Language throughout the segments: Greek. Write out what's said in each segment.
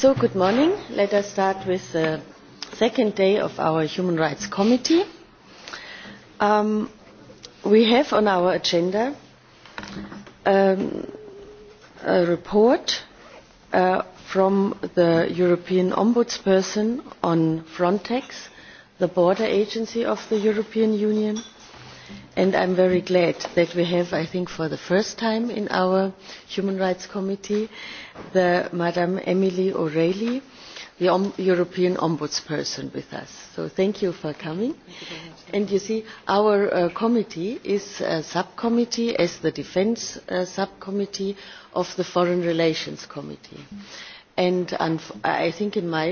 So, good morning. Let us start with the second day of our Human Rights Committee. Um, we have on our agenda um, a report from the European Ombudsperson on Frontex, the border agency of the European Union and I'm very glad that we have, I think, for the first time in our Human Rights Committee, the Emily O'Reilly, the European Ombudsperson, with us. So thank you for coming. And you see, our committee is a subcommittee as the Defence Subcommittee of the Foreign Relations Committee and i think in my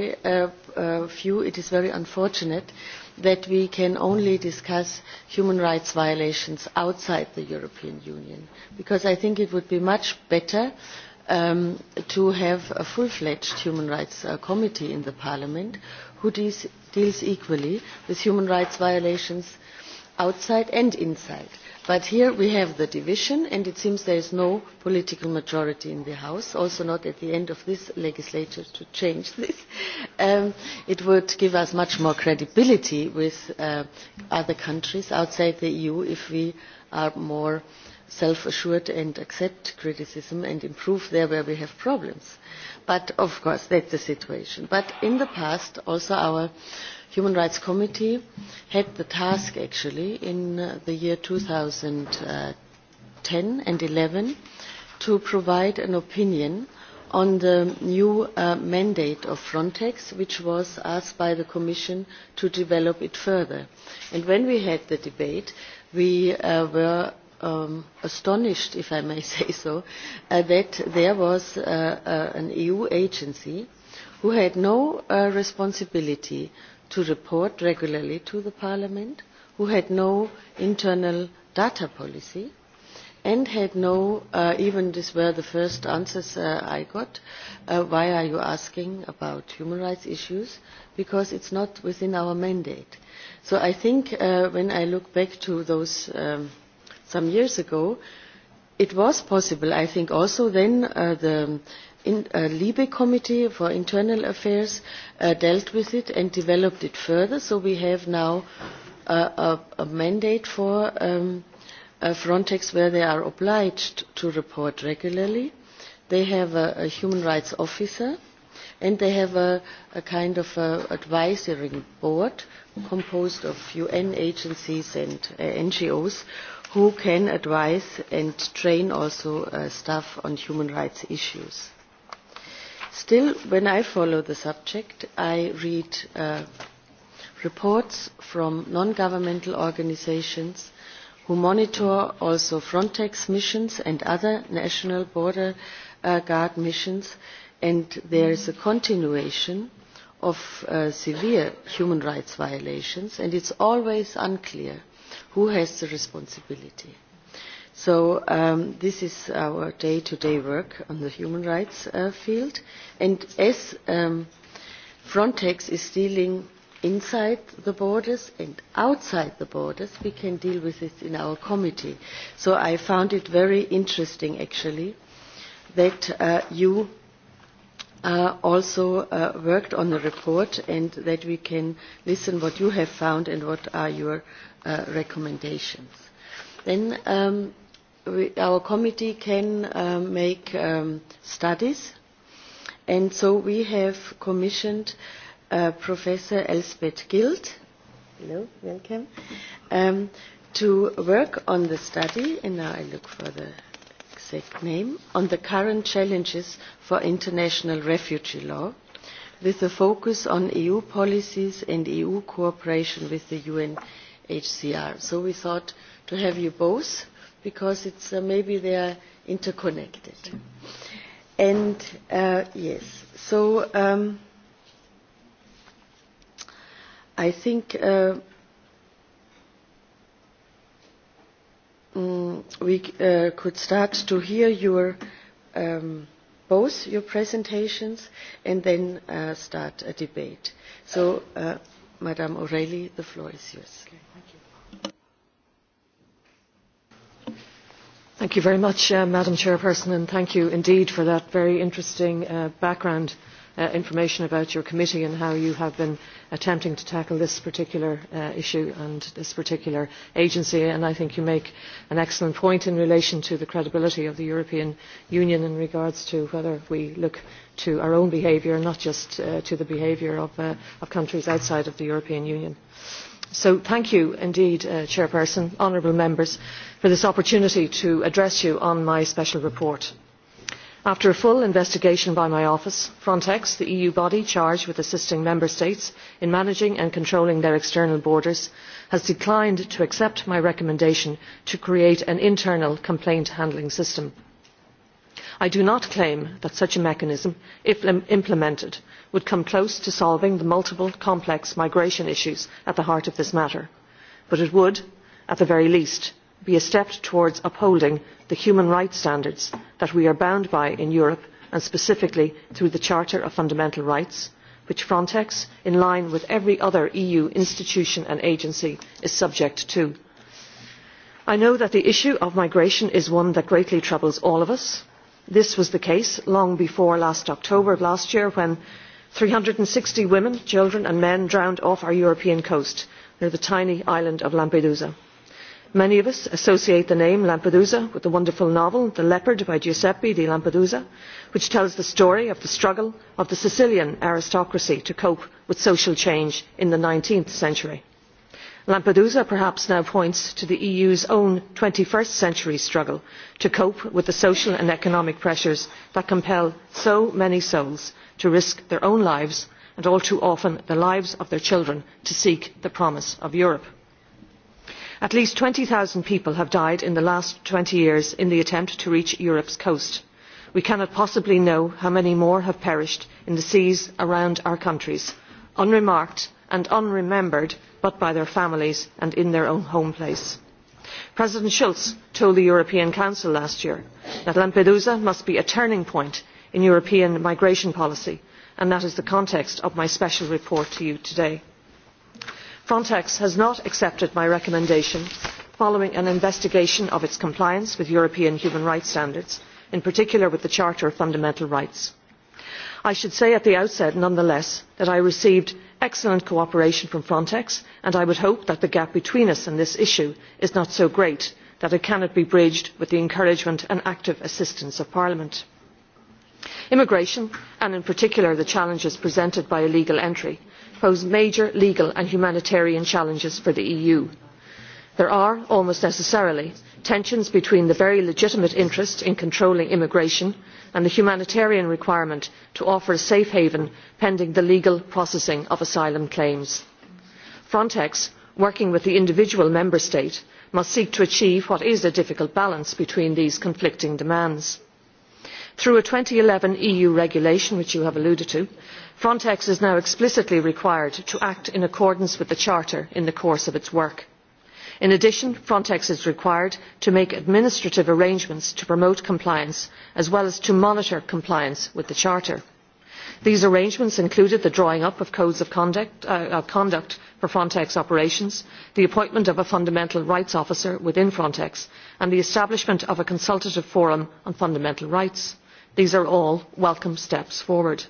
view it is very unfortunate that we can only discuss human rights violations outside the european union because i think it would be much better to have a full fledged human rights committee in the parliament who deals equally with human rights violations outside and inside. But here we have the division, and it seems there is no political majority in the House, also not at the end of this legislature to change this. It would give us much more credibility with other countries outside the EU if we are more self-assured and accept criticism and improve there where we have problems. But, of course, that's the situation. But in the past, also our Human Rights Committee had the task actually in the year 2010 and 11 to provide an opinion on the new mandate of Frontex, which was asked by the Commission to develop it further. And when we had the debate, we were astonished, if I may say so, that there was an EU agency who had no responsibility to report regularly to the Parliament, who had no internal data policy and had no, even these were the first answers I got, why are you asking about human rights issues? Because it's not within our mandate. So I think when I look back to those some years ago, it was possible. I think also then the libe committee for internal affairs dealt with it and developed it further so we have now a mandate for frontex where they are obliged to report regularly they have a human rights officer and they have a kind of advisory board composed of un agencies and ngos who can advise and train also staff on human rights issues Still, when I follow the subject, I read reports from non-governmental organisations who monitor also Frontex missions and other national border guard missions, and there is a continuation of severe human rights violations, and it's always unclear who has the responsibility. So this is our day-to-day work on the human rights field. And as Frontex is dealing inside the borders and outside the borders, we can deal with it in our committee. So I found it very interesting, actually, that you also worked on the report and that we can listen what you have found and what are your recommendations. Then our committee can make studies and so we have commissioned Professor Elspeth Gild hello, welcome to work on the study and now I look for the exact name on the current challenges for international refugee law with a focus on EU policies and EU cooperation with the UNHCR. So we thought to have you both because it's maybe they are interconnected. And yes, so I think we could start to hear your both your presentations and then start a debate. So, Madame O'Reilly, the floor is yours. Thank you Madam Chairperson, and thank you indeed for that very interesting background information about your committee and how you have been attempting to tackle this particular issue and this particular agency. And I think you make an excellent point in relation to the credibility of the European Union in regards to whether we look to our own behaviour, not just to the behaviour of countries outside of the European Union. So thank you indeed, Chairperson, honourable members, for this opportunity to address you on my special report. After a full investigation by my office, Frontex, the EU body charged with assisting member states in managing and controlling their external borders, has declined to accept my recommendation to create an internal complaint handling system. I do not claim that such a mechanism, if implemented, would come close to solving the multiple complex migration issues at the heart of this matter but it would at the very least be a step towards upholding the human rights standards that we are bound by in europe and specifically through the charter of fundamental rights which frontex in line with every other eu institution and agency is subject to. i know that the issue of migration is one that greatly troubles all of us. this was the case long before last october last year when three hundred and sixty women children and men drowned off our european coast near the tiny island of lampedusa. many of us associate the name lampedusa with the wonderful novel the leopard by giuseppe di lampedusa which tells the story of the struggle of the sicilian aristocracy to cope with social change in the nineteenth century lampedusa perhaps now points to the eu's own twenty first century struggle to cope with the social and economic pressures that compel so many souls to risk their own lives and all too often the lives of their children to seek the promise of europe. at least twenty zero people have died in the last twenty years in the attempt to reach europe's coast. we cannot possibly know how many more have perished in the seas around our countries unremarked and unremembered but by their families and in their own home place. President Schulz told the European Council last year that Lampedusa must be a turning point in European migration policy, and that is the context of my special report to you today. Frontex has not accepted my recommendation following an investigation of its compliance with European human rights standards, in particular with the Charter of Fundamental Rights. I should say at the outset, nonetheless, that I received excellent cooperation from frontex and i would hope that the gap between us on this issue is not so great that it cannot be bridged with the encouragement and active assistance of parliament. immigration and in particular the challenges presented by illegal entry pose major legal and humanitarian challenges for the eu. there are almost necessarily tensions between the very legitimate interest in controlling immigration and the humanitarian requirement to offer a safe haven pending the legal processing of asylum claims. frontex working with the individual member state must seek to achieve what is a difficult balance between these conflicting demands. through a 2011 eleven eu regulation which you have alluded to frontex is now explicitly required to act in accordance with the charter in the course of its work in addition frontex is required to make administrative arrangements to promote compliance as well as to monitor compliance with the charter. these arrangements included the drawing up of codes of conduct for frontex operations the appointment of a fundamental rights officer within frontex and the establishment of a consultative forum on fundamental rights. these are all welcome steps forward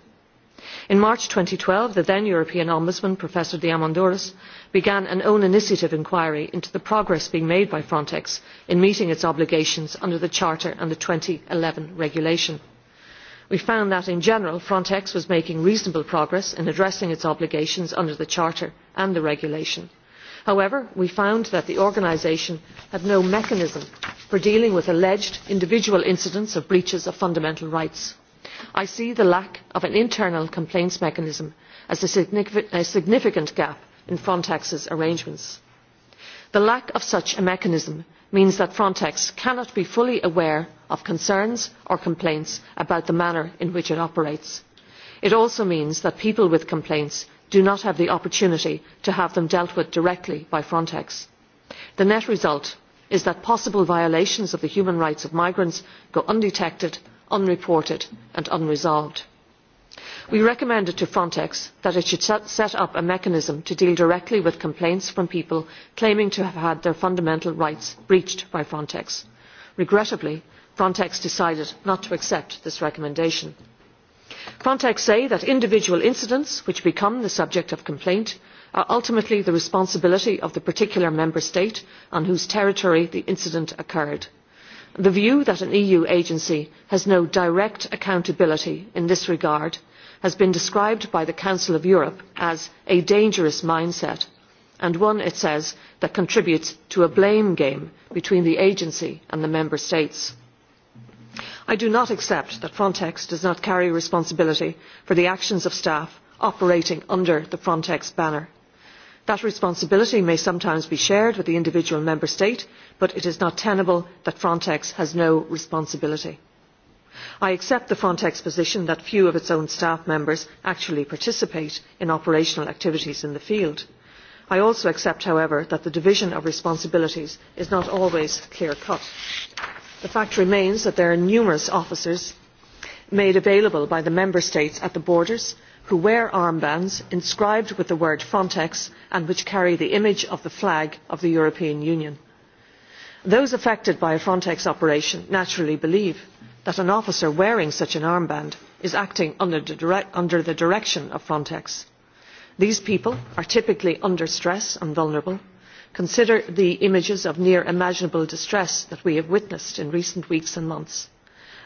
in march 2012, twelve the then european ombudsman professor diamandouros began an own initiative inquiry into the progress being made by frontex in meeting its obligations under the charter and the 2011 eleven regulation. we found that in general frontex was making reasonable progress in addressing its obligations under the charter and the regulation. however we found that the organisation had no mechanism for dealing with alleged individual incidents of breaches of fundamental rights. I see the lack of an internal complaints mechanism as a significant gap in Frontex's arrangements. The lack of such a mechanism means that Frontex cannot be fully aware of concerns or complaints about the manner in which it operates. It also means that people with complaints do not have the opportunity to have them dealt with directly by Frontex. The net result is that possible violations of the human rights of migrants go undetected unreported and unresolved. We recommended to Frontex that it should set up a mechanism to deal directly with complaints from people claiming to have had their fundamental rights breached by Frontex. Regrettably, Frontex decided not to accept this recommendation. Frontex say that individual incidents which become the subject of complaint are ultimately the responsibility of the particular member state on whose territory the incident occurred the view that an eu agency has no direct accountability in this regard has been described by the council of europe as a dangerous mindset and one it says that contributes to a blame game between the agency and the member states. i do not accept that frontex does not carry responsibility for the actions of staff operating under the frontex banner. That responsibility may sometimes be shared with the individual member state, but it is not tenable that Frontex has no responsibility. I accept the Frontex position that few of its own staff members actually participate in operational activities in the field. I also accept, however, that the division of responsibilities is not always clear cut. The fact remains that there are numerous officers made available by the member states at the borders who wear armbands inscribed with the word frontex and which carry the image of the flag of the european union. those affected by a frontex operation naturally believe that an officer wearing such an armband is acting under the direction of frontex. these people are typically under stress and vulnerable. consider the images of near imaginable distress that we have witnessed in recent weeks and months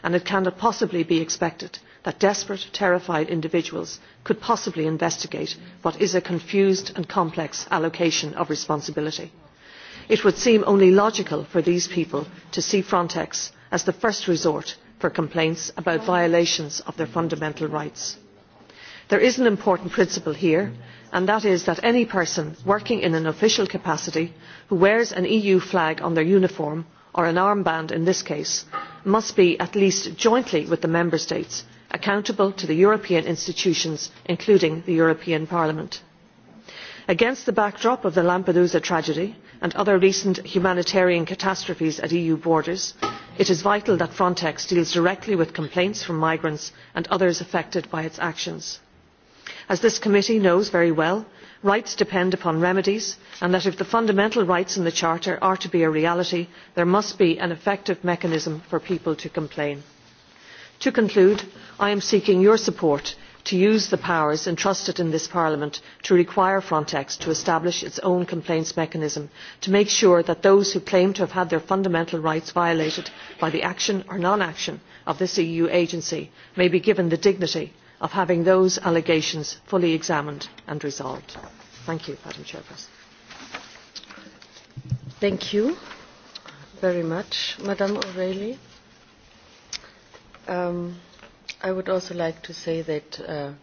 and it cannot possibly be expected that desperate, terrified individuals could possibly investigate what is a confused and complex allocation of responsibility. It would seem only logical for these people to see Frontex as the first resort for complaints about violations of their fundamental rights. There is an important principle here, and that is that any person working in an official capacity who wears an EU flag on their uniform or an armband in this case must be at least jointly with the member states accountable to the european institutions including the european parliament. against the backdrop of the lampedusa tragedy and other recent humanitarian catastrophes at eu borders it is vital that frontex deals directly with complaints from migrants and others affected by its actions. as this committee knows very well rights depend upon remedies and that if the fundamental rights in the charter are to be a reality there must be an effective mechanism for people to complain to conclude i am seeking your support to use the powers entrusted in this parliament to require frontex to establish its own complaints mechanism to make sure that those who claim to have had their fundamental rights violated by the action or non action of this eu agency may be given the dignity of having those allegations fully examined and resolved. thank you madam chairperson. thank you very much madam o'reilly. I would also like to say that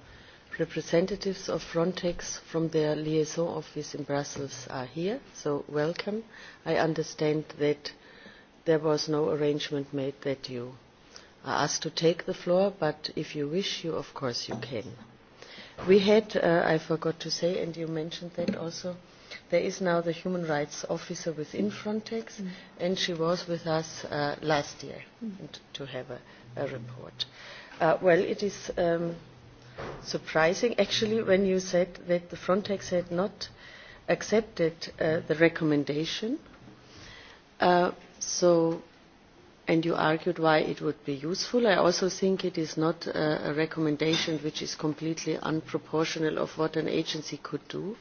representatives of Frontex from their liaison office in Brussels are here, so welcome. I understand that there was no arrangement made that you are asked to take the floor, but if you wish, you of course you can. We had, I forgot to say, and you mentioned that also, There is now the human rights officer within Frontex, and she was with us last year to have a report. Well, it is surprising, actually, when you said that the Frontex had not accepted the recommendation, so, and you argued why it would be useful. I also think it is not a recommendation which is completely unproportional of what an agency could do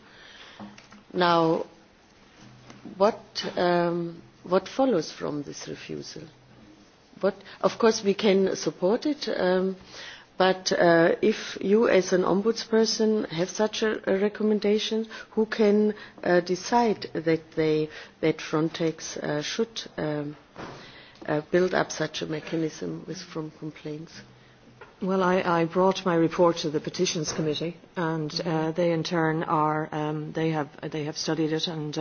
Now, what what follows from this refusal? What Of course, we can support it, but if you, as an ombudsperson, have such a recommendation, who can decide that they that Frontex should build up such a mechanism with from complaints? Well, I brought my report to the Petitions Committee, and they in turn are they have studied it and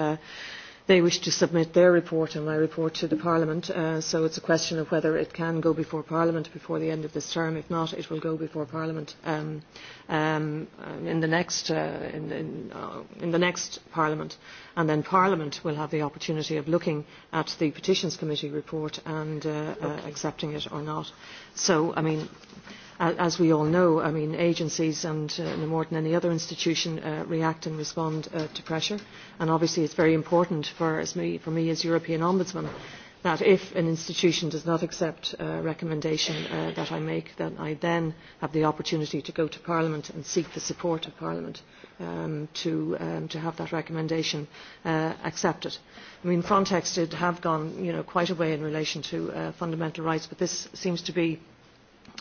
they wish to submit their report and my report to the Parliament. So it's a question of whether it can go before Parliament before the end of this term. If not, it will go before Parliament in the next in the next Parliament, and then Parliament will have the opportunity of looking at the Petitions Committee report and accepting it or not. So, I mean As we all know, I mean, agencies and more than any other institution react and respond to pressure. And obviously it's very important for me as European Ombudsman that if an institution does not accept a recommendation that I make, that I then have the opportunity to go to Parliament and seek the support of Parliament to have that recommendation accepted. I mean, Frontex did have gone quite a way in relation to fundamental rights, but this seems to be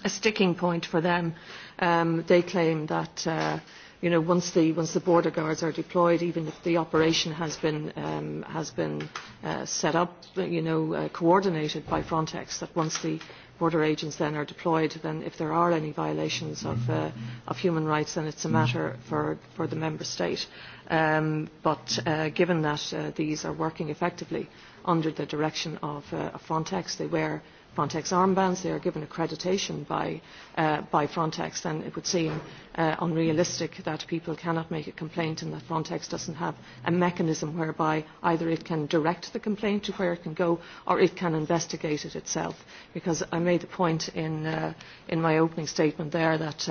a sticking point for them. They claim that once the border guards are deployed, even if the operation has been set up, coordinated by Frontex, that once the border agents then are deployed, then if there are any violations of human rights, then it's a matter for the member state. But given that these are working effectively under the direction of Frontex, they were Frontex armbands. They are given accreditation by Frontex, and it would seem unrealistic that people cannot make a complaint and that Frontex doesn't have a mechanism whereby either it can direct the complaint to where it can go or it can investigate it itself. Because I made the point in my opening statement there that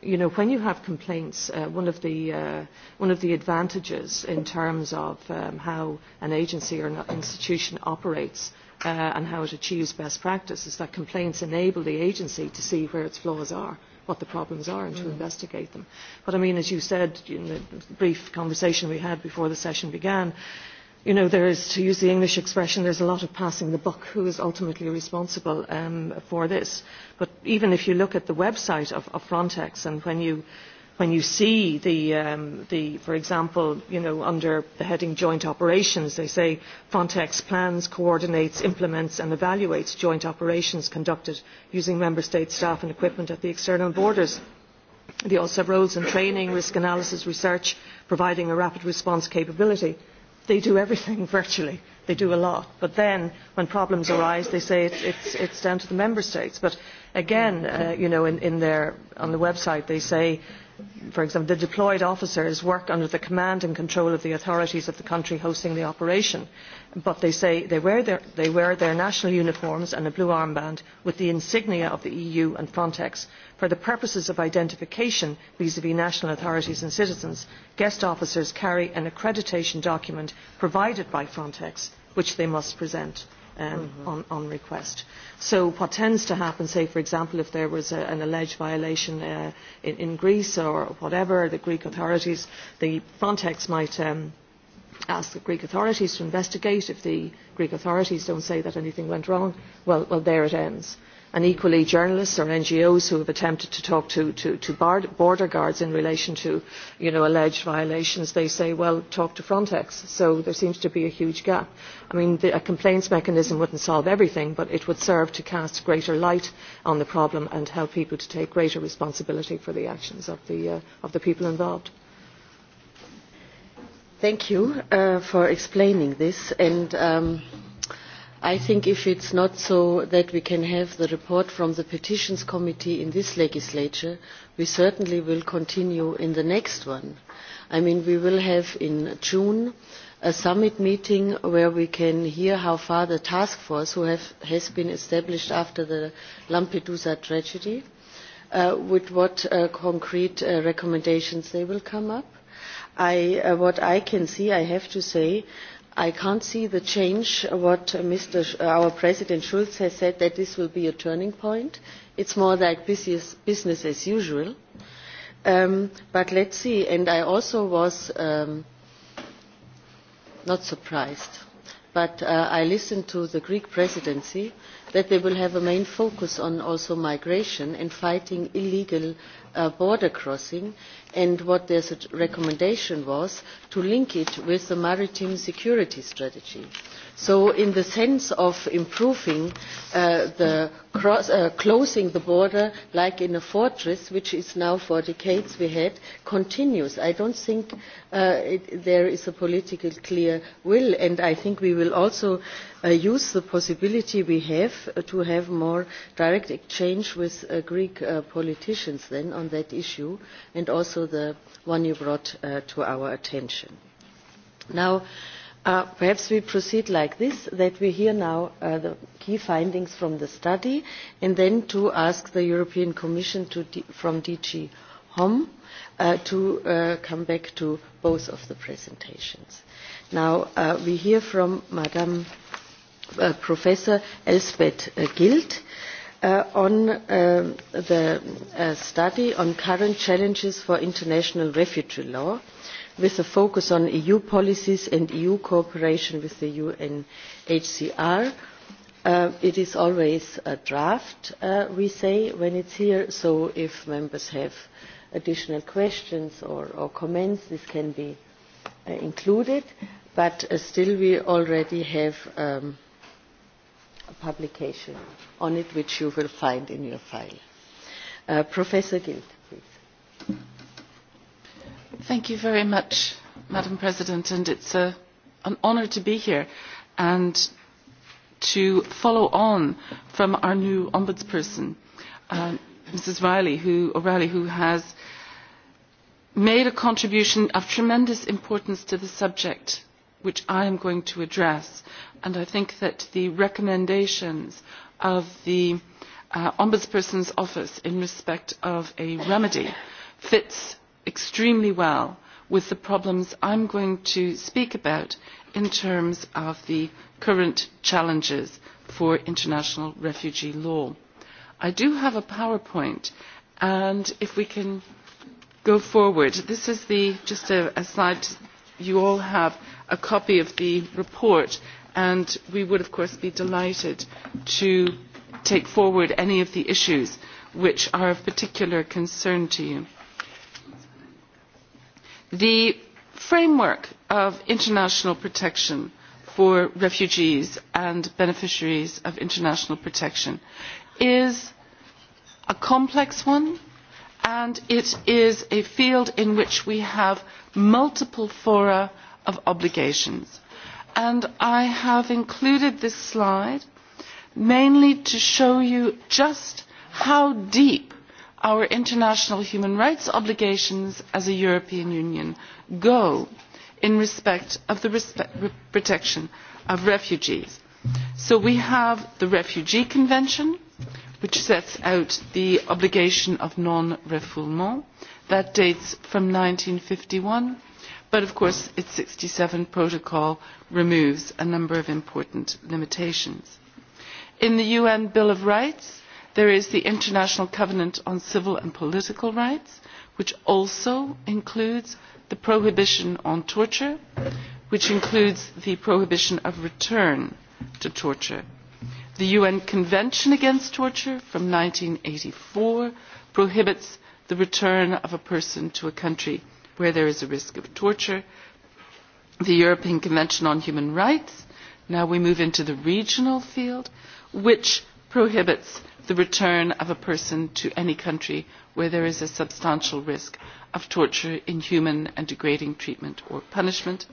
you know when you have complaints one of the one of the advantages in terms of how an agency or an institution operates and how it achieves best practice is that complaints enable the agency to see where its flaws are, what the problems are and to investigate them. But I mean, as you said in the brief conversation we had before the session began, you know, there is, to use the English expression, there is a lot of passing the buck. Who is ultimately responsible for this? But even if you look at the website of Frontex and when you when you see the, for example, you know, under the heading joint operations, they say Frontex plans, coordinates, implements and evaluates joint operations conducted using member state staff and equipment at the external borders. They also have roles in training, risk analysis, research, providing a rapid response capability. They do everything virtually. They do a lot. But then, when problems arise, they say it's down to the member states. But again, you know, on the website they say for example, the deployed officers work under the command and control of the authorities of the country hosting the operation, but they say they wear their national uniforms and a blue armband with the insignia of the EU and Frontex for the purposes of identification vis vis national authorities and citizens. Guest officers carry an accreditation document provided by Frontex, which they must present on request. So what tends to happen, say for example if there was an alleged violation in Greece or whatever, the Greek authorities, the Frontex might ask the Greek authorities to investigate. If the Greek authorities don't say that anything went wrong, well there it ends and equally journalists or ngos who have attempted to talk to border guards in relation to alleged violations they say well talk to frontex so there seems to be a huge gap. i mean a complaints mechanism wouldn't solve everything but it would serve to cast greater light on the problem and help people to take greater responsibility for the actions of the people involved. thank you for explaining this and I think if it's not so that we can have the report from the Petitions Committee in this legislature, we certainly will continue in the next one. I mean, we will have in June a summit meeting where we can hear how far the task force, who has been established after the Lampedusa tragedy, with what concrete recommendations they will come up. What I can see, I have to say I can't see the change what our President Schulz has said that this will be a turning point. It's more like business as usual. But let's see. And I also was not surprised, but I listened to the Greek presidency that they will have a main focus on also migration and fighting illegal border crossing and what their recommendation was to link it with the maritime security strategy. So in the sense of improving the closing the border like in a fortress, which is now for decades we had, continues. I don't think there is a political clear will, and I think we will also use the possibility we have to have more direct exchange with Greek politicians then on that issue, and also the one you brought to our attention. Now Perhaps we proceed like this, that we hear now the key findings from the study, and then to ask the European Commission from DG Home to come back to both of the presentations. Now we hear from Madam Professor Elsbeth Gilt on the study on current challenges for international refugee law with a focus on EU policies and EU cooperation with the UNHCR. It is always a draft, we say, when it's here, so if members have additional questions or comments, this can be included, but still we already have a publication on it, which you will find in your file. Professor Gilt. Thank very much, Madam President, and is an honour to be here and to follow on from our new ombudsperson, Mrs. O'Reilly, who has made a contribution of tremendous importance to the subject which I am going to address, and I think that the recommendations of the Ombudsperson's Office in respect of a remedy fits extremely well with the problems I'm going to speak about in terms of the current challenges for international refugee law. I do have a PowerPoint, and if we can go forward, this is the just a slide. You all have a copy of the report, and we would, of course, be delighted to take forward any of the issues which are of particular concern to you the framework of international protection for refugees and beneficiaries of international protection is a complex one and it is a field in which we have multiple fora of obligations and i have included this slide mainly to show you just how deep our international human rights obligations as a European Union go in respect of the protection of refugees. So we have the Refugee Convention, which sets out the obligation of non-refoulement. That dates from 1951, but of course its 67 protocol removes a number of important limitations. In the UN Bill of Rights, There is the International Covenant on Civil and Political Rights, which also includes the prohibition on torture, which includes the prohibition of return to torture. The UN Convention Against Torture from 1984 prohibits the return of a person to a country where there is a risk of torture. The European Convention on Human Rights, now we move into the regional field, which prohibits the return of a person to any country where there is a substantial risk of torture, inhuman and degrading treatment or punishment.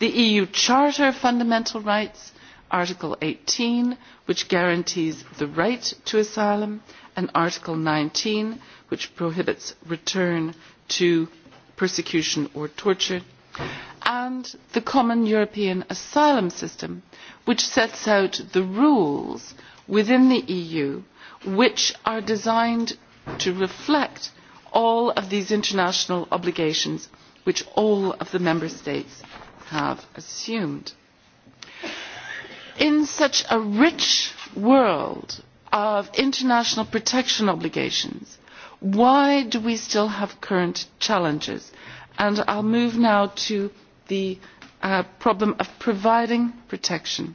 The EU Charter of Fundamental Rights, Article 18, which guarantees the right to asylum, and Article 19, which prohibits return to persecution or torture, and the Common European Asylum System, which sets out the rules within the EU which are designed to reflect all of these international obligations which all of the member states have assumed. In such a rich world of international protection obligations, why do we still have current challenges? And I'll move now to the problem of providing protection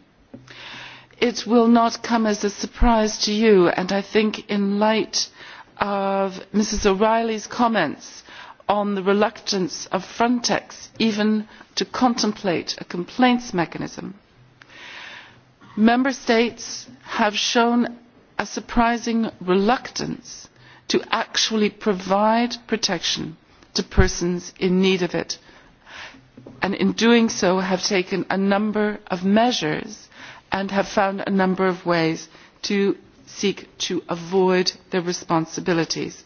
it will not come as a surprise to you and i think in light of mrs o'reilly's comments on the reluctance of frontex even to contemplate a complaints mechanism member states have shown a surprising reluctance to actually provide protection to persons in need of it and in doing so have taken a number of measures and have found a number of ways to seek to avoid their responsibilities.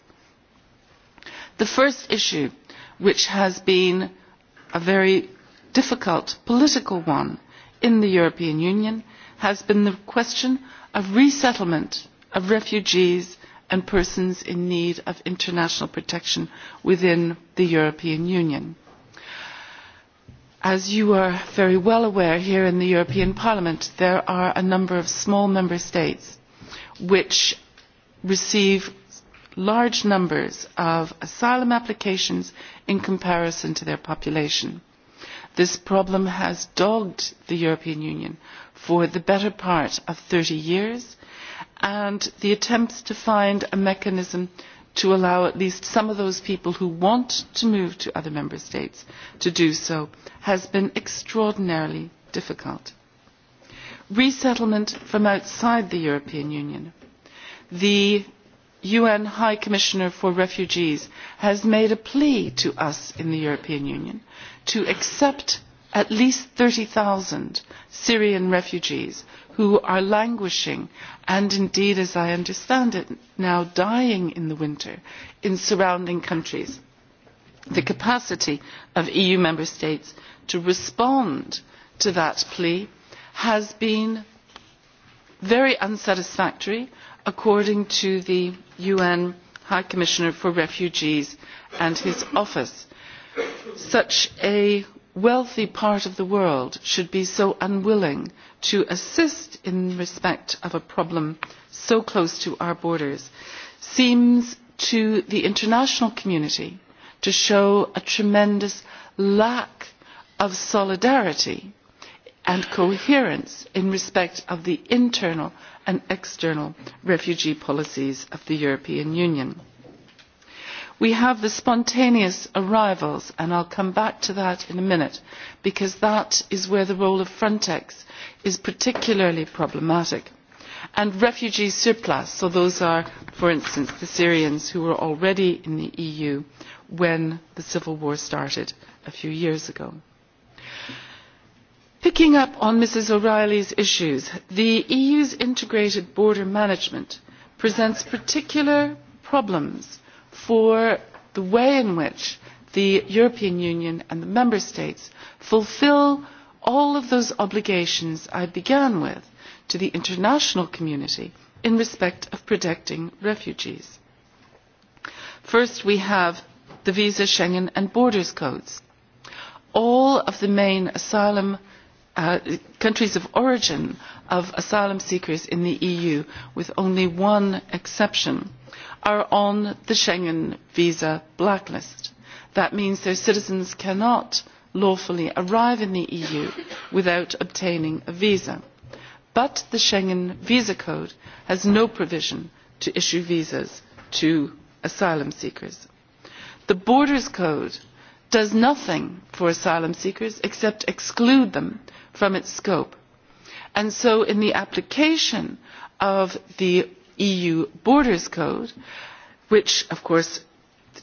The first issue, which has been a very difficult political one in the European Union, has been the question of resettlement of refugees and persons in need of international protection within the European Union. As you are very well aware here in the European Parliament, there are a number of small member states which receive large numbers of asylum applications in comparison to their population. This problem has dogged the European Union for the better part of 30 years, and the attempts to find a mechanism to allow at least some of those people who want to move to other member states to do so has been extraordinarily difficult. Resettlement from outside the European Union. The UN High Commissioner for Refugees has made a plea to us in the European Union to accept at least 30,000 Syrian refugees who are languishing and indeed as i understand it now dying in the winter in surrounding countries the capacity of eu member states to respond to that plea has been very unsatisfactory according to the un high commissioner for refugees and his office such a wealthy part of the world should be so unwilling to assist in respect of a problem so close to our borders seems to the international community to show a tremendous lack of solidarity and coherence in respect of the internal and external refugee policies of the European Union. We have the spontaneous arrivals, and I'll come back to that in a minute, because that is where the role of Frontex is particularly problematic. And refugee surplus, so those are, for instance, the Syrians who were already in the EU when the civil war started a few years ago. Picking up on Mrs O'Reilly's issues, the EU's integrated border management presents particular problems for the way in which the European Union and the Member States fulfil all of those obligations I began with to the international community in respect of protecting refugees. First, we have the Visa, Schengen and Borders Codes. All of the main asylum countries of origin of asylum seekers in the EU, with only one exception are on the Schengen visa blacklist. That means their citizens cannot lawfully arrive in the EU without obtaining a visa. But the Schengen Visa Code has no provision to issue visas to asylum seekers. The Borders Code does nothing for asylum seekers except exclude them from its scope. And so in the application of the EU Borders Code, which, of course,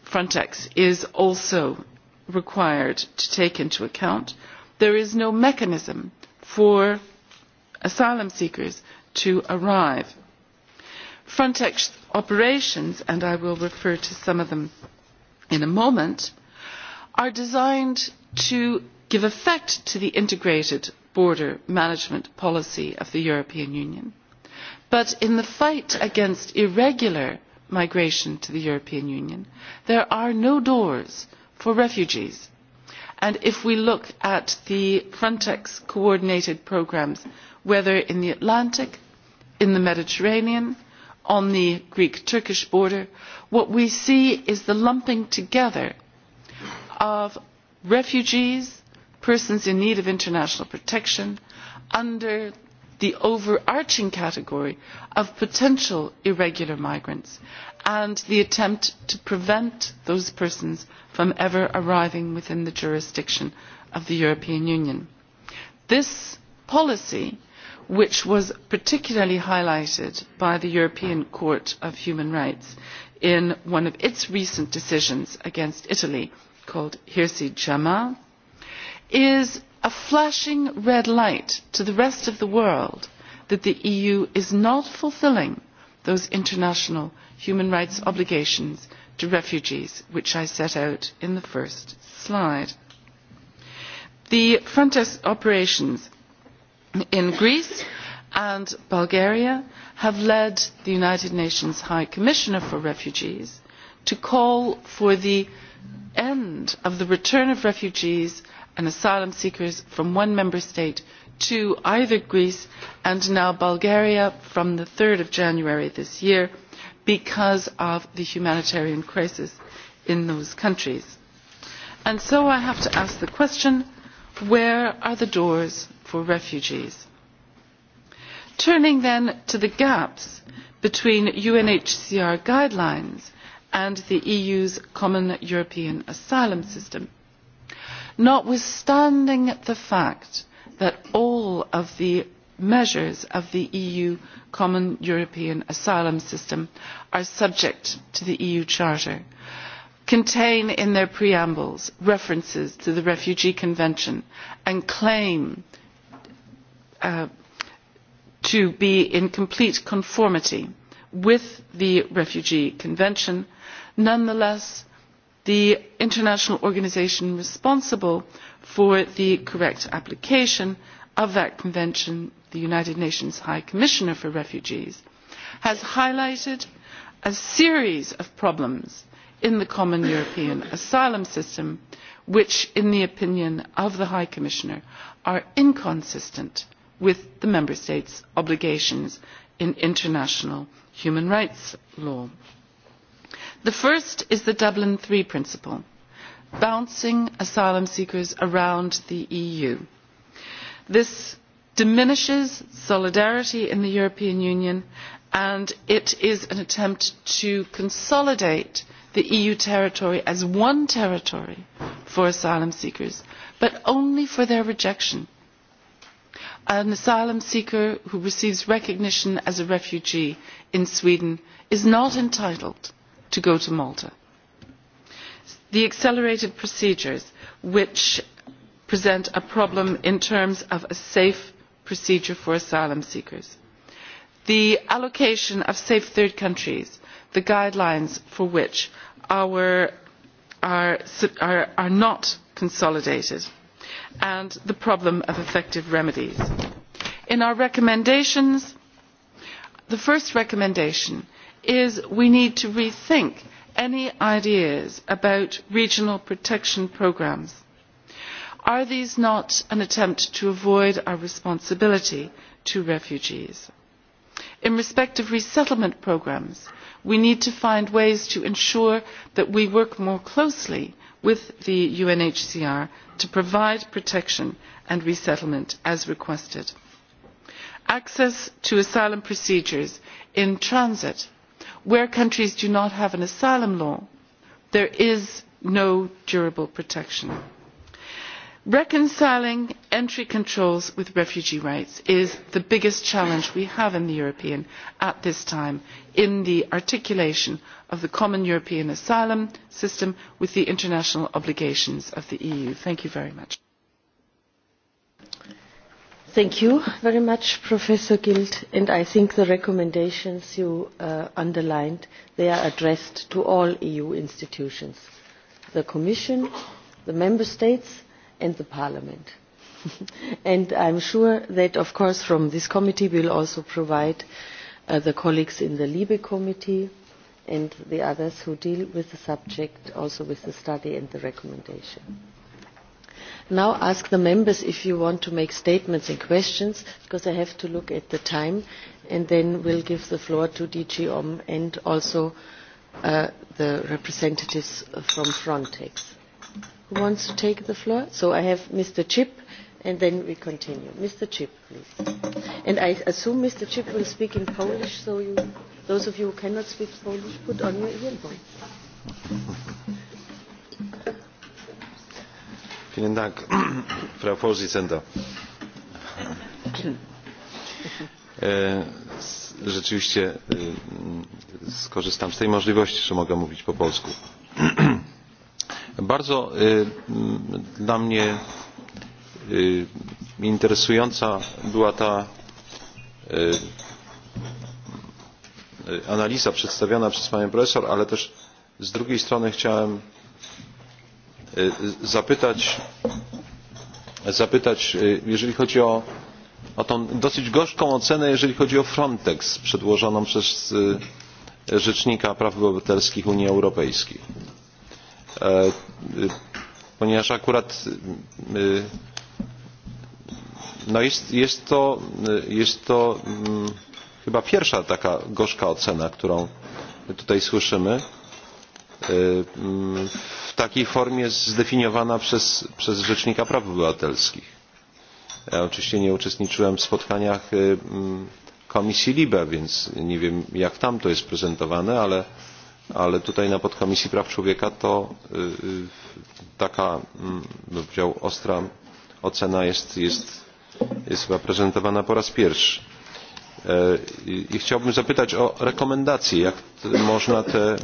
Frontex is also required to take into account, there is no mechanism for asylum seekers to arrive. Frontex operations, and I will refer to some of them in a moment, are designed to give effect to the integrated border management policy of the European Union But in the fight against irregular migration to the European Union, there are no doors for refugees. And if we look at the Frontex coordinated programmes, whether in the Atlantic, in the Mediterranean, on the Greek-Turkish border, what we see is the lumping together of refugees, persons in need of international protection, under the overarching category of potential irregular migrants and the attempt to prevent those persons from ever arriving within the jurisdiction of the European Union. This policy, which was particularly highlighted by the European Court of Human Rights in one of its recent decisions against Italy called Hirsi Jama, is a flashing red light to the rest of the world that the EU is not fulfilling those international human rights obligations to refugees, which I set out in the first slide. The Frontex operations in Greece and Bulgaria have led the United Nations High Commissioner for Refugees to call for the end of the return of refugees and asylum seekers from one member state to either Greece and now Bulgaria from the 3rd of January this year because of the humanitarian crisis in those countries. And so I have to ask the question, where are the doors for refugees? Turning then to the gaps between UNHCR guidelines and the EU's common European asylum system notwithstanding the fact that all of the measures of the EU common European asylum system are subject to the EU Charter, contain in their preambles references to the Refugee Convention and claim to be in complete conformity with the Refugee Convention, nonetheless the international organisation responsible for the correct application of that convention the united nations high commissioner for refugees has highlighted a series of problems in the common european asylum system which in the opinion of the high commissioner are inconsistent with the member states' obligations in international human rights law. The first is the Dublin III principle, bouncing asylum seekers around the EU. This diminishes solidarity in the European Union and it is an attempt to consolidate the EU territory as one territory for asylum seekers, but only for their rejection. An asylum seeker who receives recognition as a refugee in Sweden is not entitled to go to Malta. The accelerated procedures, which present a problem in terms of a safe procedure for asylum seekers. The allocation of safe third countries, the guidelines for which our are not consolidated, and the problem of effective remedies. In our recommendations, the first recommendation is we need to rethink any ideas about regional protection programmes. Are these not an attempt to avoid our responsibility to refugees? In respect of resettlement programmes, we need to find ways to ensure that we work more closely with the UNHCR to provide protection and resettlement as requested. Access to asylum procedures in transit where countries do not have an asylum law there is no durable protection. reconciling entry controls with refugee rights is the biggest challenge we have in the european at this time in the articulation of the common european asylum system with the international obligations of the eu. thank you very much. Thank you very much, Professor Gild, and I think the recommendations you underlined, they are addressed to all EU institutions, the Commission, the Member States and the Parliament. And I'm sure that, of course, from this committee we will also provide the colleagues in the LIBE Committee and the others who deal with the subject, also with the study and the recommendation now ask the members if you want to make statements and questions, because I have to look at the time, and then we'll give the floor to DG OM and also the representatives from Frontex. Who wants to take the floor? So I have Mr. Chip, and then we continue. Mr. Chip, please. And I assume Mr. Chip will speak in Polish, so you, those of you who cannot speak Polish, put on your earphones. Frau Rzeczywiście skorzystam z tej możliwości, że mogę mówić po polsku. Bardzo dla mnie interesująca była ta analiza przedstawiona przez panią profesor, ale też z drugiej strony chciałem zapytać jeżeli chodzi o tą dosyć gorzką ocenę jeżeli chodzi o frontex przedłożoną przez rzecznika praw obywatelskich unii europejskiej ponieważ akurat jest to chyba pierwsza taka gorzka ocena którą tutaj słyszymy w takiej formie zdefiniowana przez Rzecznika Praw Obywatelskich. Ja oczywiście nie uczestniczyłem w spotkaniach Komisji LIBE, więc nie wiem jak tam to jest prezentowane, ale tutaj na podkomisji praw człowieka to taka bym powiedział ostra ocena jest chyba prezentowana po raz pierwszy. I chciałbym zapytać o rekomendacje, jak można te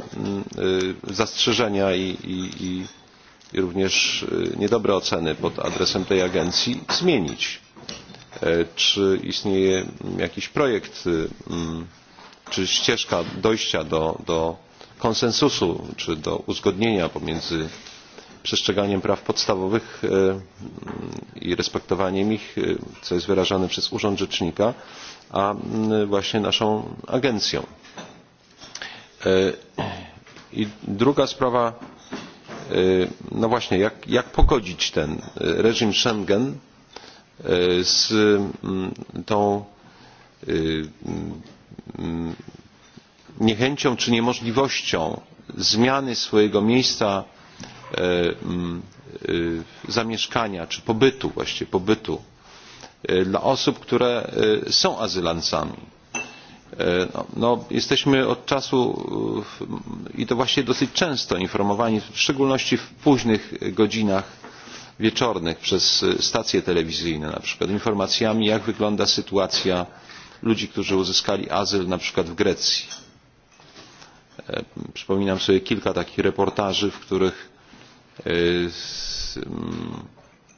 zastrzeżenia i również niedobre oceny pod adresem tej agencji zmienić. Czy istnieje jakiś projekt, czy ścieżka dojścia do konsensusu, czy do uzgodnienia pomiędzy przestrzeganiem praw podstawowych i respektowaniem ich, co jest wyrażane przez Urząd Rzecznika, a właśnie naszą agencją. I druga sprawa, no właśnie, jak pogodzić ten reżim Schengen z tą niechęcią czy niemożliwością zmiany swojego miejsca zamieszkania czy pobytu właściwie pobytu dla osób, które są azylancami. Jesteśmy od czasu i to właśnie dosyć często informowani, w szczególności w późnych godzinach wieczornych przez stacje telewizyjne na przykład informacjami, jak wygląda sytuacja ludzi, którzy uzyskali azyl na przykład w Grecji. Przypominam sobie kilka takich reportaży, w których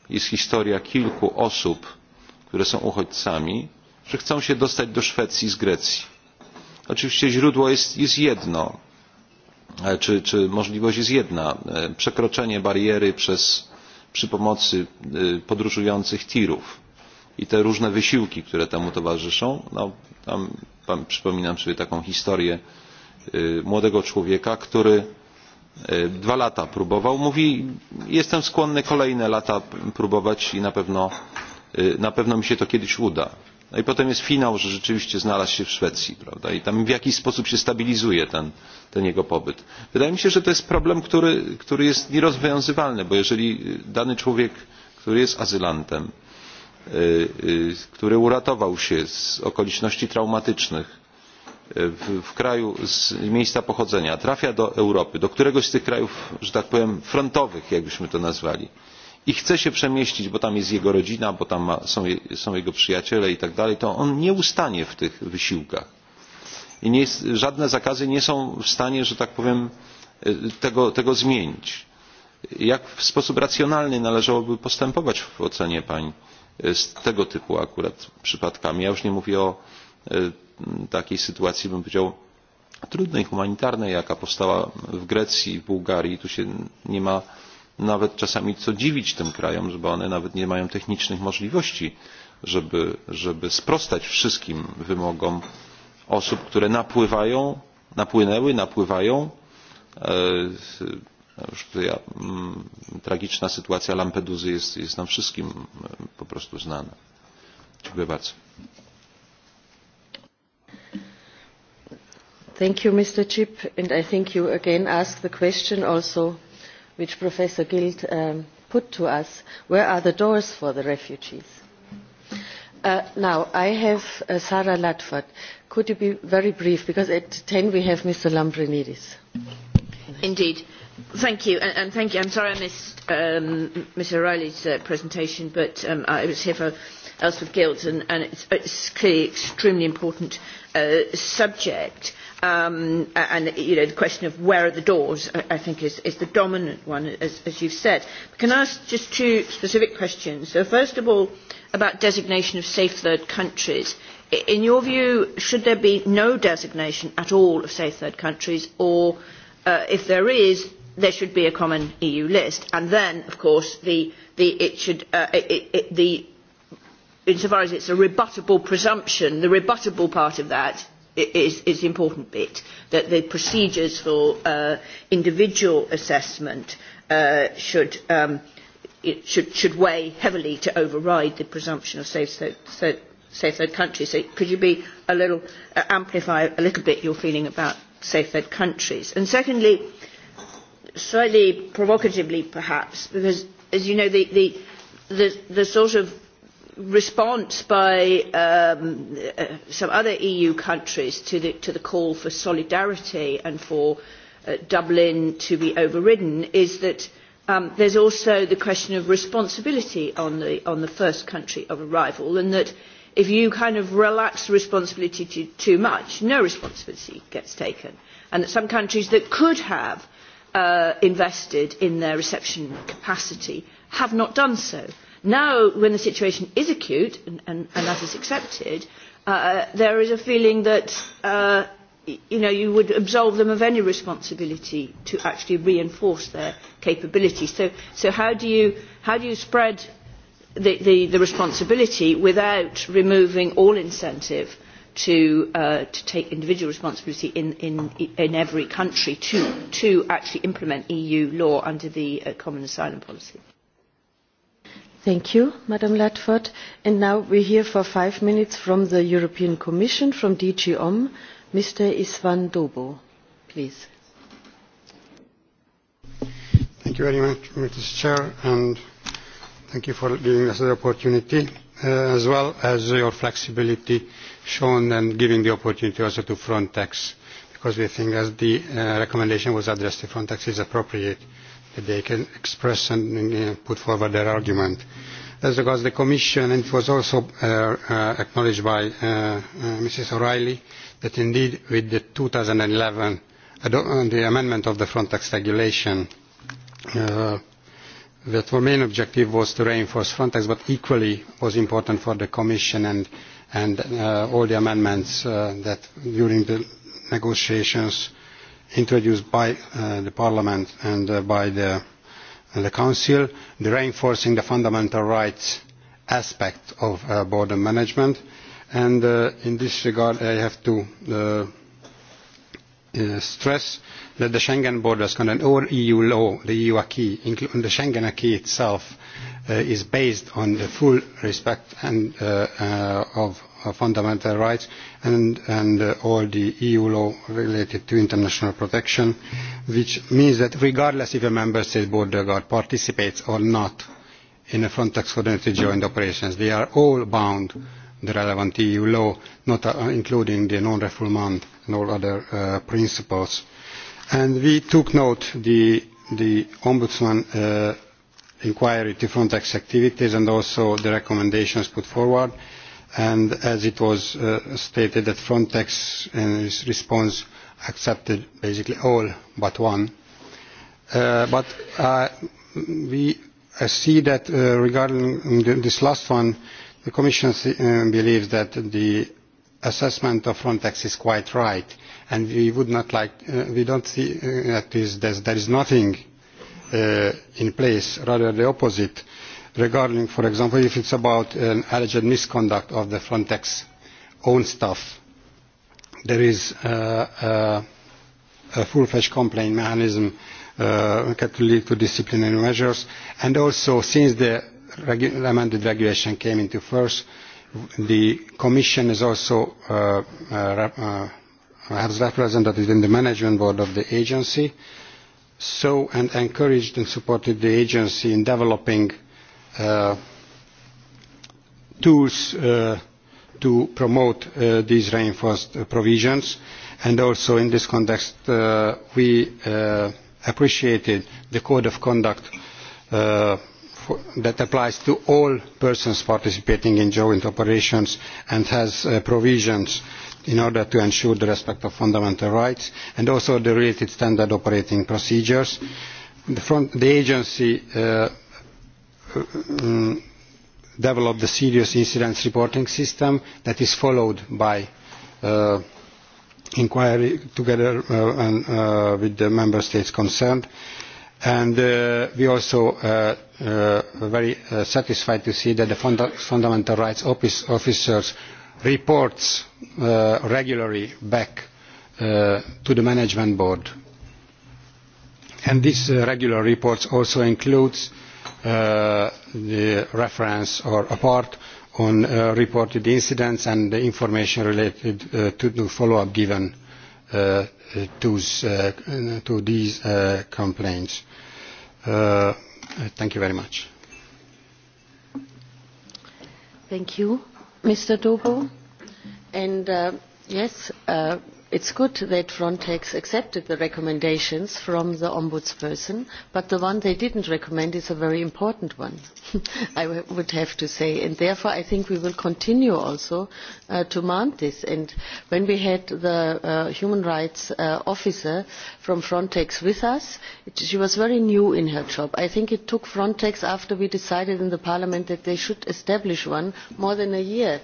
jest historia kilku osób, które są uchodźcami, że chcą się dostać do Szwecji z Grecji. Oczywiście źródło jest jedno, czy możliwość jest jedna. Przekroczenie bariery przy pomocy podróżujących tirów i te różne wysiłki, które temu towarzyszą. Tam przypominam sobie taką historię młodego człowieka, który dwa lata próbował. Mówi, jestem skłonny kolejne lata próbować i na pewno na pewno mi się to kiedyś uda. No i potem jest finał, że rzeczywiście znalazł się w Szwecji, prawda? I tam w jakiś sposób się stabilizuje ten, ten jego pobyt. Wydaje mi się, że to jest problem, który, który jest nierozwiązywalny, bo jeżeli dany człowiek, który jest azylantem, który uratował się z okoliczności traumatycznych w kraju z miejsca pochodzenia, trafia do Europy, do któregoś z tych krajów, że tak powiem, frontowych, jakbyśmy to nazwali, i chce się przemieścić bo tam jest jego rodzina bo tam są jego przyjaciele i tak dalej to on nie ustanie w tych wysiłkach i żadne zakazy nie są w stanie że tak powiem tego zmienić. jak w sposób racjonalny należałoby postępować w ocenie pań z tego typu akurat przypadkami ja już nie mówię o takiej sytuacji bym powiedział trudnej humanitarnej jaka powstała w grecji i w bułgarii tu się nie ma nawet czasami co dziwić tym krajom, bo one nawet nie mają technicznych możliwości, żeby sprostać wszystkim wymogom osób, które napływają, napłynęły, napływają. Tragiczna sytuacja Lampeduzy jest nam wszystkim po prostu znana. Dziękuję bardzo. question which Professor Gild put to us, where are the doors for the refugees? Now, I have Sarah Ludford. Could you be very brief, because at 10 we have Mr. Lambrinidis. Indeed. Thank you, and thank you. I'm sorry I missed Mr. O'Reilly's presentation, but I was here for Elspeth Guild, and it's clearly an extremely important subject and the question of where are the doors I think is the dominant one, as you've said. Can I ask just two specific questions? So first of all, about designation of safe third countries. In your view, should there be no designation at all of safe third countries, or if there is, there should be a common EU list? And then, of course, the it should the insofar as it's a rebuttable presumption, the rebuttable part of that is the important bit, that the procedures for individual assessment should should weigh heavily to override the presumption of safe third countries. So could you be a little amplify a little bit your feeling about safe third countries? And secondly, slightly provocatively perhaps, because as you know the the the sort of response by some other eu countries to the call for solidarity and for dublin to be overridden is that there is also the question of responsibility on the first country of arrival and that if you kind of relax responsibility too much no responsibility gets taken and that some countries that could have invested in their reception capacity have not done so. Now, when the situation is acute, and that is accepted, there is a feeling that you would absolve them of any responsibility to actually reinforce their capabilities. So how do you spread the responsibility without removing all incentive to take individual responsibility in every country to actually implement EU law under the common asylum policy? Thank you, Madam Latford. And now we hear for five minutes from the European Commission, from DG OM, Mr. Isvan Dobo. Please. Thank you very much, Mr Chair, and thank you for giving us the opportunity, as well as your flexibility shown and giving the opportunity also to Frontex, because we think as the recommendation was addressed to Frontex is appropriate they can express and put forward their argument. As regards the Commission, and it was also acknowledged by Mrs. O'Reilly, that indeed with the 2011 the amendment of the Frontex regulation, the main objective was to reinforce Frontex, but equally was important for the Commission and all the amendments that during the negotiations introduced by the Parliament and by the Council, reinforcing the fundamental rights aspect of border management. And in this regard, I have to stress that the Schengen borders and all EU law, the EU acquis, including the Schengen acquis itself, is based on the full respect of fundamental rights and all the EU law related to international protection, which means that regardless if a member state border guard participates or not in a Frontex coordinated joint operations, they are all bound the relevant EU law, not including the non-refoulement and all other principles. And we took note the the Ombudsman inquiry to Frontex activities and also the recommendations put forward and as it was stated that Frontex in its response accepted basically all but one. But we see that regarding this last one, the Commission believes that the assessment of Frontex is quite right, and we would not like, we don't see that there is nothing in place, rather the opposite regarding, for example, if it's about an alleged misconduct of the Frontex own staff, there is a full-fledged complaint mechanism that can lead to disciplinary measures. And also, since the amended regulation came into force, the Commission has also has represented in the management board of the agency, so and encouraged and supported the agency in developing tools to promote these reinforced provisions and also in this context we appreciated the code of conduct that applies to all persons participating in joint operations and has provisions in order to ensure the respect of fundamental rights and also the related standard operating procedures. The agency develop the serious incidents reporting system that is followed by inquiry together with the member states concerned. And we are also very satisfied to see that the fundamental rights officers reports regularly back to the management board. And these regular reports also includes the reference or apart on reported incidents and the information related to the follow-up given to these complaints. Thank you very much. Thank you, Mr. Dobo. And yes, It's good that Frontex accepted the recommendations from the ombudsperson, but the one they didn't recommend is a very important one, I would have to say, and therefore I think we will continue also to mount this. And when we had the human rights officer from Frontex with us, she was very new in her job. I think it took Frontex after we decided in the Parliament that they should establish one more than a year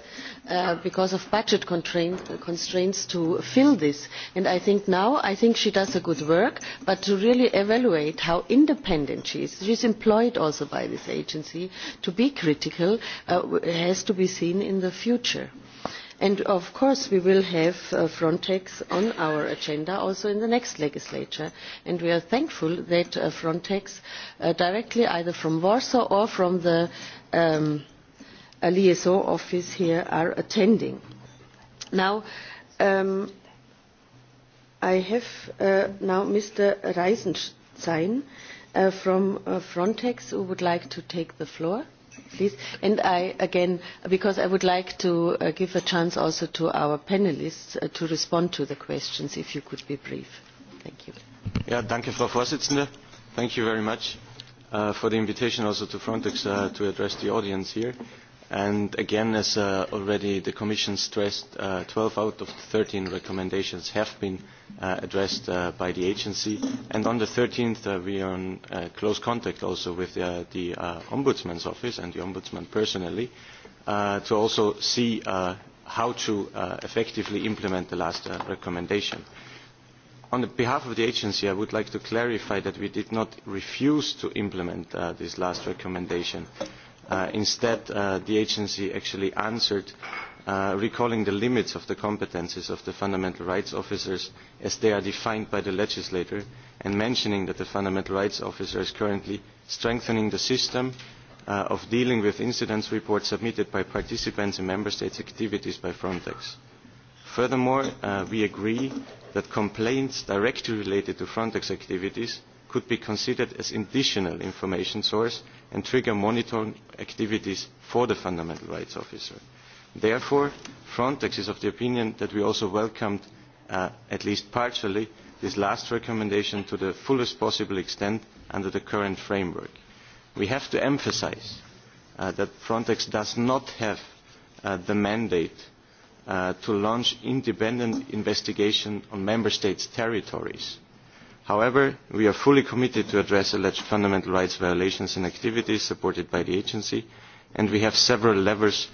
because of budget constraints to fill this. And I think now, I think she does a good work, but to really evaluate how independent she is, she is employed also by this agency, to be critical has to be seen in the future. And of course we will have Frontex on our agenda also in the next legislature and we are thankful that Frontex directly either from Warsaw or from the liaison office here are attending. Now, I have now Mr. Reisenstein from Frontex who would like to take the floor, please. And I, again, because I would like to give a chance also to our panelists to respond to the questions, if you could be brief. Thank you. Yeah, danke, Frau Vorsitzende. Thank you very much for the invitation also to Frontex to address the audience here. And again, as already the Commission stressed, 12 out of 13 recommendations have been addressed by the agency. And on the 13th, we are in close contact also with the Ombudsman's office and the Ombudsman personally to also see how to effectively implement the last recommendation. On behalf of the agency, I would like to clarify that we did not refuse to implement this last recommendation. Instead, the agency actually answered, recalling the limits of the competences of the fundamental rights officers as they are defined by the legislator, and mentioning that the fundamental rights officer is currently strengthening the system of dealing with incidents reports submitted by participants in member states' activities by Frontex. Furthermore, we agree that complaints directly related to Frontex activities could be considered as an additional information source and trigger monitoring activities for the fundamental rights officer. Therefore, Frontex is of the opinion that we also welcomed, at least partially, this last recommendation to the fullest possible extent under the current framework. We have to emphasise that Frontex does not have the mandate to launch independent investigation on Member States' territories However, we are fully committed to address alleged fundamental rights violations and activities supported by the agency, and we have several levers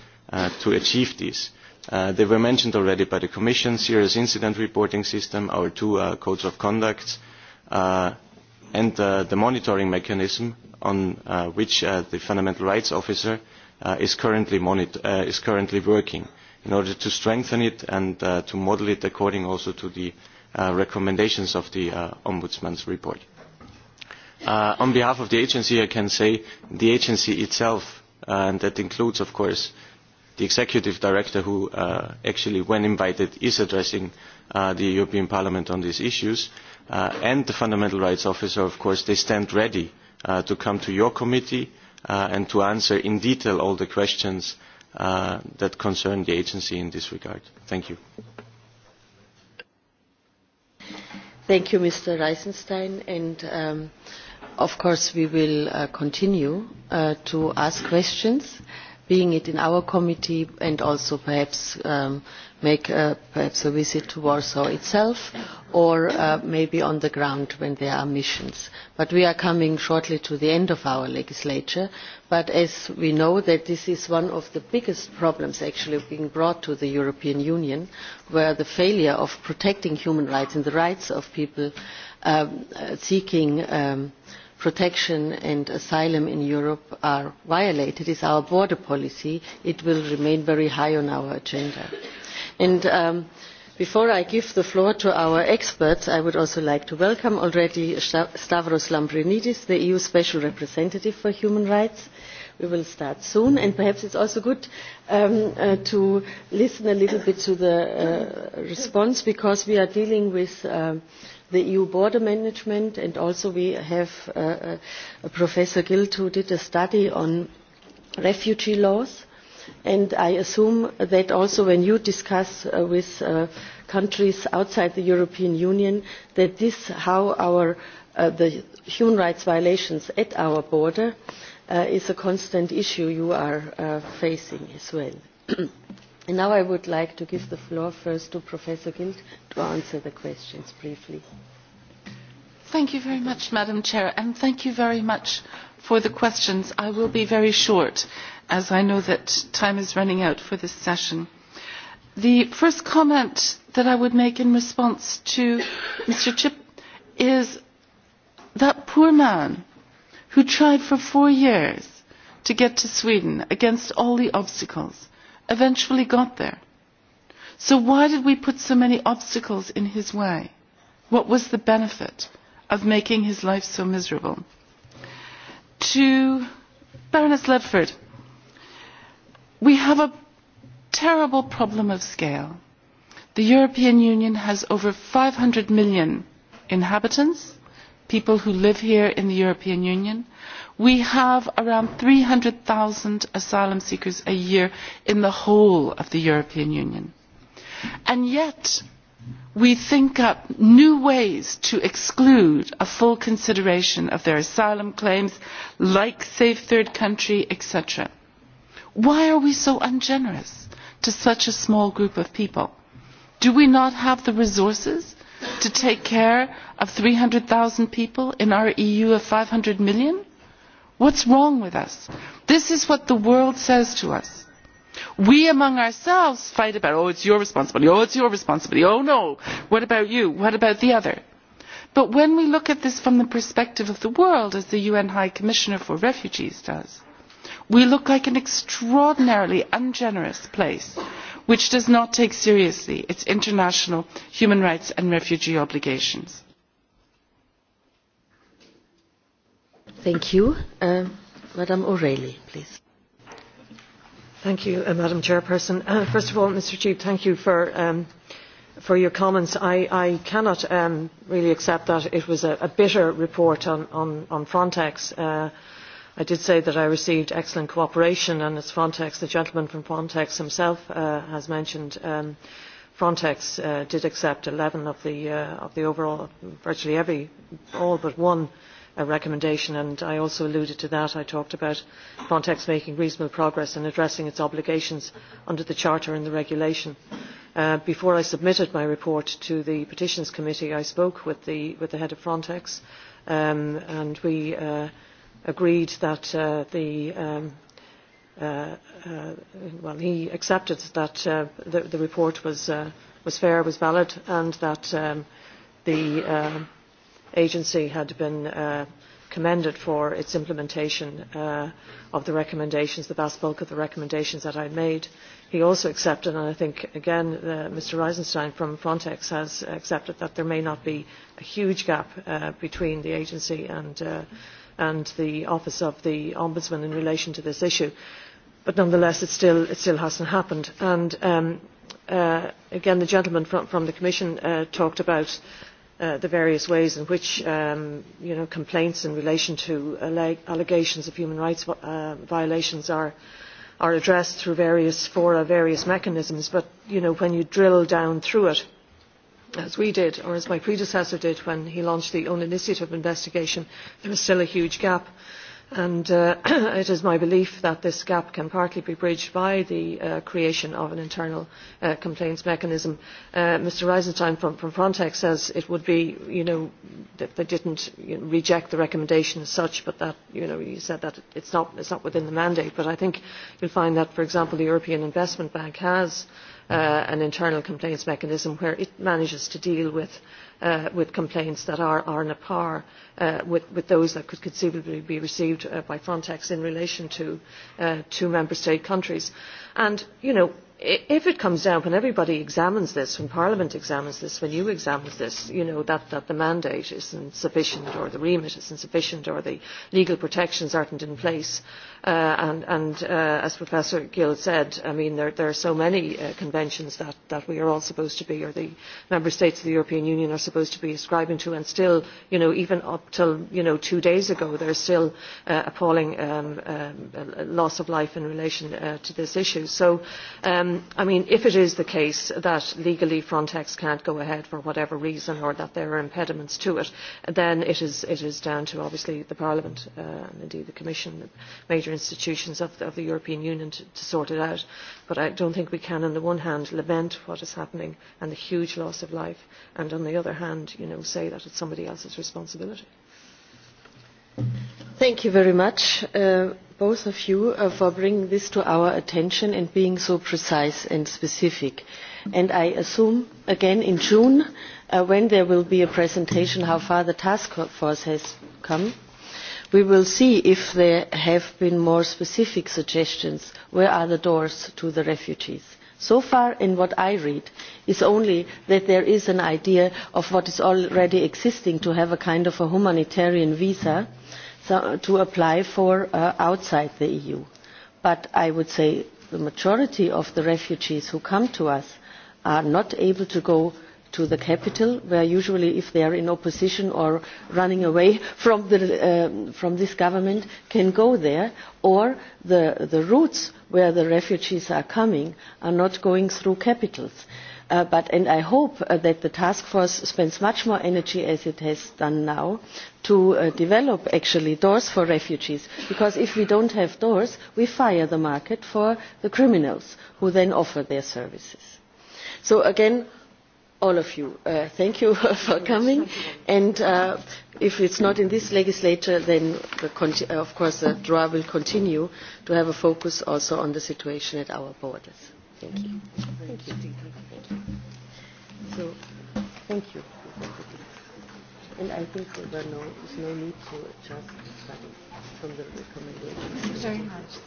to achieve this. They were mentioned already by the Commission, serious incident reporting system, our two codes of conduct, and the monitoring mechanism on which the Fundamental Rights Officer is currently working in order to strengthen it and to model it according also to the recommendations of the Ombudsman's report. On behalf of the agency, I can say the agency itself, and that includes, of course, the executive director who actually, when invited, is addressing the European Parliament on these issues, and the fundamental rights officer, of course, they stand ready to come to your committee and to answer in detail all the questions that concern the agency in this regard. Thank you. Thank you, Mr. Reisenstein, And of course, we will continue to ask questions, being it in our committee and also perhaps make perhaps a visit to Warsaw itself or maybe on the ground when there are missions. But we are coming shortly to the end of our legislature, but as we know that this is one of the biggest problems actually being brought to the European Union, where the failure of protecting human rights and the rights of people seeking protection and asylum in Europe are violated is our border policy. It will remain very high on our agenda before I give the floor to our experts, I would also like to welcome already Stavros Lambrinidis, the EU Special Representative for Human Rights. We will start soon, and perhaps it's also good to listen a little bit to the response, because we are dealing with the EU border management, and also we have Professor Gilt who did a study on refugee laws and I assume that also when you discuss with countries outside the European Union that this how our the human rights violations at our border is a constant issue you are facing as well. Now I would like to give the floor first to Professor gilt to answer the questions briefly. Thank you very much, Madam Chair, and thank you very much for the questions. I will be very short as I know that time is running out for this session. The first comment that I would make in response to Mr. Chip is that poor man who tried for four years to get to Sweden against all the obstacles eventually got there. So why did we put so many obstacles in his way? What was the benefit of making his life so miserable? To Baroness Ledford, We have a terrible problem of scale. The European Union has over 500 million inhabitants, people who live here in the European Union. We have around 300,000 asylum seekers a year in the whole of the European Union. And yet we think up new ways to exclude a full consideration of their asylum claims, like safe third country, etc. Why are we so ungenerous to such a small group of people? Do we not have the resources to take care of 300,000 people in our EU of 500 million? What's wrong with us? This is what the world says to us. We among ourselves fight about, oh, it's your responsibility, oh, it's your responsibility, oh, no, what about you, what about the other? But when we look at this from the perspective of the world, as the UN High Commissioner for Refugees does, we look like an extraordinarily ungenerous place which does not take seriously its international human rights and refugee obligations. Thank you. Madam O'Reilly, please. Thank you, Madam Chairperson. First of all, Mr. Chief, thank you for for your comments. I cannot really accept that it was a bitter report on Frontex I did say that I received excellent cooperation, and as Frontex. The gentleman from Frontex himself has mentioned Frontex did accept 11 of the overall, virtually every, all but one recommendation, and I also alluded to that. I talked about Frontex making reasonable progress in addressing its obligations under the Charter and the regulation. Before I submitted my report to the Petitions Committee, I spoke with the head of Frontex, and we agreed that the well he accepted that the report was was fair was valid and that the agency had been commended for its implementation of the recommendations the vast bulk of the recommendations that i made he also accepted and i think again mr Reisenstein from frontex has accepted that there may not be a huge gap between the agency and and the Office of the Ombudsman in relation to this issue. But nonetheless, it still hasn't happened. And again, the gentleman from the Commission talked about the various ways in which complaints in relation to allegations of human rights violations are addressed through various fora, various mechanisms. But when you drill down through it, as we did or as my predecessor did when he launched the own initiative investigation there is still a huge gap and it is my belief that this gap can partly be bridged by the creation of an internal complaints mechanism. mr Reisenstein from frontex says it would be you know that they didn't reject the recommendation as such but that you know you said that it's not it's not within the mandate but i think you'll find that for example the european investment bank has an internal complaints mechanism where it manages to deal with complaints that are on a par with those that could conceivably be received by Frontex in relation to member state countries. And, you know, if it comes down when everybody examines this, when Parliament examines this, when you examine this, you know that, that the mandate is sufficient or the remit is sufficient or the legal protections aren't in place. and as Professor Gill said, I mean, there, are so many conventions that, we are all supposed to be, or the member states of the European Union are supposed to be ascribing to, and still, you know, even up till, you know, two days ago, there's still appalling loss of life in relation to this issue. So. I mean, if it is the case that legally Frontex can't go ahead for whatever reason or that there are impediments to it, then it is down to obviously the Parliament and indeed the Commission, the major institutions of the European Union to sort it out. But I don't think we can, on the one hand, lament what is happening and the huge loss of life, and on the other hand, say that it's somebody else's responsibility. Thank you very much both of you for bringing this to our attention and being so precise and specific. And I assume again in June when there will be a presentation how far the task force has come. We will see if there have been more specific suggestions. Where are the doors to the refugees? So far in what I read is only that there is an idea of what is already existing to have a kind of a humanitarian visa to apply for outside the EU. But I would say the majority of the refugees who come to us are not able to go to the capital, where usually if they are in opposition or running away from this government can go there, or the routes where the refugees are coming are not going through capitals but and i hope that the task force spends much more energy as it has done now to develop actually doors for refugees because if we don't have doors we fire the market for the criminals who then offer their services so again all of you thank you for coming and if it's not in this legislature then of course the draw will continue to have a focus also on the situation at our borders Thank you. Thank you. So, thank you. And I think there no, no need to adjust from the recommendations. Thank you very much.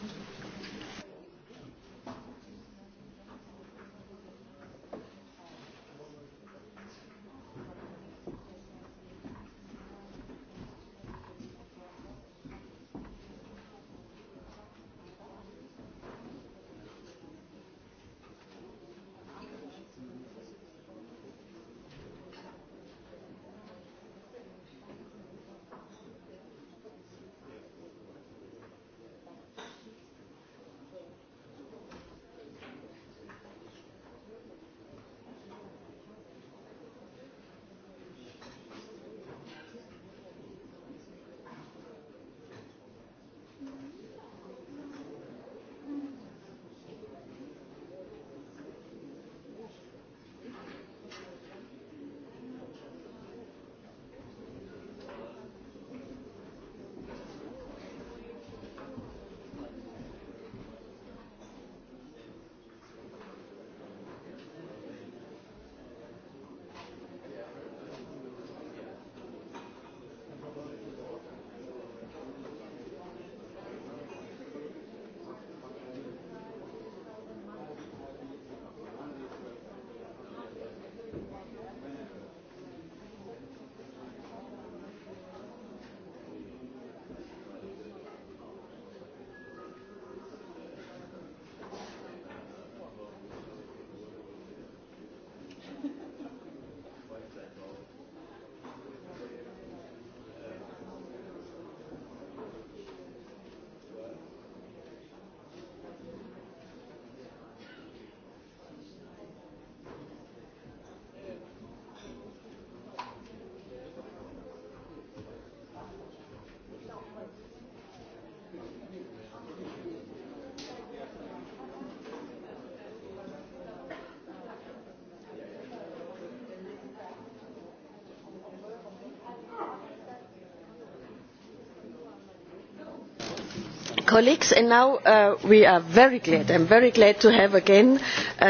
colleagues and now we are very glad i am very glad to have again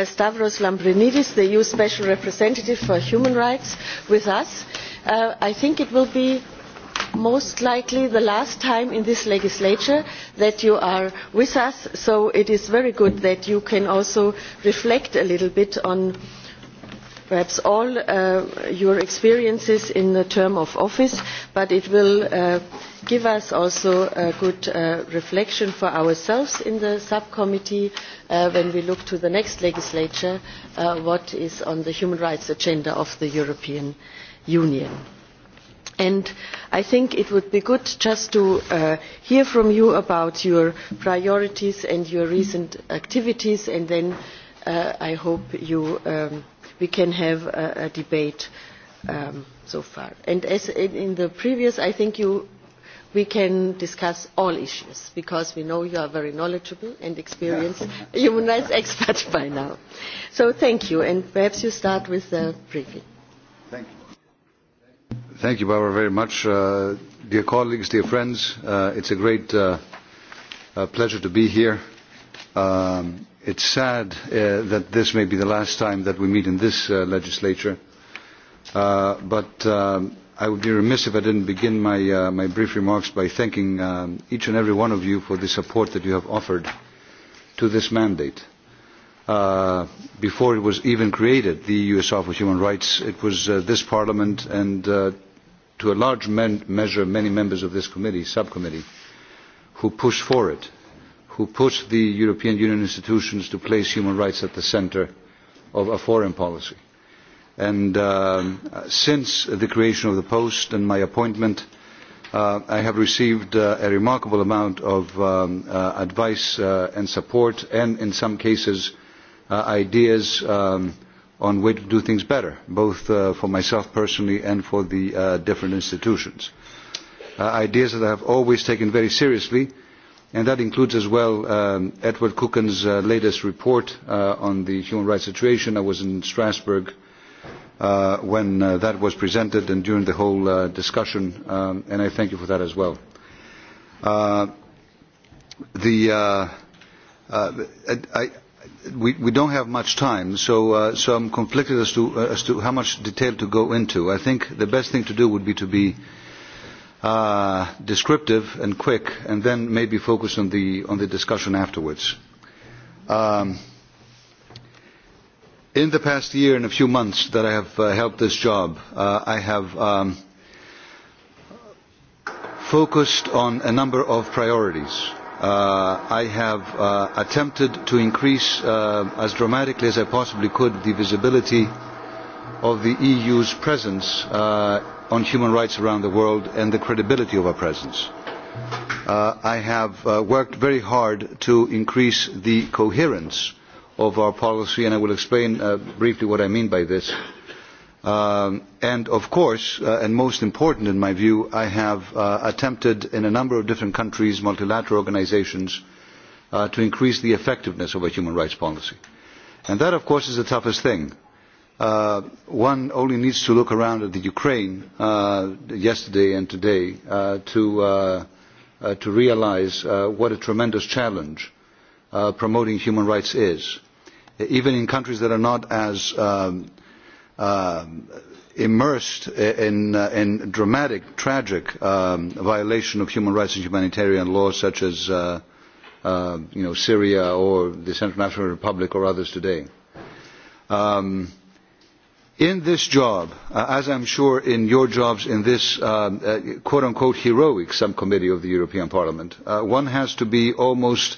stavros lambrinidis the eu special representative for human rights with us. i think it will be most likely the last time in this legislature that you are with us so it is very good that you can also reflect a little bit on perhaps all your experiences in the term of office but it will give us also a good reflection for ourselves in the subcommittee when we look to the next legislature what is on the human rights agenda of the European Union. And I think it would be good just to hear from you about your priorities and your recent activities and then I hope we can have a debate so far. And as in the previous, I think you we can discuss all issues because we know you are very knowledgeable and experienced human rights expert by now. So thank you and perhaps you start with the briefing. Thank you. Thank you Barbara very much. Dear colleagues, dear friends, it's a great pleasure to be here. It's sad that this may be the last time that we meet in this legislature but I would be remiss if I didn't begin my my brief remarks by thanking each and every one of you for the support that you have offered to this mandate. Before it was even created, the U.S. Office of Human Rights, it was this Parliament and to a large measure many members of this committee, subcommittee, who pushed for it, who pushed the European Union institutions to place human rights at the centre of a foreign policy and since the creation of the post and my appointment i have received a remarkable amount of advice and support and in some cases ideas on way to do things better both for myself personally and for the different institutions ideas that i have always taken very seriously and that includes as well edward kukan's latest report on the human rights situation. i was in strasbourg when that was presented and during the whole discussion, and I thank you for that as well. We don't have much time, so I'm conflicted as to how much detail to go into. I think the best thing to do would be to be descriptive and quick, and then maybe focus on the discussion afterwards in the past year and a few months that i have helped this job i have focused on a number of priorities. i have attempted to increase as dramatically as i possibly could the visibility of the eu's presence on human rights around the world and the credibility of our presence. i have worked very hard to increase the coherence of our policy, and I will explain briefly what I mean by this. And of course, and most important in my view, I have attempted in a number of different countries, multilateral organisations, to increase the effectiveness of a human rights policy. And that, of course, is the toughest thing. One only needs to look around at the Ukraine yesterday and today to realise what a tremendous challenge promoting human rights is even in countries that are not as immersed in dramatic, tragic violation of human rights and humanitarian law, such as Syria or the Central African Republic or others today. In this job, as I'm sure in your jobs in this quote-unquote heroic subcommittee of the European Parliament, one has to be almost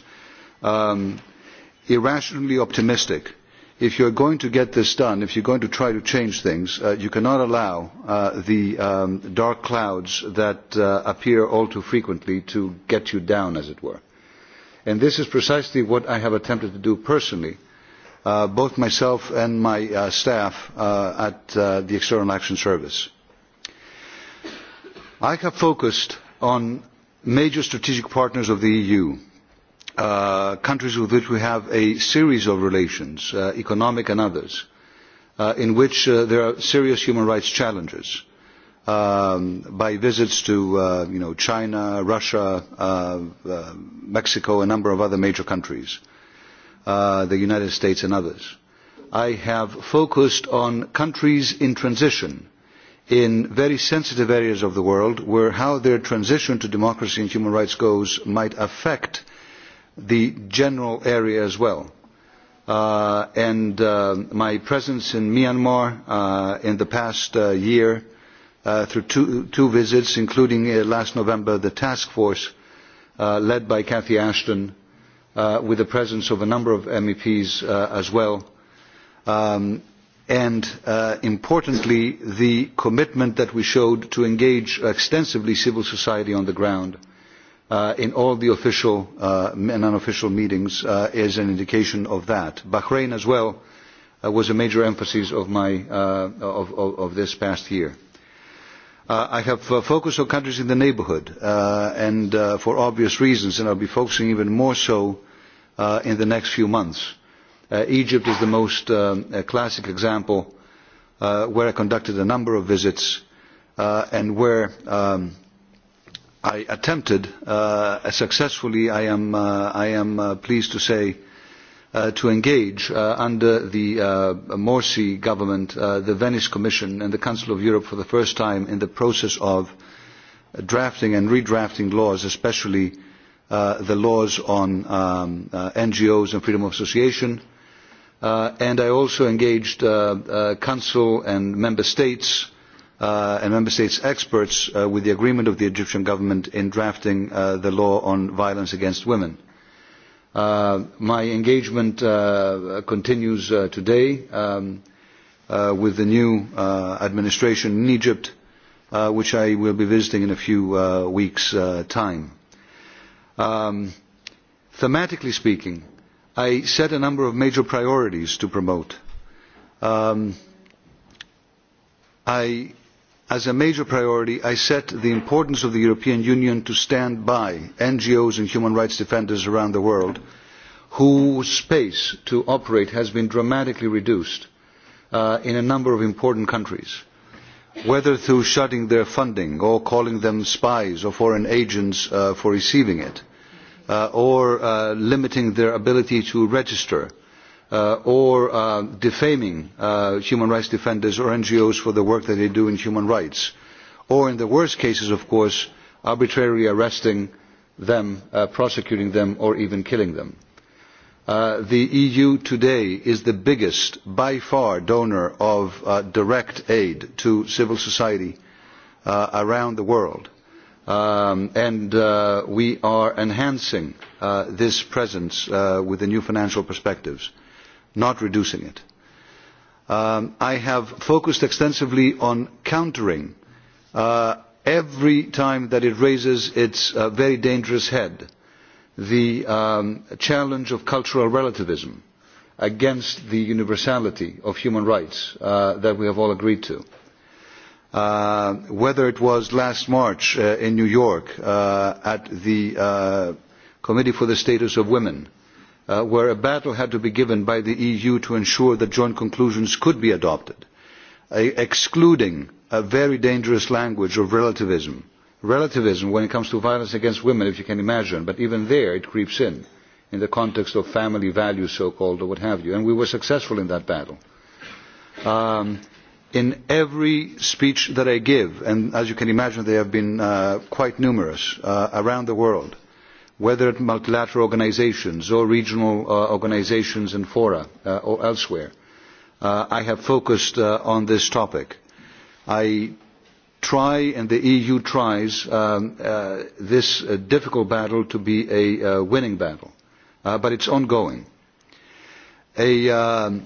irrationally optimistic. If you are going to get this done, if you are going to try to change things, you cannot allow the dark clouds that appear all too frequently to get you down, as it were. And this is precisely what I have attempted to do personally, both myself and my staff at the External Action Service. I have focused on major strategic partners of the EU countries with which we have a series of relations, economic and others, in which there are serious human rights challenges by visits to China, Russia, Mexico, a number of other major countries, the United States and others. I have focused on countries in transition in very sensitive areas of the world where how their transition to democracy and human rights goes might affect the general area as well. And my presence in Myanmar in the past year through two visits, including last November the task force led by Cathy Ashton, with the presence of a number of MEPs as well, and importantly the commitment that we showed to engage extensively civil society on the ground in all the official and unofficial meetings is an indication of that. Bahrain as well was a major emphasis of this past year. I have focused on countries in the neighbourhood and for obvious reasons and I will be focusing even more so in the next few months. Egypt is the most classic example where I conducted a number of visits and where I attempted successfully, I am pleased to say, to engage under the Morsi government, the Venice Commission and the Council of Europe for the first time in the process of drafting and redrafting laws, especially the laws on NGOs and freedom of association. And I also engaged Council and Member States and member states' experts with the agreement of the Egyptian government in drafting the law on violence against women. My engagement continues today with the new administration in Egypt, which I will be visiting in a few weeks' time. Thematically speaking, I set a number of major priorities to promote. I As a major priority, I set the importance of the European Union to stand by NGOs and human rights defenders around the world whose space to operate has been dramatically reduced in a number of important countries, whether through shutting their funding or calling them spies or foreign agents for receiving it, or limiting their ability to register or defaming human rights defenders or ngos for the work that they do in human rights or in the worst cases of course arbitrarily arresting them prosecuting them or even killing them. the eu today is the biggest by far donor of direct aid to civil society around the world and we are enhancing this presence with the new financial perspectives not reducing it. I have focused extensively on countering every time that it raises its very dangerous head, the challenge of cultural relativism against the universality of human rights that we have all agreed to. Whether it was last March in New York at the Committee for the Status of Women, where a battle had to be given by the EU to ensure that joint conclusions could be adopted, excluding a very dangerous language of relativism. Relativism when it comes to violence against women, if you can imagine, but even there it creeps in, in the context of family values so-called or what have you, and we were successful in that battle. In every speech that I give, and as you can imagine they have been quite numerous around the world, whether at multilateral organisations or regional organisations and fora or elsewhere. I have focused on this topic. I try and the EU tries this difficult battle to be a winning battle, but it's ongoing. A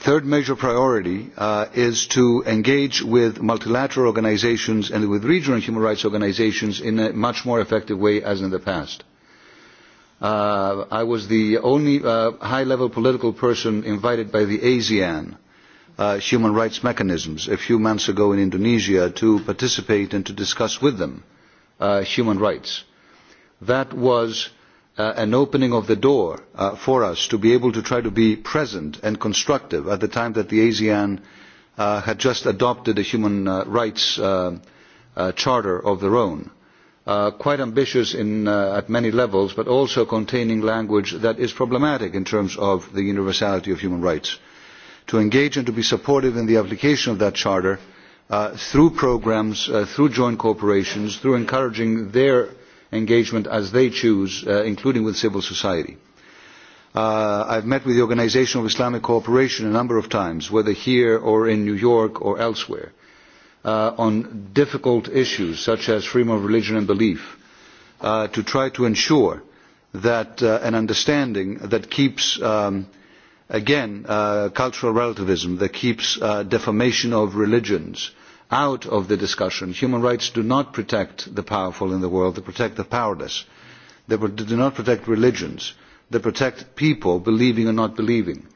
third major priority is to engage with multilateral organisations and with regional human rights organisations in a much more effective way as in the past. I was the only high level political person invited by the ASEAN human rights mechanisms a few months ago in Indonesia to participate and to discuss with them human rights. That was an opening of the door for us to be able to try to be present and constructive at the time that the ASEAN had just adopted a human rights charter of their own, quite ambitious at many levels, but also containing language that is problematic in terms of the universality of human rights. To engage and to be supportive in the application of that charter through programmes, through joint corporations, through encouraging their engagement as they choose, including with civil society. I have met with the Organisation of Islamic Cooperation a number of times, whether here or in New York or elsewhere, on difficult issues such as freedom of religion and belief, to try to ensure that an understanding that keeps again cultural relativism, that keeps defamation of religions out of the discussion. Human rights do not protect the powerful in the world, they protect the powerless. They do not protect religions, they protect people believing or not believing.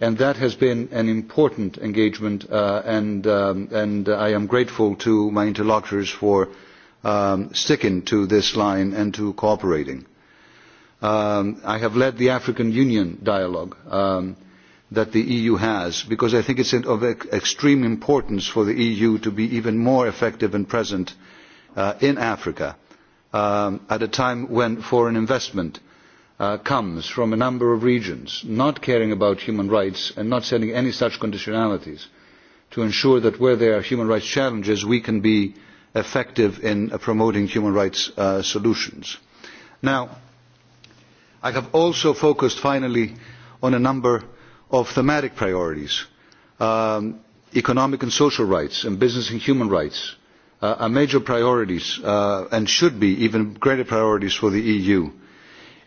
And that has been an important engagement and I am grateful to my interlocutors for sticking to this line and to cooperating. I have led the African Union dialogue that the EU has, because I think it is of extreme importance for the EU to be even more effective and present in Africa at a time when foreign investment comes from a number of regions, not caring about human rights and not setting any such conditionalities, to ensure that where there are human rights challenges, we can be effective in promoting human rights solutions. Now, I have also focused finally on a number of thematic priorities economic and social rights and business and human rights are major priorities and should be even greater priorities for the eu.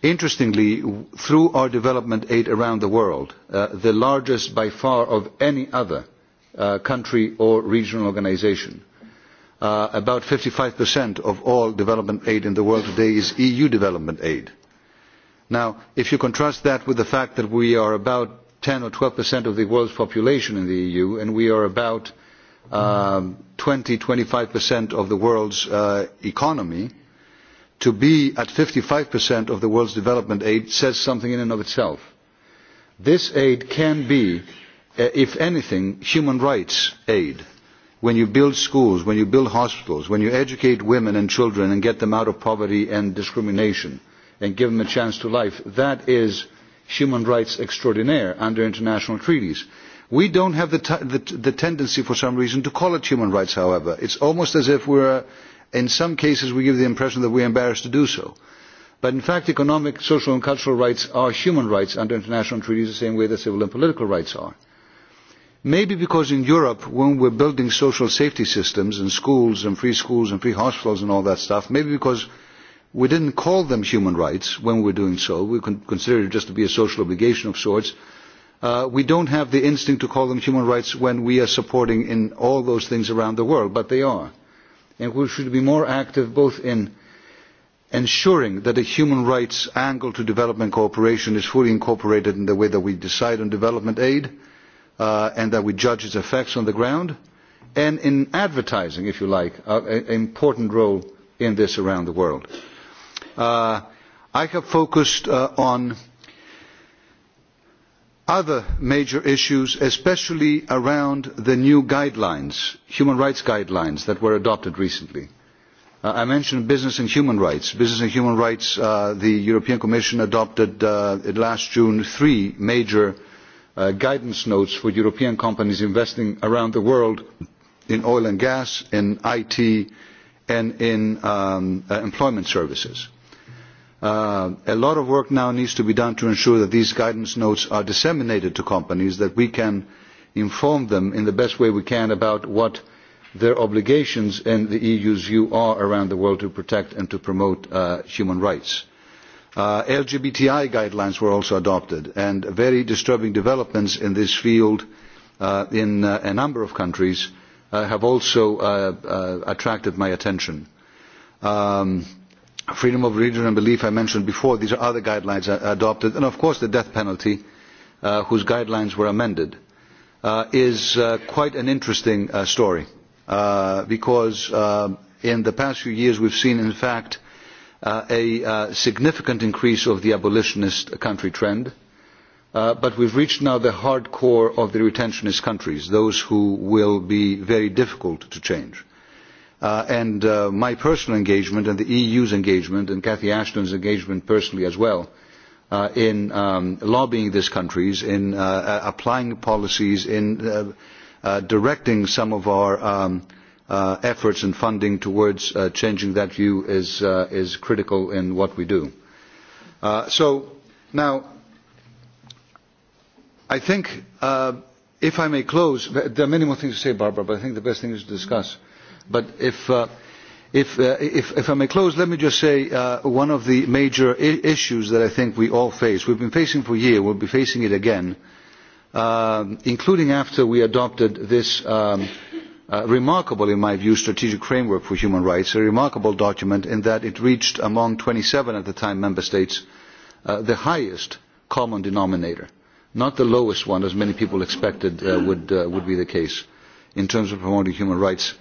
interestingly through our development aid around the world the largest by far of any other country or regional organisation about 55% of all development aid in the world today is eu development aid. now if you contrast that with the fact that we are about 10 or 12% of the world's population in the EU, and we are about 20-25% of the world's economy, to be at 55% of the world's development aid says something in and of itself. This aid can be, if anything, human rights aid. When you build schools, when you build hospitals, when you educate women and children and get them out of poverty and discrimination and give them a chance to life, that is human rights extraordinaire under international treaties. We don't have the tendency for some reason to call it human rights, however. It's almost as if we're, in some cases, we give the impression that we're embarrassed to do so. But in fact, economic, social and cultural rights are human rights under international treaties the same way that civil and political rights are. Maybe because in Europe, when we're building social safety systems and schools and free schools and free hospitals and all that stuff, maybe because We didn't call them human rights when we were doing so. We considered it just to be a social obligation of sorts. We don't have the instinct to call them human rights when we are supporting in all those things around the world, but they are. And we should be more active both in ensuring that a human rights angle to development cooperation is fully incorporated in the way that we decide on development aid and that we judge its effects on the ground, and in advertising, if you like, an important role in this around the world. I have focused on other major issues, especially around the new guidelines, human rights guidelines that were adopted recently. I mentioned business and human rights. Business and human rights, the European Commission adopted last June three major guidance notes for European companies investing around the world in oil and gas, in IT, and in employment services a lot of work now needs to be done to ensure that these guidance notes are disseminated to companies that we can inform them in the best way we can about what their obligations in the eu's view are around the world to protect and to promote human rights. lgbti guidelines were also adopted and very disturbing developments in this field in a number of countries have also attracted my attention freedom of religion and belief I mentioned before. These are other guidelines adopted. And, of course, the death penalty, whose guidelines were amended, is quite an interesting story because in the past few years we've seen, in fact, a significant increase of the abolitionist country trend. But we've reached now the hard core of the retentionist countries, those who will be very difficult to change and my personal engagement and the EU's engagement and Cathy Ashton's engagement personally as well in lobbying these countries, in applying policies, in directing some of our efforts and funding towards changing that view is critical in what we do. So now, I think, if I may close, there are many more things to say, Barbara, but I think the best thing is to discuss But if I may close, let me just say one of the major issues that I think we all face, we have been facing for a year, will be facing it again, including after we adopted this remarkable, in my view, strategic framework for human rights, a remarkable document in that it reached among twenty seven at the time member states the highest common denominator, not the lowest one, as many people expected would be the case in terms of promoting human rights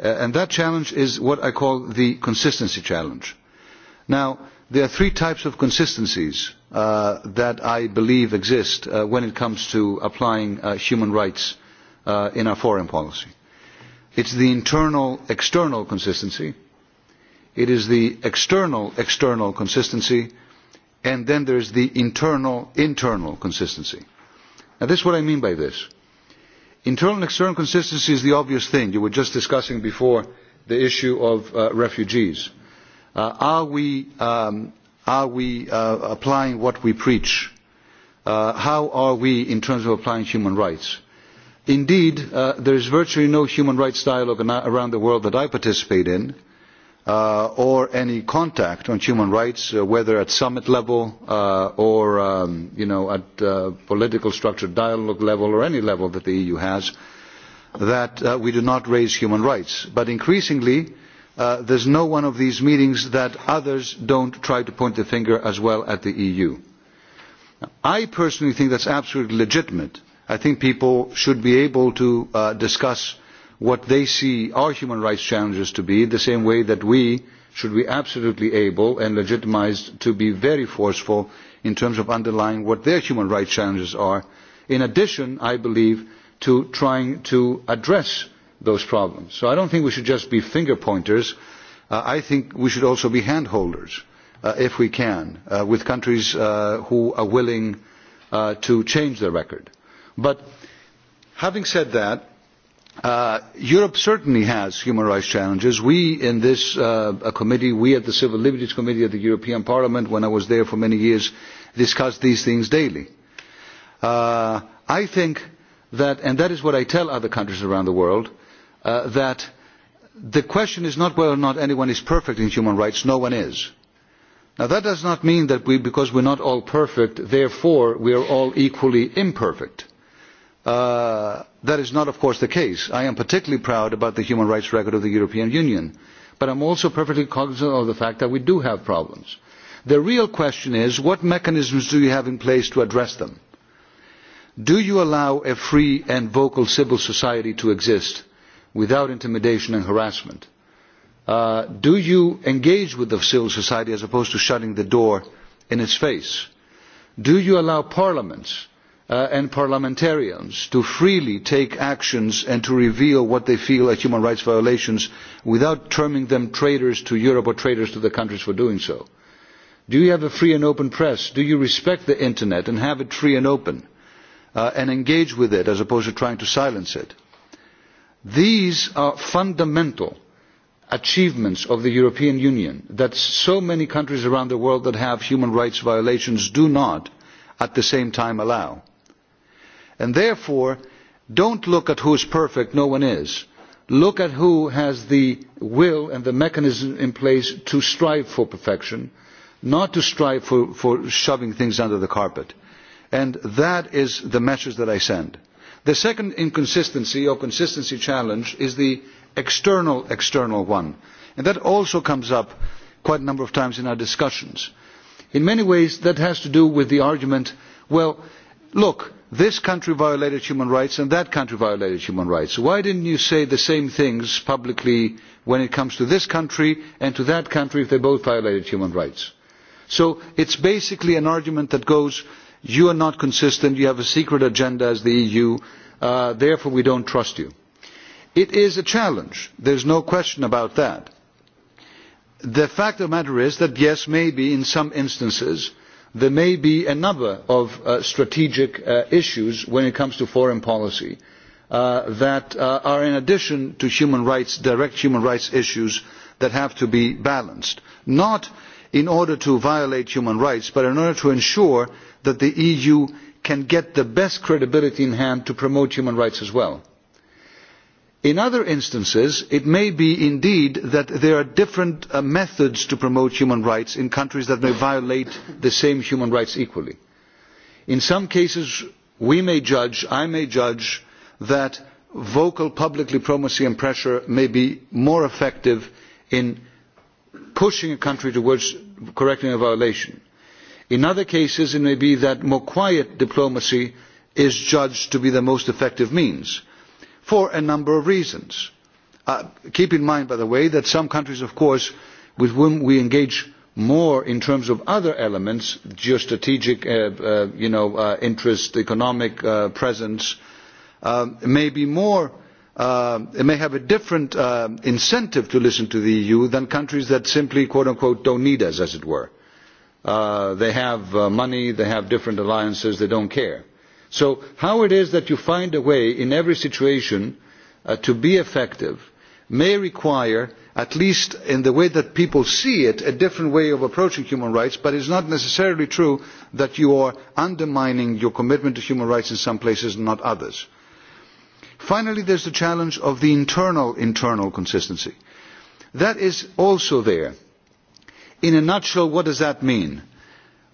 and that challenge is what i call the consistency challenge. now there are three types of consistencies that i believe exist when it comes to applying human rights in our foreign policy it is the internal external consistency it is the external external consistency and then there is the internal internal consistency. now this is what i mean by this Internal and external consistency is the obvious thing. You were just discussing before the issue of refugees. Are we applying what we preach? How are we in terms of applying human rights? Indeed, there is virtually no human rights dialogue around the world that I participate in or any contact on human rights, whether at summit level or at political structure, dialogue level or any level that the EU has, that we do not raise human rights. But increasingly, there is no one of these meetings that others don't try to point the finger as well at the EU. I personally think that's absolutely legitimate. I think people should be able to discuss what they see our human rights challenges to be, the same way that we should be absolutely able and legitimised to be very forceful in terms of underlying what their human rights challenges are, in addition, I believe, to trying to address those problems. So I don't think we should just be finger pointers. I think we should also be hand holders, if we can, with countries who are willing to change their record. But having said that, Europe certainly has human rights challenges. We in this committee, we at the Civil Liberties Committee at the European Parliament, when I was there for many years, discussed these things daily. I think that, and that is what I tell other countries around the world, that the question is not whether or not anyone is perfect in human rights. No one is. Now that does not mean that we, because we're not all perfect, therefore we are all equally imperfect that is not of course the case. i am particularly proud about the human rights record of the european union but i am also perfectly cognizant of the fact that we do have problems. the real question is what mechanisms do you have in place to address them? do you allow a free and vocal civil society to exist without intimidation and harassment? do you engage with the civil society as opposed to shutting the door in its face? do you allow parliaments and parliamentarians to freely take actions and to reveal what they feel are human rights violations without terming them traitors to europe or traitors to the countries for doing so? do you have a free and open press? do you respect the internet and have it free and open and engage with it as opposed to trying to silence it? these are fundamental achievements of the european union that so many countries around the world that have human rights violations do not at the same time allow and therefore don't look at who is perfect no one is look at who has the will and the mechanism in place to strive for perfection not to strive for shoving things under the carpet and that is the message that i send. the second inconsistency or consistency challenge is the external external one and that also comes up quite a number of times in our discussions. in many ways that has to do with the argument well look this country violated human rights and that country violated human rights. Why didn't you say the same things publicly when it comes to this country and to that country if they both violated human rights? So it's basically an argument that goes, you are not consistent, you have a secret agenda as the EU, therefore we don't trust you. It is a challenge, There is no question about that. The fact of the matter is that yes, maybe in some instances there may be a number of strategic issues when it comes to foreign policy that are in addition to human rights direct human rights issues that have to be balanced not in order to violate human rights but in order to ensure that the eu can get the best credibility in hand to promote human rights as well in other instances it may be indeed that there are different methods to promote human rights in countries that may violate the same human rights equally. in some cases we may judge i may judge that vocal public diplomacy and pressure may be more effective in pushing a country towards correcting a violation. in other cases it may be that more quiet diplomacy is judged to be the most effective means for a number of reasons. Keep in mind, by the way, that some countries, of course, with whom we engage more in terms of other elements, geostrategic interest, economic presence, may be more, may have a different incentive to listen to the EU than countries that simply, quote unquote, don't need us, as it were. They have money, they have different alliances, they don't care. So how it is that you find a way in every situation to be effective may require, at least in the way that people see it, a different way of approaching human rights, but it is not necessarily true that you are undermining your commitment to human rights in some places and not others. Finally, there is the challenge of the internal internal consistency. That is also there. In a nutshell, what does that mean?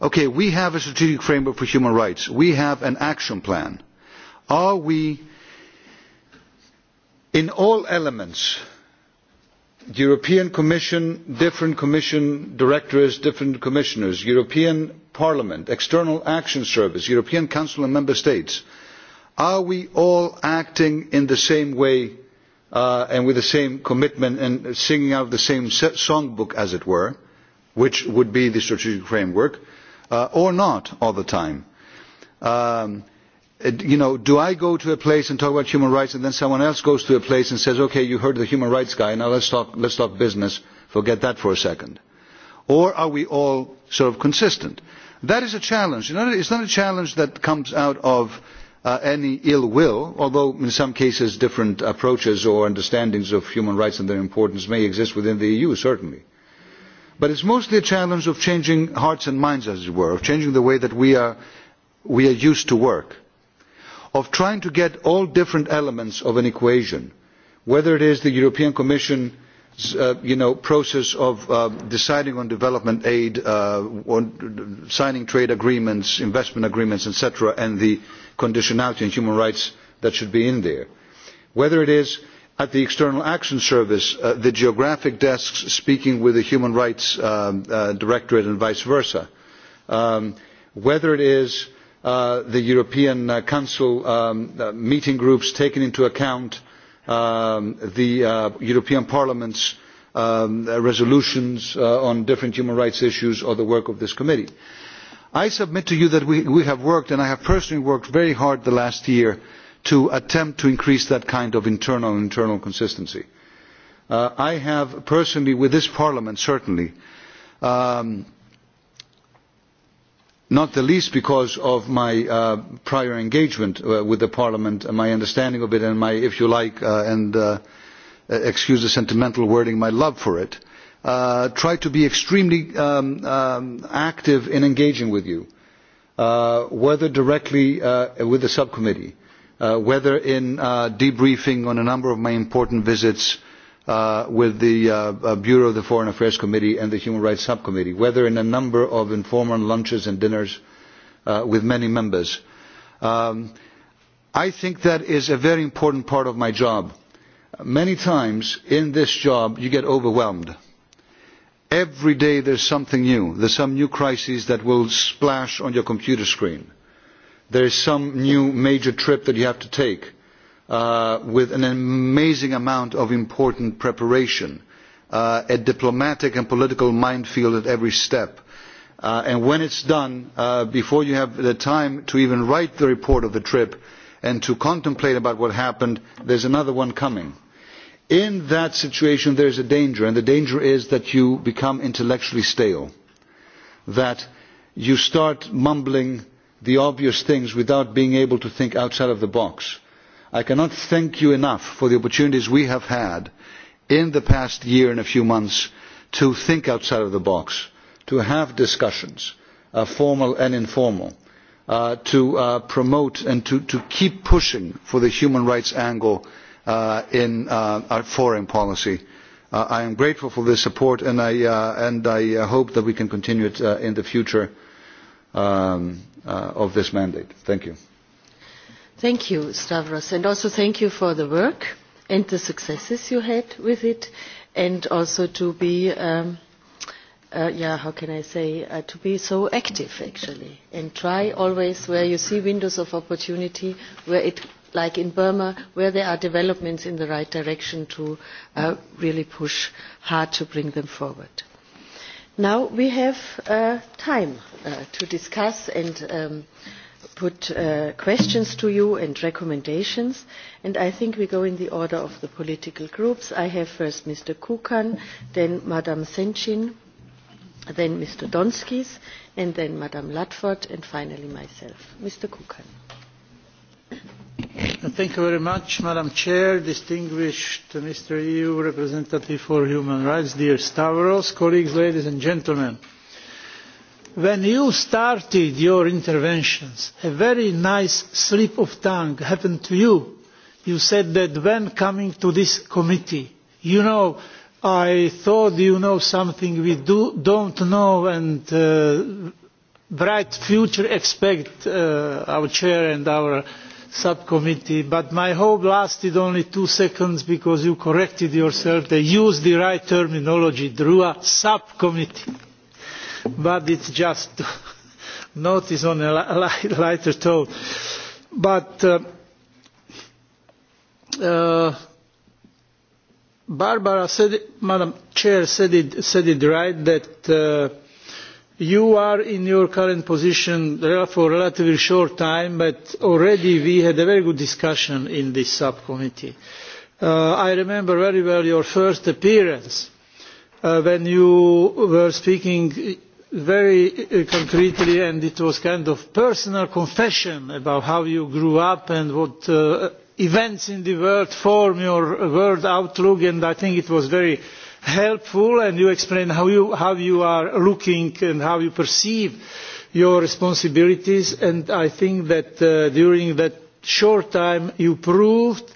okay we have a strategic framework for human rights we have an action plan are we in all elements the european commission different commission directors, different commissioners european parliament external action service european council and member states are we all acting in the same way and with the same commitment and singing out the same songbook as it were which would be the strategic framework? or not all the time. You know, do I go to a place and talk about human rights and then someone else goes to a place and says, okay, you heard the human rights guy, now let's talk, let's talk business, forget that for a second. Or are we all sort of consistent? That is a challenge. It's not a challenge that comes out of any ill will, although in some cases different approaches or understandings of human rights and their importance may exist within the EU, certainly. But it is mostly a challenge of changing hearts and minds, as it were, of changing the way that we are used to work, of trying to get all different elements of an equation, whether it is the European Commission's process of deciding on development aid, signing trade agreements, investment agreements, etc., and the conditionality and human rights that should be in there, whether it is at the external action service the geographic desks speaking with the human rights directorate and vice versa whether it is the european council meeting groups taking into account the european parliament's resolutions on different human rights issues or the work of this committee. i submit to you that we have worked and i have personally worked very hard the last year to attempt to increase that kind of internal internal consistency. I have personally, with this Parliament certainly, not the least because of my prior engagement with the Parliament and my understanding of it and my, if you like, and excuse the sentimental wording, my love for it, tried to be extremely active in engaging with you, whether directly with the subcommittee whether in debriefing on a number of my important visits with the Bureau of the Foreign Affairs Committee and the Human Rights Subcommittee, whether in a number of informal lunches and dinners with many members. I think that is a very important part of my job. Many times in this job you get overwhelmed. Every day there is something new. There some new crisis that will splash on your computer screen there is some new major trip that you have to take with an amazing amount of important preparation, a diplomatic and political minefield at every step. And when it's done, before you have the time to even write the report of the trip and to contemplate about what happened, there's another one coming. In that situation, there is a danger, and the danger is that you become intellectually stale, that you start mumbling the obvious things without being able to think outside of the box. I cannot thank you enough for the opportunities we have had in the past year and a few months to think outside of the box, to have discussions, formal and informal, to promote and to keep pushing for the human rights angle in our foreign policy. I am grateful for this support and I hope that we can continue it in the future of this mandate. Thank you. Thank you, Stavros, and also thank you for the work and the successes you had with it, and also to be, yeah, how can I say, to be so active actually, and try always where you see windows of opportunity, where it, like in Burma, where there are developments in the right direction, to really push hard to bring them forward. Now we have time to discuss and put questions to you and recommendations. And I think we go in the order of the political groups. I have first Mr. Kukan, then Madam Senchin, then Mr. Donskis, and then Madam Ludford, and finally myself. Mr. Kukan. Thank you very much, Madam Chair, distinguished Mr. EU representative for human rights, dear Stavros, colleagues, ladies and gentlemen when you started your interventions a very nice slip of tongue happened to you you said that when coming to this committee you know i thought you know something we do don't know and bright future expect our chair and our subcommittee but my hope lasted only two seconds because you corrected yourself and used the right terminology drua subcommittee but it's just notice on a lighter tone. But Barbara said, Madam Chair said it, said it right that you are in your current position for a relatively short time, but already we had a very good discussion in this subcommittee. I remember very well your first appearance when you were speaking very concretely and it was kind of personal confession about how you grew up and what events in the world form your world outlook and I think it was very helpful and you explained how you are looking and how you perceive your responsibilities and I think that during that short time you proved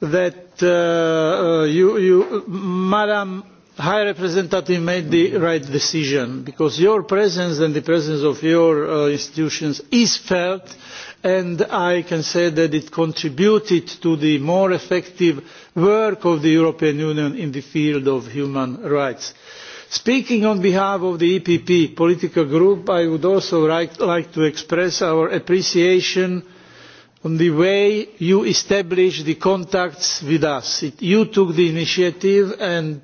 that you Madam High Representative made the right decision because your presence and the presence of your institutions is felt and I can say that it contributed to the more effective work of the European Union in the field of human rights. Speaking on behalf of the EPP political group, I would also like to express our appreciation on the way you established the contacts with us. You took the initiative and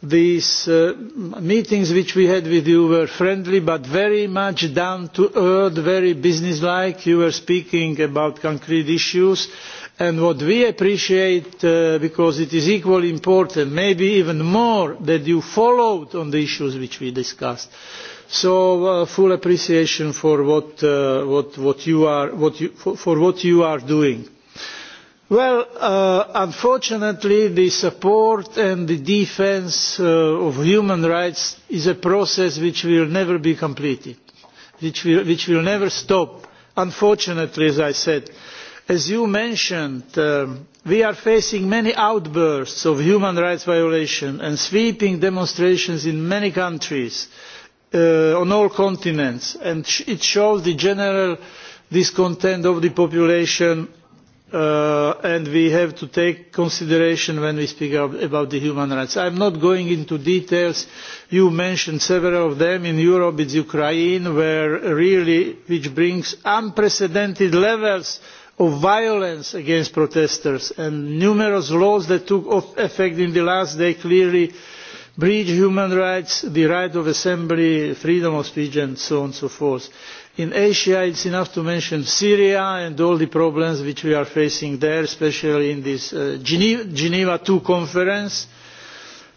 these meetings which we had with you were friendly but very much down to earth, very business like You were speaking about concrete issues and what we appreciate because it is equally important, maybe even more, that you followed on the issues which we discussed. So full appreciation for what you are doing. Well, unfortunately, the support and the defence of human rights is a process which will never be completed, which will never stop. Unfortunately, as I said, as you mentioned, we are facing many outbursts of human rights violations and sweeping demonstrations in many countries on all continents and it shows the general discontent of the population and we have to take consideration when we speak about the human rights. I am not going into details. You mentioned several of them. In Europe is Ukraine where really which brings unprecedented levels of violence against protesters and numerous laws that took effect in the last day clearly breach human rights, the right of assembly, freedom of speech and so on and so forth. In Asia it is enough to mention Syria and all the problems which we are facing there, especially in this Geneva II conference.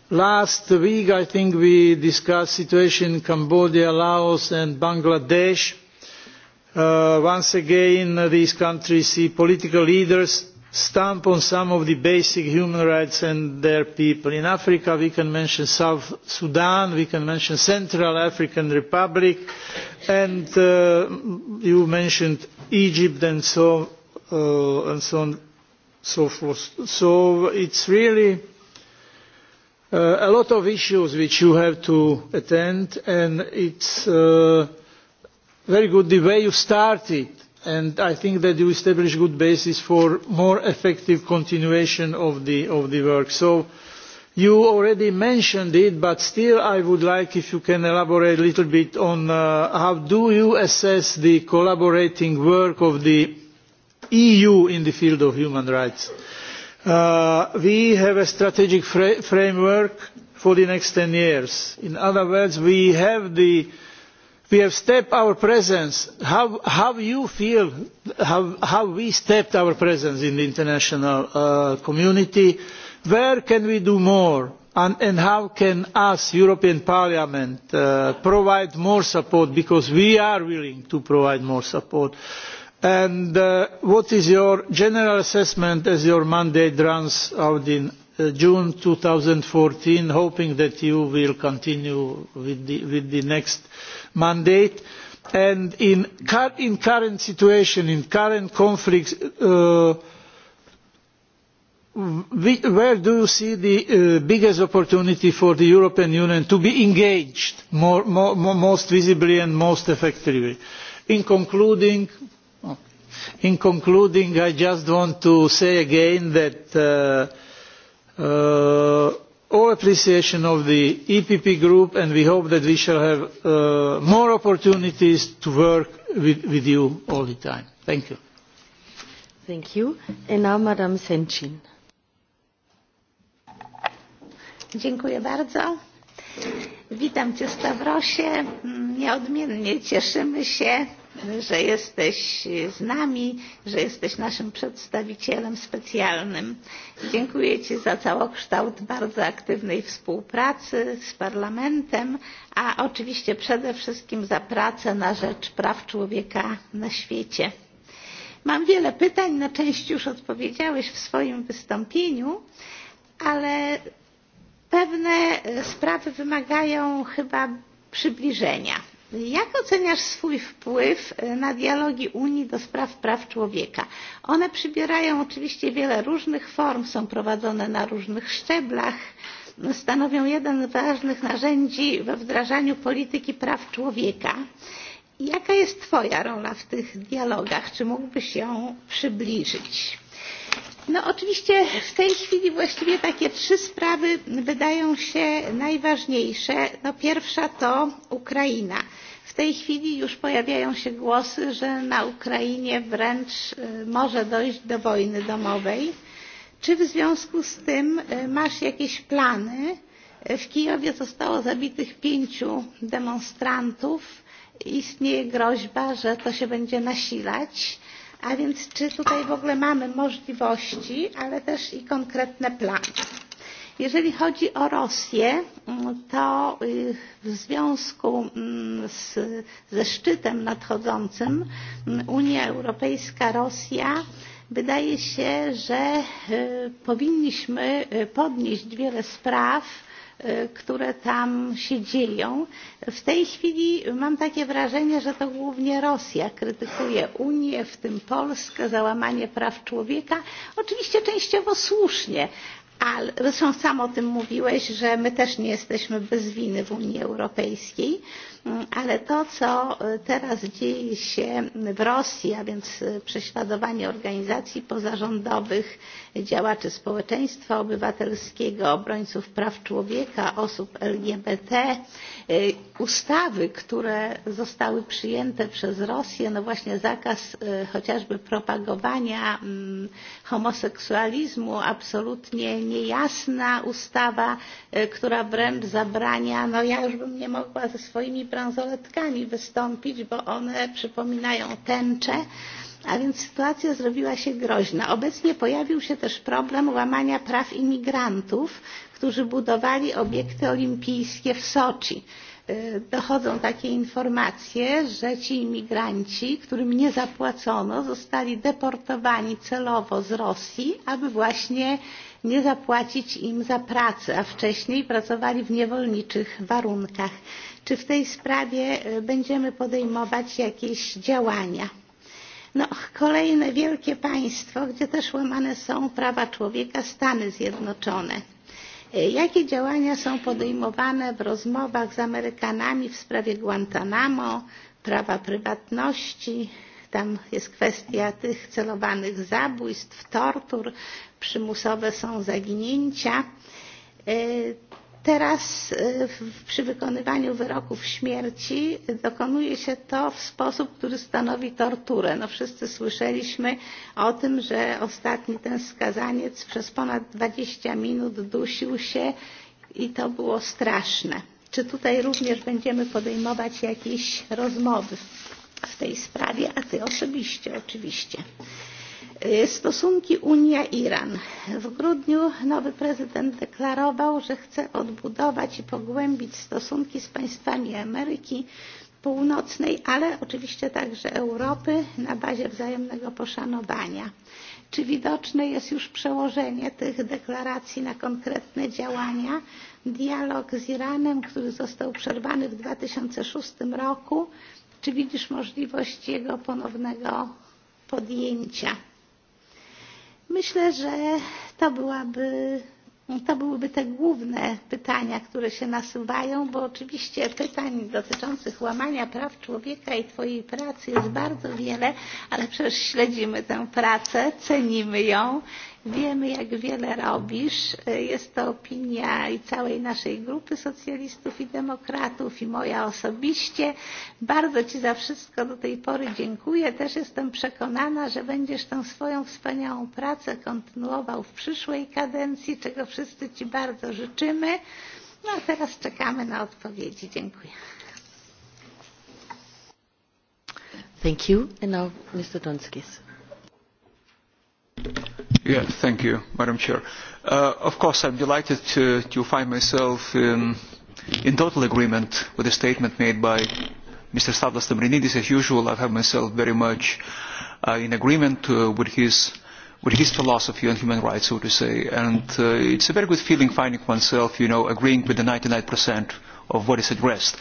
Last week I think we discussed the situation in Cambodia, Laos and Bangladesh. Once again these countries see political leaders stamp on some of the basic human rights and their people. In Africa we can mention South Sudan, we can mention Central African Republic and you mentioned Egypt and so and so on so forth. So it's really a lot of issues which you have to attend and it's very good the way you started and I think that you establish good basis for more effective continuation of the work. So you already mentioned it, but still I would like if you can elaborate a little bit on how do you assess the collaborating work of the EU in the field of human rights. We have a strategic framework for the next 10 years. In other words, we have the we have stepped our presence how you feel how we stepped our presence in the international community where can we do more and how can us european parliament provide more support because we are willing to provide more support and what is your general assessment as your mandate runs out in june 2014 hoping that you will continue with the next mandate and in current situation in current conflicts where do you see the biggest opportunity for the european union to be engaged most visibly and most effectively? in concluding i just want to say again that all appreciation of the EPP group and we hope that we shall have more opportunities to work with you all the time. Thank you. Thank you. And now Madam Senchin. Dziękuję bardzo. Witam Cię Stawrosie. Nieodmiennie cieszymy się że jesteś z nami, że jesteś naszym przedstawicielem specjalnym. Dziękuję Ci za kształt bardzo aktywnej współpracy z Parlamentem, a oczywiście przede wszystkim za pracę na rzecz praw człowieka na świecie. Mam wiele pytań, na część już odpowiedziałeś w swoim wystąpieniu, ale pewne sprawy wymagają chyba przybliżenia Jak oceniasz swój wpływ na dialogi Unii do spraw praw człowieka? One przybierają oczywiście wiele różnych form, są prowadzone na różnych szczeblach, stanowią jeden z ważnych narzędzi we wdrażaniu polityki praw człowieka. Jaka jest Twoja rola w tych dialogach? Czy mógłbyś ją przybliżyć? No oczywiście w tej chwili właściwie takie trzy sprawy wydają się najważniejsze. No pierwsza to Ukraina. W tej chwili już pojawiają się głosy, że na Ukrainie wręcz może dojść do wojny domowej. Czy w związku z tym masz jakieś plany? W Kijowie zostało zabitych pięciu demonstrantów. Istnieje groźba, że to się będzie nasilać A więc czy tutaj w ogóle mamy możliwości, ale też i konkretne plany? Jeżeli chodzi o Rosję, to w związku z, ze szczytem nadchodzącym Unia Europejska-Rosja wydaje się, że powinniśmy podnieść wiele spraw, które tam się dzieją. W tej chwili mam takie wrażenie, że to głównie Rosja krytykuje Unię, w tym Polskę, za łamanie praw człowieka. Oczywiście częściowo słusznie, ale zresztą sam o tym mówiłeś, że my też nie jesteśmy bez winy w Unii Europejskiej ale to, co teraz dzieje się w Rosji, a więc prześladowanie organizacji pozarządowych, działaczy społeczeństwa obywatelskiego, obrońców praw człowieka, osób LGBT, ustawy, które zostały przyjęte przez Rosję, no właśnie zakaz chociażby propagowania homoseksualizmu, absolutnie niejasna ustawa, która wręcz zabrania, no ja już bym nie mogła ze swoimi bransoletkami wystąpić, bo one przypominają tęcze, a więc sytuacja zrobiła się groźna. Obecnie pojawił się też problem łamania praw imigrantów, którzy budowali obiekty olimpijskie w Soczi. Dochodzą takie informacje, że ci imigranci, którym nie zapłacono, zostali deportowani celowo z Rosji, aby właśnie nie zapłacić im za pracę, a wcześniej pracowali w niewolniczych warunkach czy w tej sprawie będziemy podejmować jakieś działania. No, kolejne wielkie państwo, gdzie też łamane są prawa człowieka, Stany Zjednoczone. Jakie działania są podejmowane w rozmowach z Amerykanami w sprawie Guantanamo, prawa prywatności, tam jest kwestia tych celowanych zabójstw, tortur, przymusowe są zaginięcia. Teraz przy wykonywaniu wyroków śmierci dokonuje się to w sposób, który stanowi torturę. No wszyscy słyszeliśmy o tym, że ostatni ten skazaniec przez ponad 20 minut dusił się i to było straszne. Czy tutaj również będziemy podejmować jakieś rozmowy w tej sprawie, a ty osobiście oczywiście. Stosunki Unia-Iran. W grudniu nowy prezydent deklarował, że chce odbudować i pogłębić stosunki z państwami Ameryki Północnej, ale oczywiście także Europy na bazie wzajemnego poszanowania. Czy widoczne jest już przełożenie tych deklaracji na konkretne działania? Dialog z Iranem, który został przerwany w 2006 roku, czy widzisz możliwość jego ponownego podjęcia? Myślę, że to byłaby to byłyby te główne pytania, które się nasuwają, bo oczywiście pytań dotyczących łamania praw człowieka i Twojej pracy jest bardzo wiele, ale przecież śledzimy tę pracę, cenimy ją Wiemy, jak wiele robisz. Jest to opinia i całej naszej grupy socjalistów i demokratów i moja osobiście. Bardzo Ci za wszystko do tej pory dziękuję. Też jestem przekonana, że będziesz tę swoją wspaniałą pracę kontynuował w przyszłej kadencji, czego wszyscy Ci bardzo życzymy. No a teraz czekamy na odpowiedzi. Dziękuję. Thank you. And now Mr. Donskis. Yeah, thank you, Madam Chair. Of course, I'm delighted to find myself in total agreement with the statement made by Mr. Stavlas Lambrinidis. As usual, I have myself very much in agreement with his with his philosophy on human rights, so to say. And it's a very good feeling finding oneself, you know, agreeing with the 99% of what is at rest.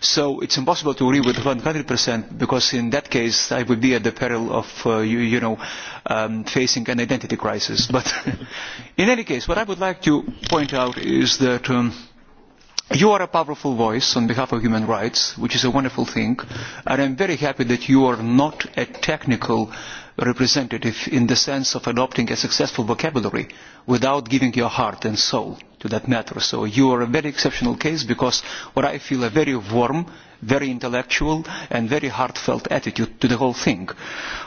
So it's impossible to agree with 100% because in that case I would be at the peril of, you know, facing an identity crisis. But in any case, what I would like to point out is that you are a powerful voice on behalf of human rights, which is a wonderful thing, and I'm very happy that you are not a technical representative in the sense of adopting a successful vocabulary without giving your heart and soul to that matter. So you are a very exceptional case because what I feel a very warm, very intellectual and very heartfelt attitude to the whole thing.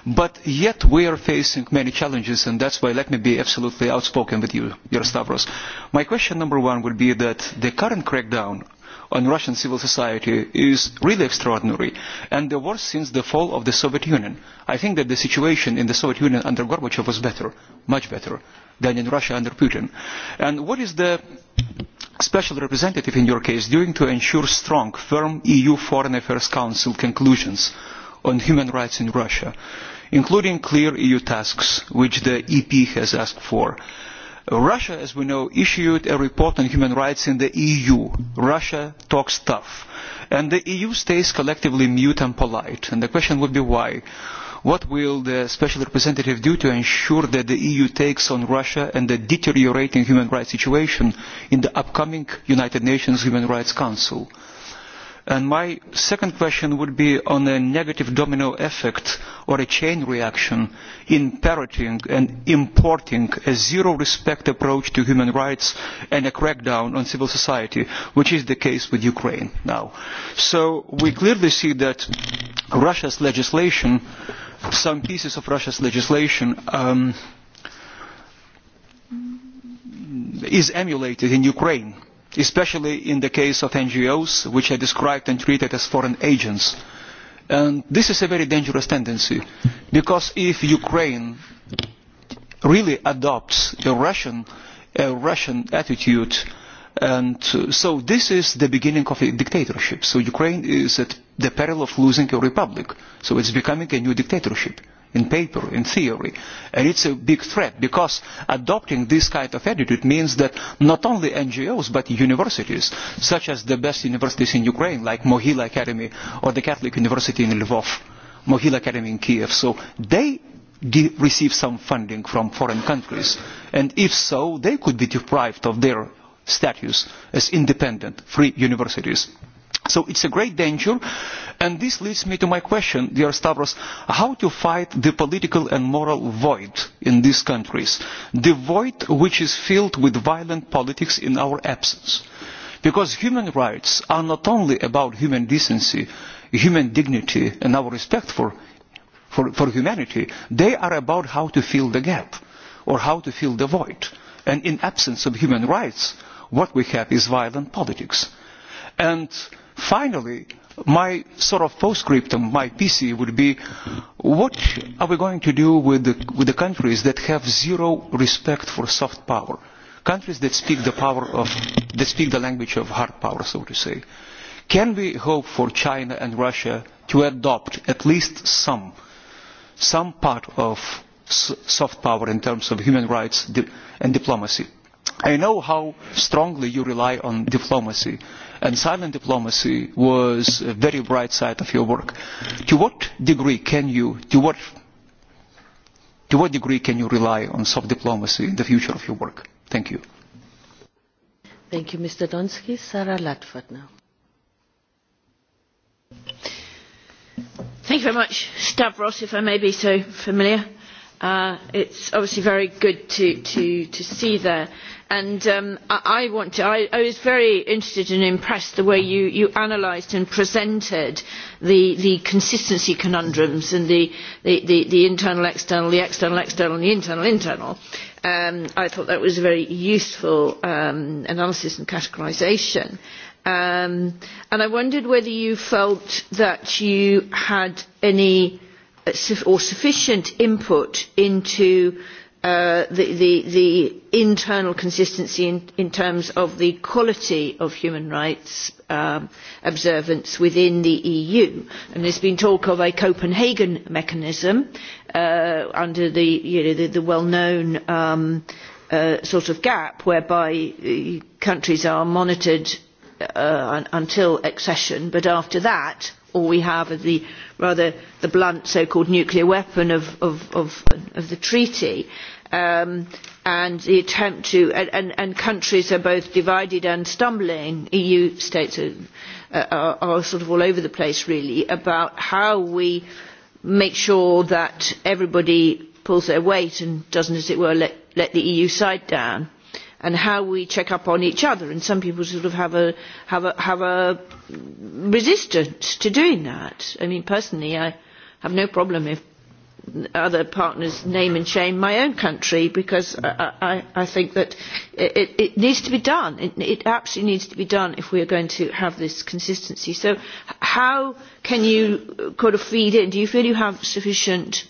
But yet we are facing many challenges and that's why let me be absolutely outspoken with you, Stavros. My question number one would be that the current crackdown on Russian civil society is really extraordinary and the worst since the fall of the Soviet Union. I think that the situation in the Soviet Union under Gorbachev was better, much better, than in Russia under Putin. And what is the special representative in your case doing to ensure strong, firm EU Foreign Affairs Council conclusions on human rights in Russia, including clear EU tasks, which the EP has asked for? Russia, as we know, issued a report on human rights in the EU. Russia talks tough. And the EU stays collectively mute and polite. And the question would be why. What will the Special Representative do to ensure that the EU takes on Russia and the deteriorating human rights situation in the upcoming United Nations Human Rights Council? And my second question would be on a negative domino effect or a chain reaction in parroting and importing a zero respect approach to human rights and a crackdown on civil society, which is the case with Ukraine now. So we clearly see that Russia's legislation, some pieces of Russia's legislation is emulated in Ukraine especially in the case of ngos which are described and treated as foreign agents. and this is a very dangerous tendency because if ukraine really adopts a russian attitude and so this is the beginning of a dictatorship so ukraine is at the peril of losing a republic so it's becoming a new dictatorship in paper, in theory. And it's a big threat because adopting this kind of attitude means that not only NGOs but universities, such as the best universities in Ukraine, like Mohila Academy or the Catholic University in Lvov, Mohila Academy in Kiev, so they receive some funding from foreign countries. And if so, they could be deprived of their status as independent, free universities. So it's a great danger, and this leads me to my question, dear Stavros, how to fight the political and moral void in these countries, the void which is filled with violent politics in our absence. Because human rights are not only about human decency, human dignity, and our respect for humanity, they are about how to fill the gap, or how to fill the void. And in absence of human rights, what we have is violent politics. And Finally, my sort of postscriptum, my PC would be, what are we going to do with the countries that have zero respect for soft power, countries that speak the power of, that speak the language of hard power, so to say? Can we hope for China and Russia to adopt at least some, some part of soft power in terms of human rights and diplomacy? I know how strongly you rely on diplomacy and silent diplomacy was a very bright side of your work. To what degree can you, to what, to what degree can you rely on soft diplomacy in the future of your work? Thank you. Thank you, Mr. Donsky. Sarah Latford now. Thank you very much, Stavros, if I may be so familiar. It is obviously very good to see there. And I was very interested and impressed the way you analysed and presented the consistency conundrums and the internal, external, the external, external, and the internal, internal. I thought that was a very useful analysis and categorisation. And I wondered whether you felt that you had any or sufficient input into the internal consistency in terms of the quality of human rights observance within the EU. And there's been talk of a Copenhagen mechanism under the well-known sort of gap whereby countries are monitored until accession, but after that all we have is the rather the blunt so called nuclear weapon of the treaty and the attempt to and countries are both divided and stumbling eu states are sort of all over the place really about how we make sure that everybody pulls their weight and does not, as it were let the eu side down and how we check up on each other and some people sort of have a have a have a resistance to doing that i mean personally i have no problem if other partners name and shame my own country because i i think that it needs to be done it absolutely needs to be done if we are going to have this consistency so how can you kind of feed in do you feel you have sufficient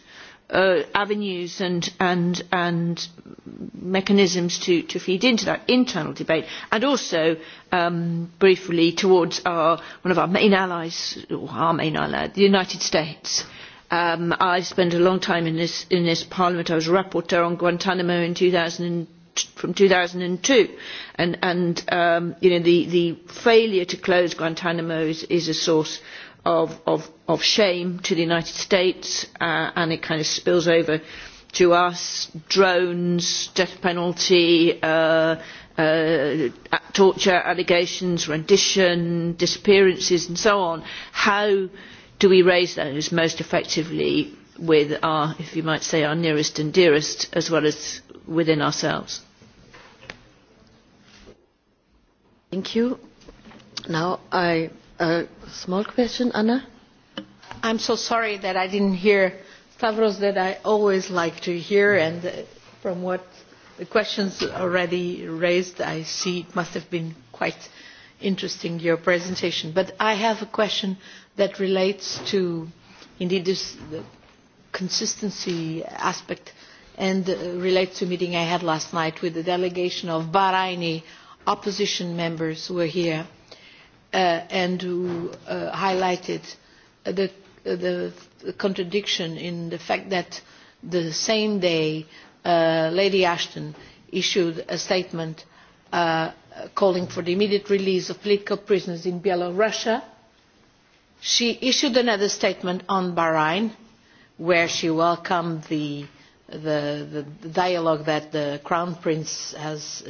avenues and mechanisms to feed into that internal debate and also briefly towards one of our main allies our main ally the united states. i spent a long time in this parliament i was a rapporteur on Guantanamo from 2002 and the failure to close Guantanamo is a source of shame to the United States and it kind of spills over to us drones, death penalty, torture allegations, rendition, disappearances and so on. How do we raise those most effectively with our, if you might say, our nearest and dearest as well as within ourselves? Thank you. Now I A small question, Anna. I'm so sorry that I didn't hear Stavros that I always like to hear, and from what the questions already raised, I see it must have been quite interesting your presentation. But I have a question that relates to, indeed, this consistency aspect and relates to a meeting I had last night with the delegation of Bahraini opposition members who were here and who highlighted the contradiction in the fact that the same day Lady Ashton issued a statement calling for the immediate release of political prisoners in Belarus. She issued another statement on Bahrain, where she welcomed the dialogue that the Crown Prince has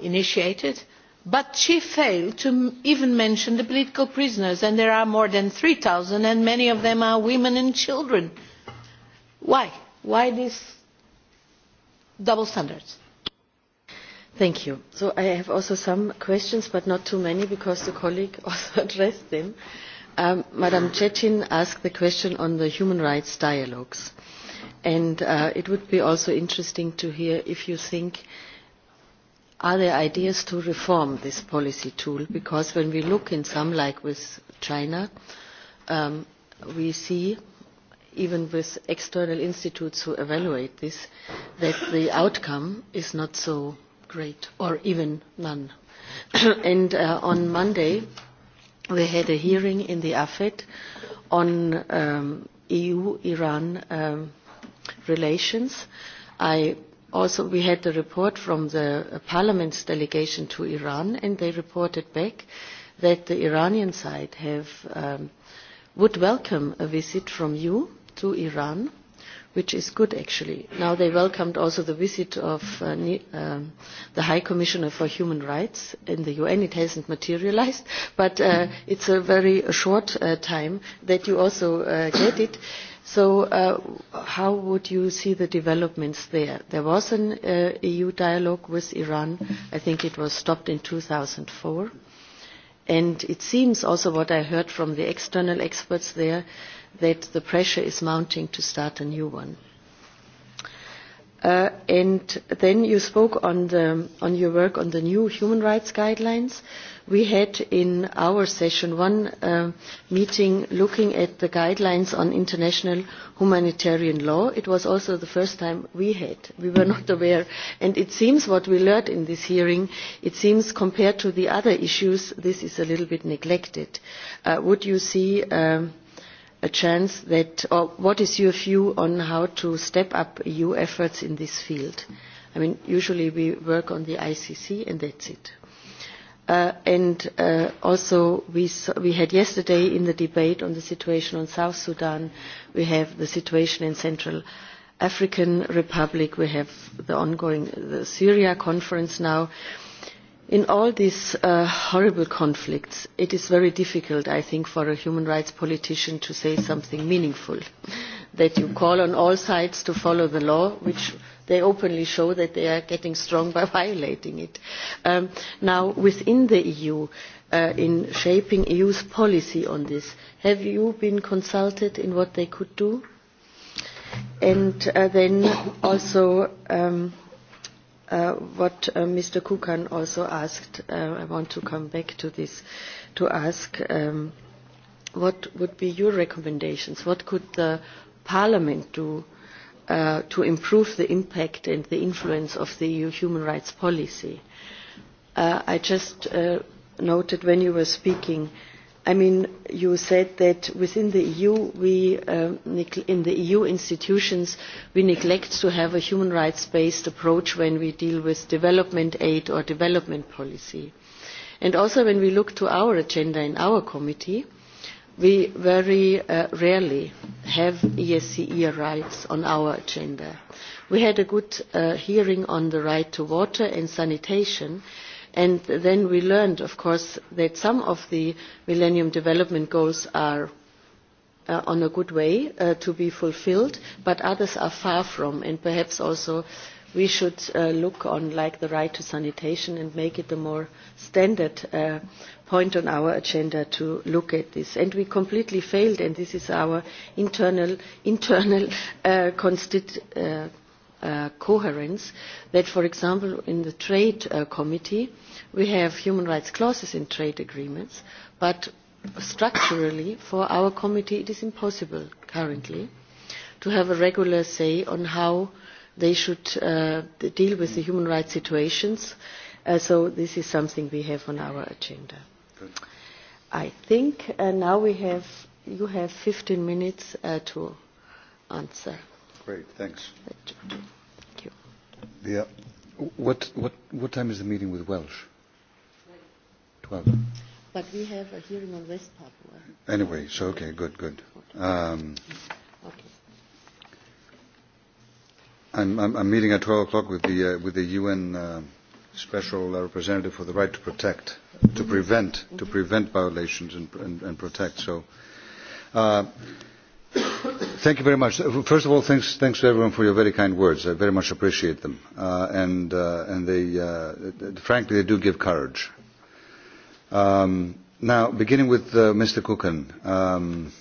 initiated but she failed to even mention the political prisoners and there are more than 3000 and many of them are women and children why why this double standards thank you so i have also some questions but not too many because the colleague also addressed them madam chechin asked the question on the human rights dialogues and it would be also interesting to hear if you think are there ideas to reform this policy tool? Because when we look in some, like with China, we see, even with external institutes who evaluate this, that the outcome is not so great, or even none. And on Monday, we had a hearing in the AFED on EU-Iran relations. I Also, we had the report from the Parliament's delegation to Iran, and they reported back that the Iranian side would welcome a visit from you to Iran, which is good actually. Now they welcomed also the visit of the High Commissioner for Human Rights in the UN. It hasn't materialized, but it's a very short time that you also get it. So how would you see the developments there? There was an EU dialogue with Iran. I think it was stopped in 2004. And it seems also what I heard from the external experts there that the pressure is mounting to start a new one. And then you spoke on your work on the new human rights guidelines. We had in our session one meeting looking at the guidelines on international humanitarian law. It was also the first time we had. We were not aware. And it seems what we learned in this hearing, it seems compared to the other issues, this is a little bit neglected. Would you see a chance that or what is your view on how to step up EU efforts in this field? I mean usually we work on the ICC and that's it. And also we had yesterday in the debate on the situation on South Sudan, we have the situation in Central African Republic, we have the ongoing Syria conference now. In all these horrible conflicts, it is very difficult, I think, for a human rights politician to say something meaningful. That you call on all sides to follow the law, which they openly show that they are getting strong by violating it. Now, within the EU, in shaping EU's policy on this, have you been consulted in what they could do? And then also what Mr. Kukan also asked, I want to come back to this, to ask what would be your recommendations? What could the Parliament do to improve the impact and the influence of the EU human rights policy? I just noted when you were speaking I mean, you said that within the EU, we in the EU institutions, we neglect to have a human rights-based approach when we deal with development aid or development policy. And also, when we look to our agenda in our committee, we very rarely have ESCE rights on our agenda. We had a good hearing on the right to water and sanitation And then we learned, of course, that some of the Millennium Development Goals are on a good way to be fulfilled, but others are far from. And perhaps also we should look on like the right to sanitation and make it a more standard point on our agenda to look at this. And we completely failed, and this is our internal internal coherence that, for example, in the Trade Committee, we have human rights clauses in trade agreements, but structurally for our committee it is impossible currently to have a regular say on how they should deal with the human rights situations. So this is something we have on our agenda. I think now we have, you have 15 minutes to answer. Great, thanks. Yeah. What, what, what time is the meeting with Welsh? 12. But we have a hearing on West Papua. Anyway, so okay, good, good. Um, I'm, I'm, meeting at 12 o'clock with the, uh, with the UN uh, Special Representative for the Right to Protect, to prevent, to prevent violations and, and, and protect. So. Uh, Thank you very much. First of all, thanks, thanks to everyone for your very kind words. I very much appreciate them. Uh, and uh, and they, uh, frankly, they do give courage. Um, now, beginning with uh, Mr. Kukan um,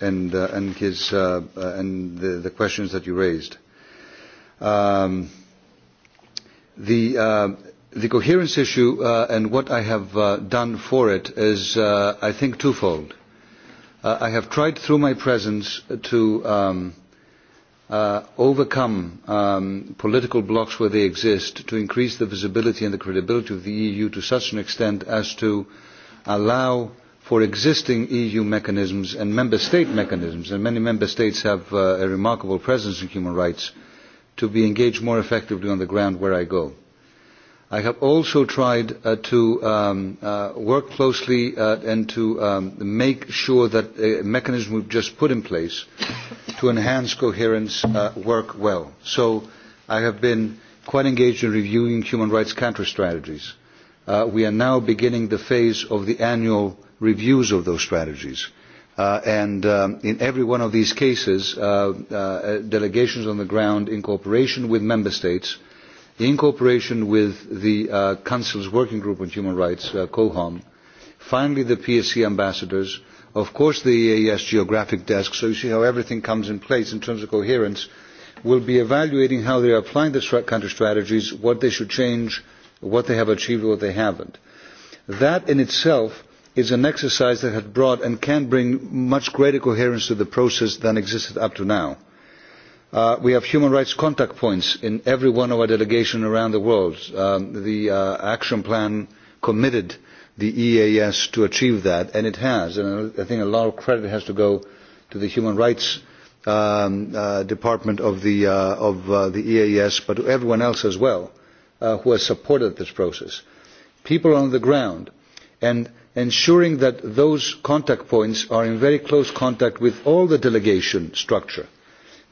and, uh, and, his, uh, and the, the questions that you raised. Um, the, uh, the coherence issue uh, and what I have uh, done for it is, uh, I think, twofold I have tried through my presence to overcome political blocks where they exist, to increase the visibility and the credibility of the EU to such an extent as to allow for existing EU mechanisms and member state mechanisms, and many member states have a remarkable presence in human rights, to be engaged more effectively on the ground where I go. I have also tried to work closely and to make sure that the mechanism we've just put in place to enhance coherence work well. So I have been quite engaged in reviewing human rights counter strategies. We are now beginning the phase of the annual reviews of those strategies. And in every one of these cases, delegations on the ground in cooperation with member states in cooperation with the Council's Working Group on Human Rights, COHOM, finally the PSC ambassadors, of course the EAS geographic desk, so you see how everything comes in place in terms of coherence, will be evaluating how they are applying the country strategies, what they should change, what they have achieved, what they haven't. That in itself is an exercise that has brought and can bring much greater coherence to the process than existed up to now. We have human rights contact points in every one of our delegations around the world. The action plan committed the EAS to achieve that, and it has. And I think a lot of credit has to go to the human rights department of the EAS, but to everyone else as well, who has supported this process. People on the ground, and ensuring that those contact points are in very close contact with all the delegation structure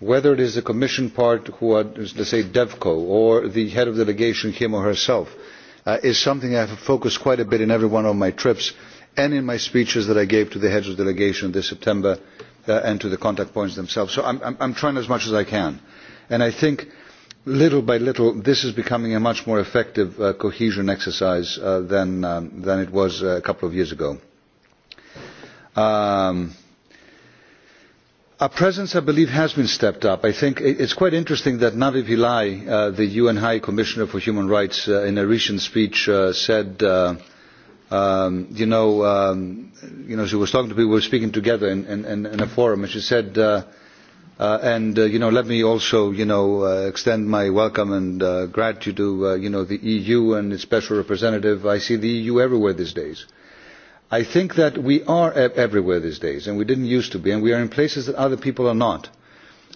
whether it is the commission part who are let's say devco or the head of delegation him or herself is something i have focused quite a bit in every one of my trips and in my speeches that i gave to the heads of delegation this september and to the contact points themselves. so i am trying as much as i can and i think little by little this is becoming a much more effective cohesion exercise than it was a couple of years ago. Our presence, I believe, has been stepped up. I think it's quite interesting that Navi Pillai, the UN High Commissioner for Human Rights, in a recent speech said, you know, she was talking to people, we were speaking together in a forum, and she said, and, you know, let me also, you know, extend my welcome and gratitude to, you know, the EU and its special representative. I see the EU everywhere these days I think that we are everywhere these days, and we didn't used to be, and we are in places that other people are not.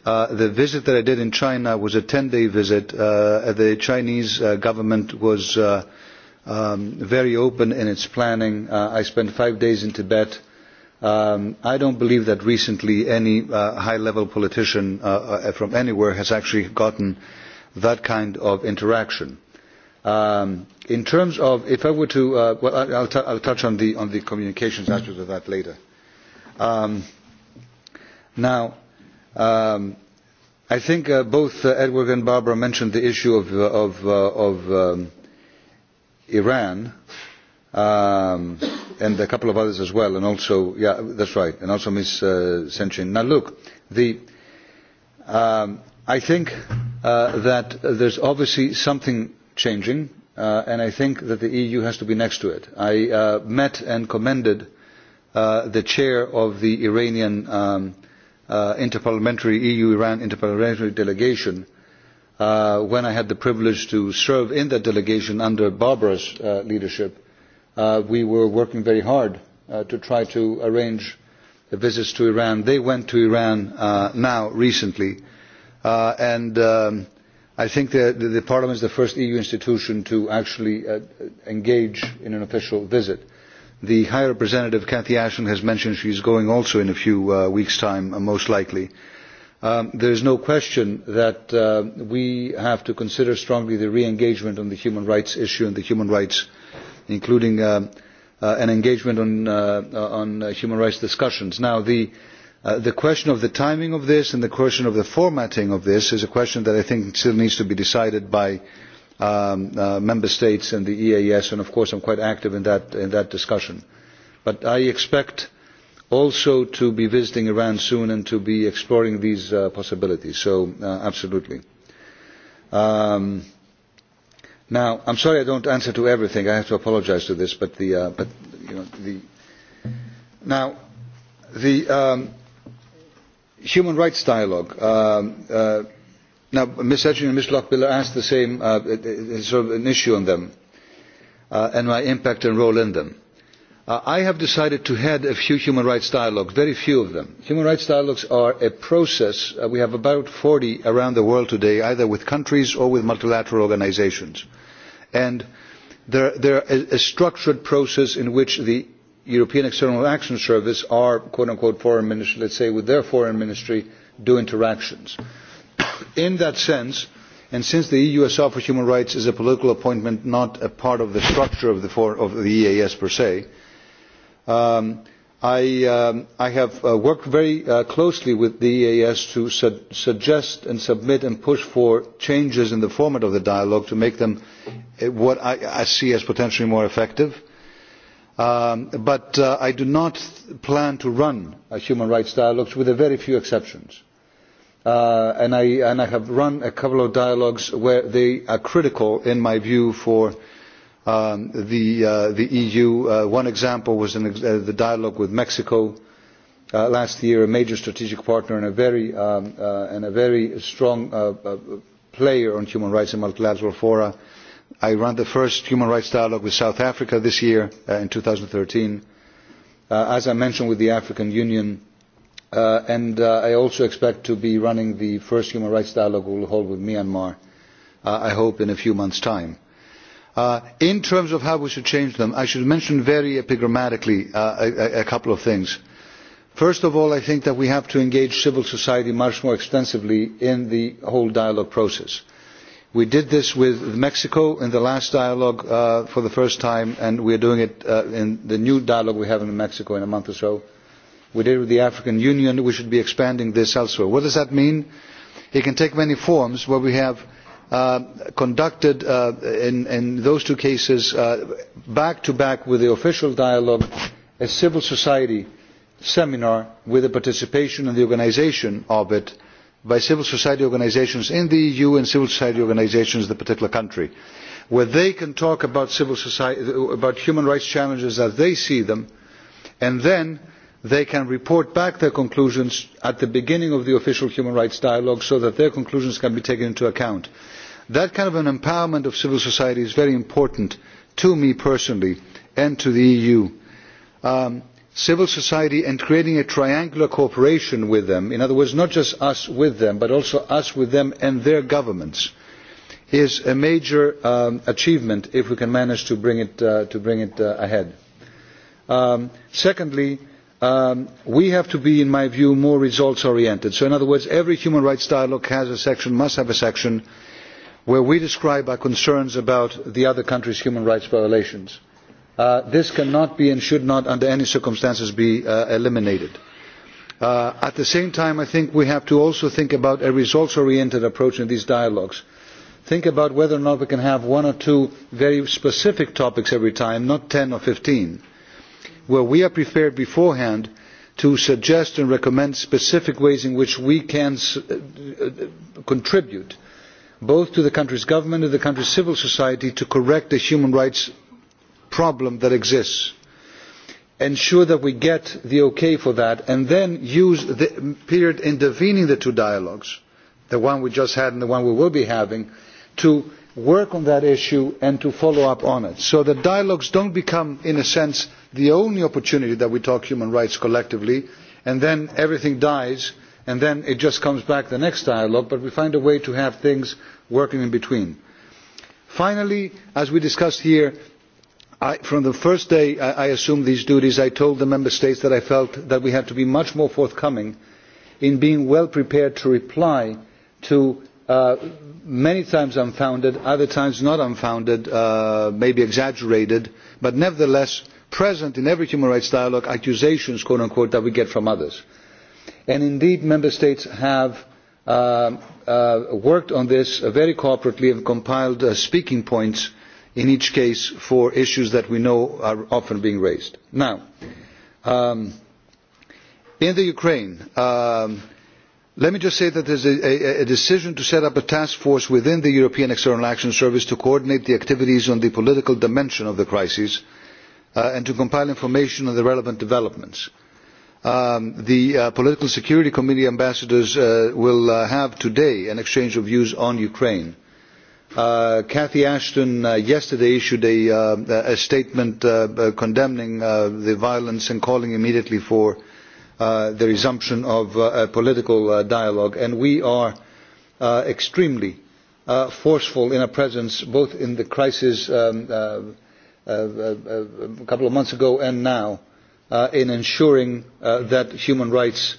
The visit that I did in China was a 10-day visit. The Chinese government was very open in its planning. I spent five days in Tibet. I don't believe that recently any high-level politician from anywhere has actually gotten that kind of interaction. In terms of, if I were to, I'll touch on the communications aspect of that later. Now, I think both Edward and Barbara mentioned the issue of Iran and a couple of others as well, and also, yeah, that's right, and also Ms. Senchin. Now, look, I think that there's obviously something changing, and I think that the EU has to be next to it. I met and commended the chair of the Iranian interparliamentary EU-Iran interparliamentary delegation when I had the privilege to serve in that delegation under Barbara's leadership. We were working very hard to try to arrange visits to Iran. They went to Iran now recently, and I think the Parliament is the first EU institution to actually engage in an official visit. The High Representative Cathy Ashton has mentioned she is going also in a few weeks' time, most likely. There is no question that we have to consider strongly the re-engagement on the human rights issue and the human rights, including an engagement on human rights discussions. Now, the The question of the timing of this and the question of the formatting of this is a question that I think still needs to be decided by Member States and the EAS, and of course I'm quite active in that discussion. But I expect also to be visiting Iran soon and to be exploring these possibilities. So, absolutely. Now, I'm sorry I don't answer to everything. I have to apologise to this, but now the human rights dialogue. Now, Ms. Edgin and Ms. Lockbiller asked the same sort of an issue on them and my impact and role in them. I have decided to head a few human rights dialogues, very few of them. Human rights dialogues are a process. We have about 40 around the world today, either with countries or with multilateral organisations. And they're a structured process in which the European External Action Service, our quote unquote foreign ministry, let's say, with their foreign ministry, do interactions. In that sense, and since the EU for Human Rights is a political appointment, not a part of the structure of the EAS per se, I have worked very closely with the EAS to suggest and submit and push for changes in the format of the dialogue to make them what I see as potentially more effective but I do not plan to run a human rights dialogue, with a very few exceptions. And I have run a couple of dialogues where they are critical, in my view, for the EU. One example was the dialogue with Mexico last year, a major strategic partner and a very strong player on human rights in multilateral fora I ran the first human rights dialogue with South Africa this year in 2013, as I mentioned with the African Union, and I also expect to be running the first human rights dialogue we will hold with Myanmar, I hope in a few months' time. In terms of how we should change them, I should mention very epigrammatically a couple of things. First of all, I think that we have to engage civil society much more extensively in the whole dialogue process We did this with Mexico in the last dialogue for the first time, and we are doing it in the new dialogue we have in Mexico in a month or so. We did it with the African Union. We should be expanding this elsewhere. What does that mean? It can take many forms where we have conducted, in those two cases, back to back with the official dialogue, a civil society seminar with the participation and the organisation of it by civil society organisations in the eu and civil society organisations in the particular country where they can talk about human rights challenges as they see them and then they can report back their conclusions at the beginning of the official human rights dialogue so that their conclusions can be taken into account. that kind of an empowerment of civil society is very important to me personally and to the eu civil society and creating a triangular cooperation with them in other words not just us with them but also us with them and their governments is a major achievement if we can manage to bring it ahead. secondly we have to be in my view more results oriented so in other words every human rights dialogue has a section must have a section where we describe our concerns about the other country's human rights violations this cannot be and should not under any circumstances be eliminated. at the same time i think we have to also think about a results oriented approach in these dialogues think about whether or not we can have one or two very specific topics every time not 10 or 15, where we are prepared beforehand to suggest and recommend specific ways in which we can contribute both to the country's government and the country's civil society to correct the human rights problem that exists ensure that we get the okay for that and then use the period intervening the two dialogues the one we just had and the one we will be having to work on that issue and to follow up on it so the dialogues don't become in a sense the only opportunity that we talk human rights collectively and then everything dies and then it just comes back the next dialogue but we find a way to have things working in between. finally as we discussed here from the first day i assumed these duties i told the member states that i felt that we had to be much more forthcoming in being well prepared to reply to many times unfounded other times not unfounded maybe exaggerated but nevertheless present in every human rights dialogue accusations that we get from others. and indeed member states have worked on this very cooperatively and compiled speaking points in each case for issues that we know are often being raised. Now, in the Ukraine, let me just say that there is a decision to set up a task force within the European External Action Service to coordinate the activities on the political dimension of the crisis and to compile information on the relevant developments. The Political Security Committee ambassadors will have today an exchange of views on Ukraine Kathy Ashton yesterday issued a statement condemning the violence and calling immediately for the resumption of political dialogue. And we are extremely forceful in our presence, both in the crisis a couple of months ago and now, in ensuring that human rights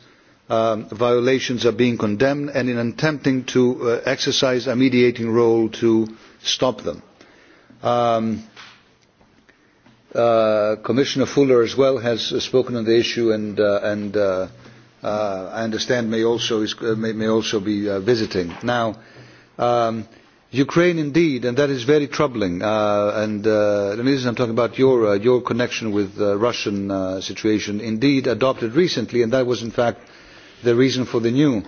violations are being condemned and in attempting to exercise a mediating role to stop them. Commissioner Fuller as well has spoken on the issue and I understand may also be visiting. Now, Ukraine indeed, and that is very troubling. And reason I'm talking about your connection with the Russian situation, indeed adopted recently, and that was in fact the reason for the new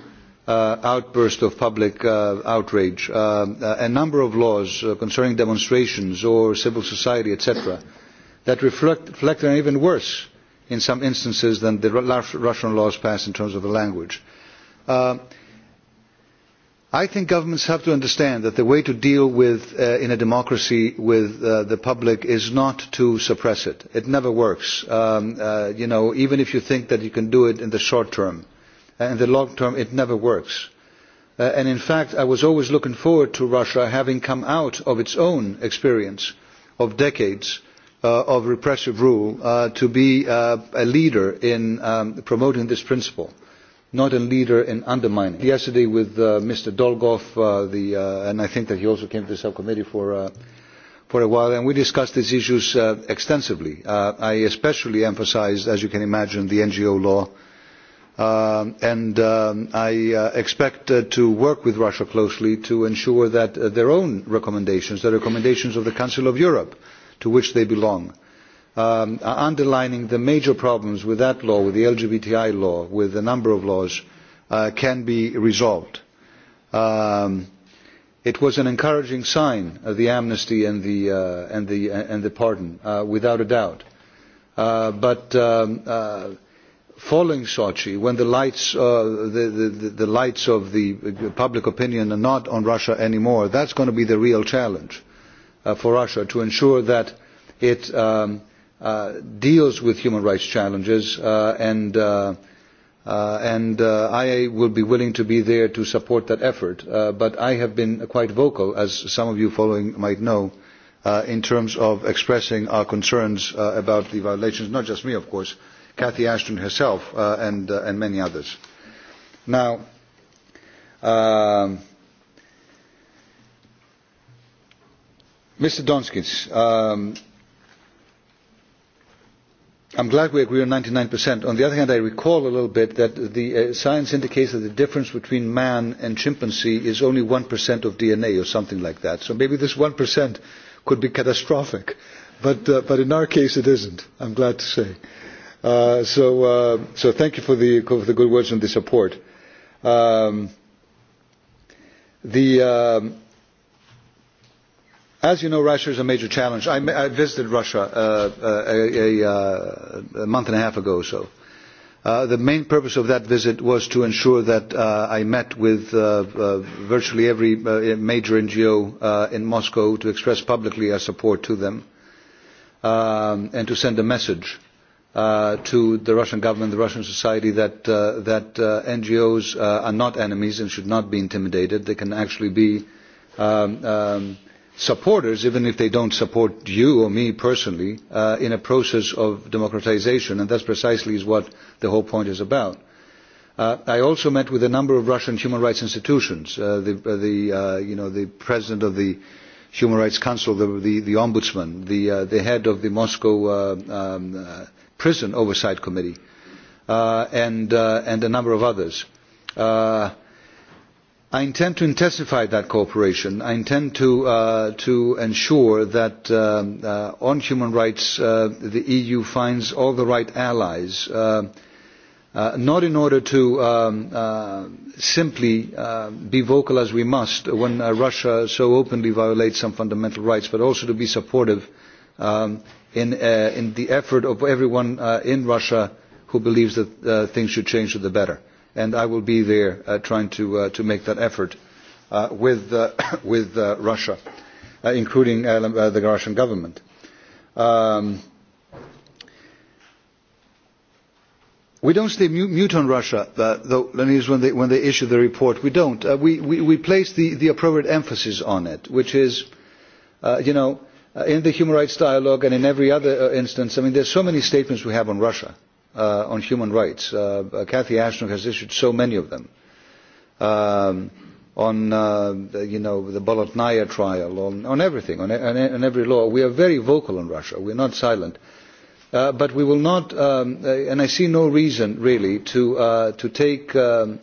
outburst of public outrage. A number of laws concerning demonstrations or civil society, etc., that reflect even worse in some instances than the Russian laws passed in terms of the language. I think governments have to understand that the way to deal with, in a democracy, with the public is not to suppress it. It never works. even if you think that you can do it in the short term in the long term it never works. and in fact i was always looking forward to russia having come out of its own experience of decades of repressive rule to be a leader in promoting this principle not a leader in undermining. yesterday with mr dolgov and i think that he also came to the subcommittee for for a while and we discussed these issues extensively. i especially emphasised as you can imagine the ngo law and I expect to work with Russia closely to ensure that their own recommendations, the recommendations of the Council of Europe, to which they belong, underlining the major problems with that law, with the LGBTI law, with a number of laws, can be resolved. It was an encouraging sign of the amnesty and the pardon, without a doubt. But following Sochi, when the lights, the lights of the public opinion are not on Russia anymore, that's going to be the real challenge for Russia to ensure that it deals with human rights challenges and and I will be willing to be there to support that effort. But I have been quite vocal, as some of you following might know, in terms of expressing our concerns about the violations, not just me, of course Cathy Ashton herself and and many others. Now, Mr. Donskis, I'm glad we agree on 99%. On the other hand, I recall a little bit that the science indicates that the difference between man and chimpanzee is only 1% of DNA or something like that. So maybe this 1% could be catastrophic, but in our case it isn't, I'm glad to say. So so thank you for the for the good words and the support. Um The as you know, Russia is a major challenge. I I visited Russia a a month and a half ago or so. The main purpose of that visit was to ensure that I met with virtually every major NGO in Moscow to express publicly our support to them and to send a message to the Russian government, the Russian society, that NGOs are not enemies and should not be intimidated. They can actually be supporters, even if they don't support you or me personally, in a process of democratization, and that's precisely what the whole point is about. I also met with a number of Russian human rights institutions, the president of the Human Rights Council, the ombudsman, the head of the Moscow Prison Oversight Committee, and a number of others. I intend to intensify that cooperation. I intend to ensure that on human rights the EU finds all the right allies, not in order to simply be vocal as we must when Russia so openly violates some fundamental rights, but also to be supportive in the effort of everyone in Russia who believes that things should change for the better. And I will be there trying to make that effort with Russia, including the Russian government. We don't stay mute on Russia, though, when they issue the report. We don't. We place the appropriate emphasis on it, which is, you know in the human rights dialogue and in every other instance, I mean, there are so many statements we have on Russia, on human rights. Cathy Ashton has issued so many of them. On, you know, the Bolotnaya trial, on everything, on every law. We are very vocal on Russia. We are not silent. But we will not, and I see no reason really to take a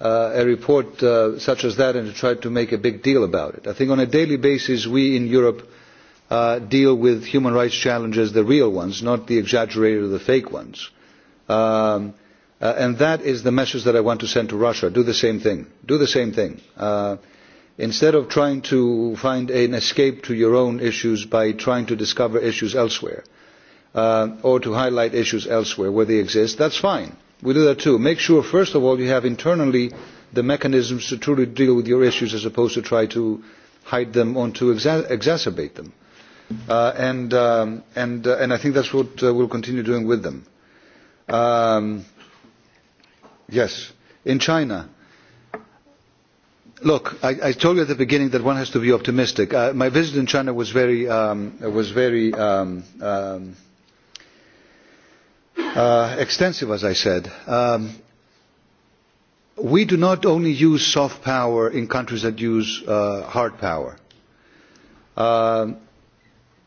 report such as that and to try to make a big deal about it. I think on a daily basis we in Europe deal with human rights challenges, the real ones, not the exaggerated or the fake ones. And that is the message that I want to send to Russia. Do the same thing. Do the same thing. Instead of trying to find an escape to your own issues by trying to discover issues elsewhere or to highlight issues elsewhere where they exist, that's fine. We do that too. Make sure, first of all, you have internally the mechanisms to truly deal with your issues as opposed to try to hide them or to exacerbate them and I think that's what we'll continue doing with them. Yes. In China, look, I told you at the beginning that one has to be optimistic. My visit in China was very extensive, as I said. We do not only use soft power in countries that use hard power.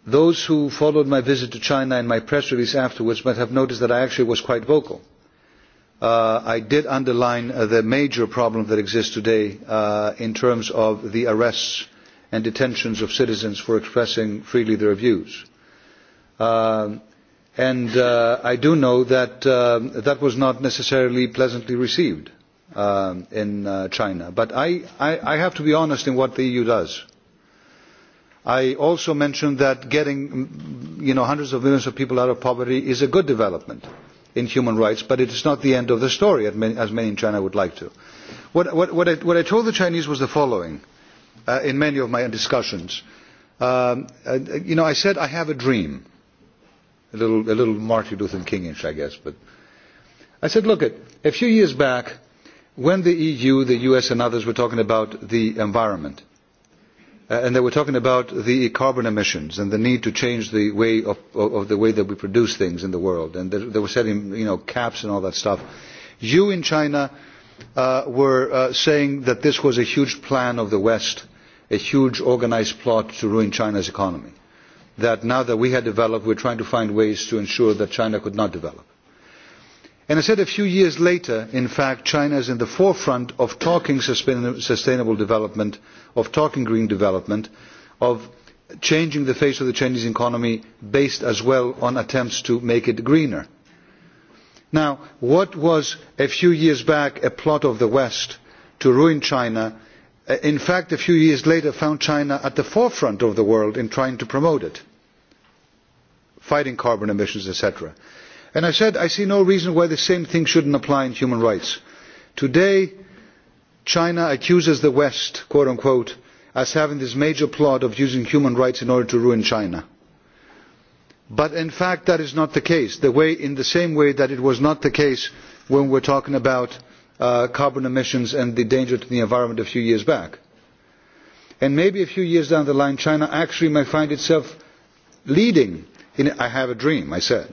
Those who followed my visit to China and my press release afterwards might have noticed that I actually was quite vocal. I did underline the major problem that exists today in terms of the arrests and detentions of citizens for expressing freely their views. And I do know that that was not necessarily pleasantly received in China. But I have to be honest in what the EU does I also mentioned that getting hundreds of millions of people out of poverty is a good development in human rights, but it is not the end of the story, as many in China would like to. What I told the Chinese was the following in many of my discussions. I said, I have a dream. A little Martin Luther Kingish, I guess. but I said, look, a few years back, when the EU, the US, and others were talking about the environment, and they were talking about the carbon emissions and the need to change the way of the way that we produce things in the world and they were setting caps and all that stuff. you in china were saying that this was a huge plan of the west a huge organised plot to ruin china's economy that now that we had developed we are trying to find ways to ensure that china could not develop. And I said a few years later, in fact, China is in the forefront of talking sustainable development, of talking green development, of changing the face of the Chinese economy based as well on attempts to make it greener. Now, what was a few years back a plot of the West to ruin China, in fact, a few years later found China at the forefront of the world in trying to promote it, fighting carbon emissions, etc. I said I see no reason why the same thing shouldn't apply in human rights. Today, China accuses the West, quote unquote, as having this major plot of using human rights in order to ruin China. But in fact that is not the case, in the same way that it was not the case when we were talking about carbon emissions and the danger to the environment a few years back. And maybe a few years down the line China actually might find itself leading in I have a dream, I said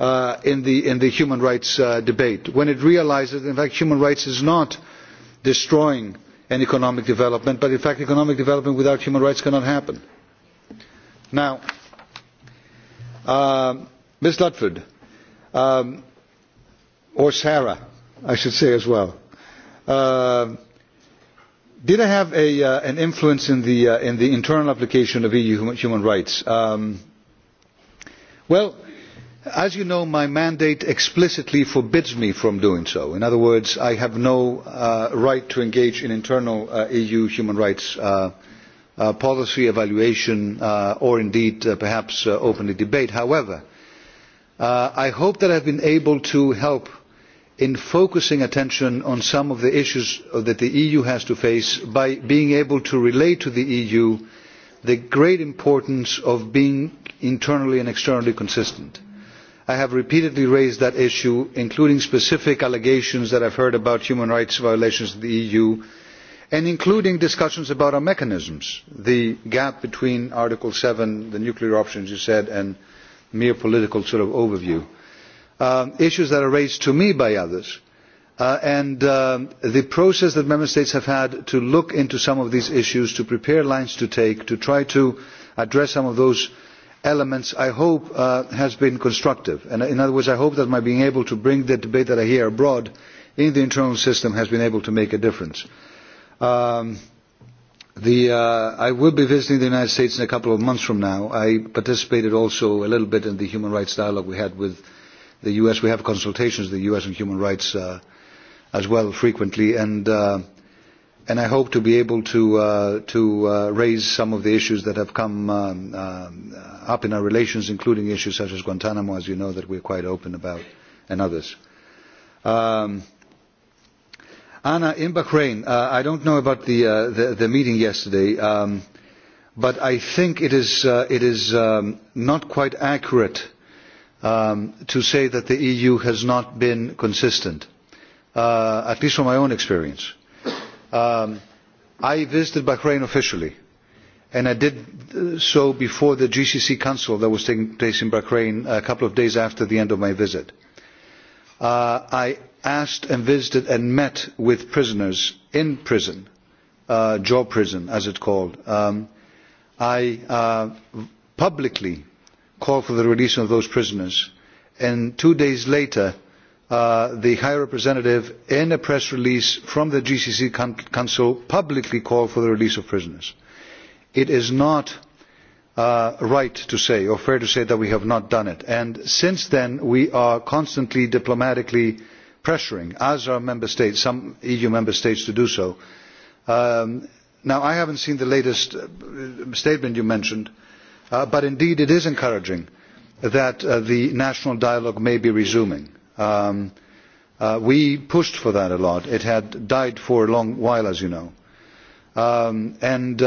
in the human rights debate when it realises that in fact human rights is not destroying an economic development but in fact economic development without human rights cannot happen. now ms ludford or sarah i should say as well did i have an influence in the internal application of eu human rights? well as you know my mandate explicitly forbids me from doing so in other words i have no right to engage in internal eu human rights policy evaluation or indeed perhaps openly debate. however i hope that i have been able to help in focusing attention on some of the issues that the eu has to face by being able to relate to the eu the great importance of being internally and externally consistent i have repeatedly raised that issue including specific allegations that i have heard about human rights violations in the eu and including discussions about our mechanisms the gap between article 7 the nuclear options you said and mere political sort of overview issues that are raised to me by others and the process that member states have had to look into some of these issues to prepare lines to take to try to address some of those elements I hope has been constructive. And in other words, I hope that my being able to bring the debate that I hear abroad in the internal system has been able to make a difference. I will be visiting the United States in a couple of months from now. I participated also a little bit in the human rights dialogue we had with the U.S. We have consultations with the U.S. on human rights as well frequently. And and I hope to be able to to raise some of the issues that have come up in our relations, including issues such as Guantanamo, as you know, that we are quite open about, and others. Anna, in Bahrain, I don't know about the the meeting yesterday, but I think it is it is not quite accurate to say that the EU has not been consistent, at least from my own experience I visited Bahrain officially, and I did so before the GCC Council that was taking place in Bahrain a couple of days after the end of my visit. I asked and visited and met with prisoners in prison, jaw prison as it's called. I publicly called for the release of those prisoners, and two days later the High Representative in a press release from the GCC Council publicly called for the release of prisoners. It is not right to say or fair to say that we have not done it. And since then we are constantly diplomatically pressuring, as are member states, some EU member states to do so. Now, I haven't seen the latest statement you mentioned, but indeed it is encouraging that the national dialogue may be resuming. We pushed for that a lot. It had died for a long while, as you know. And,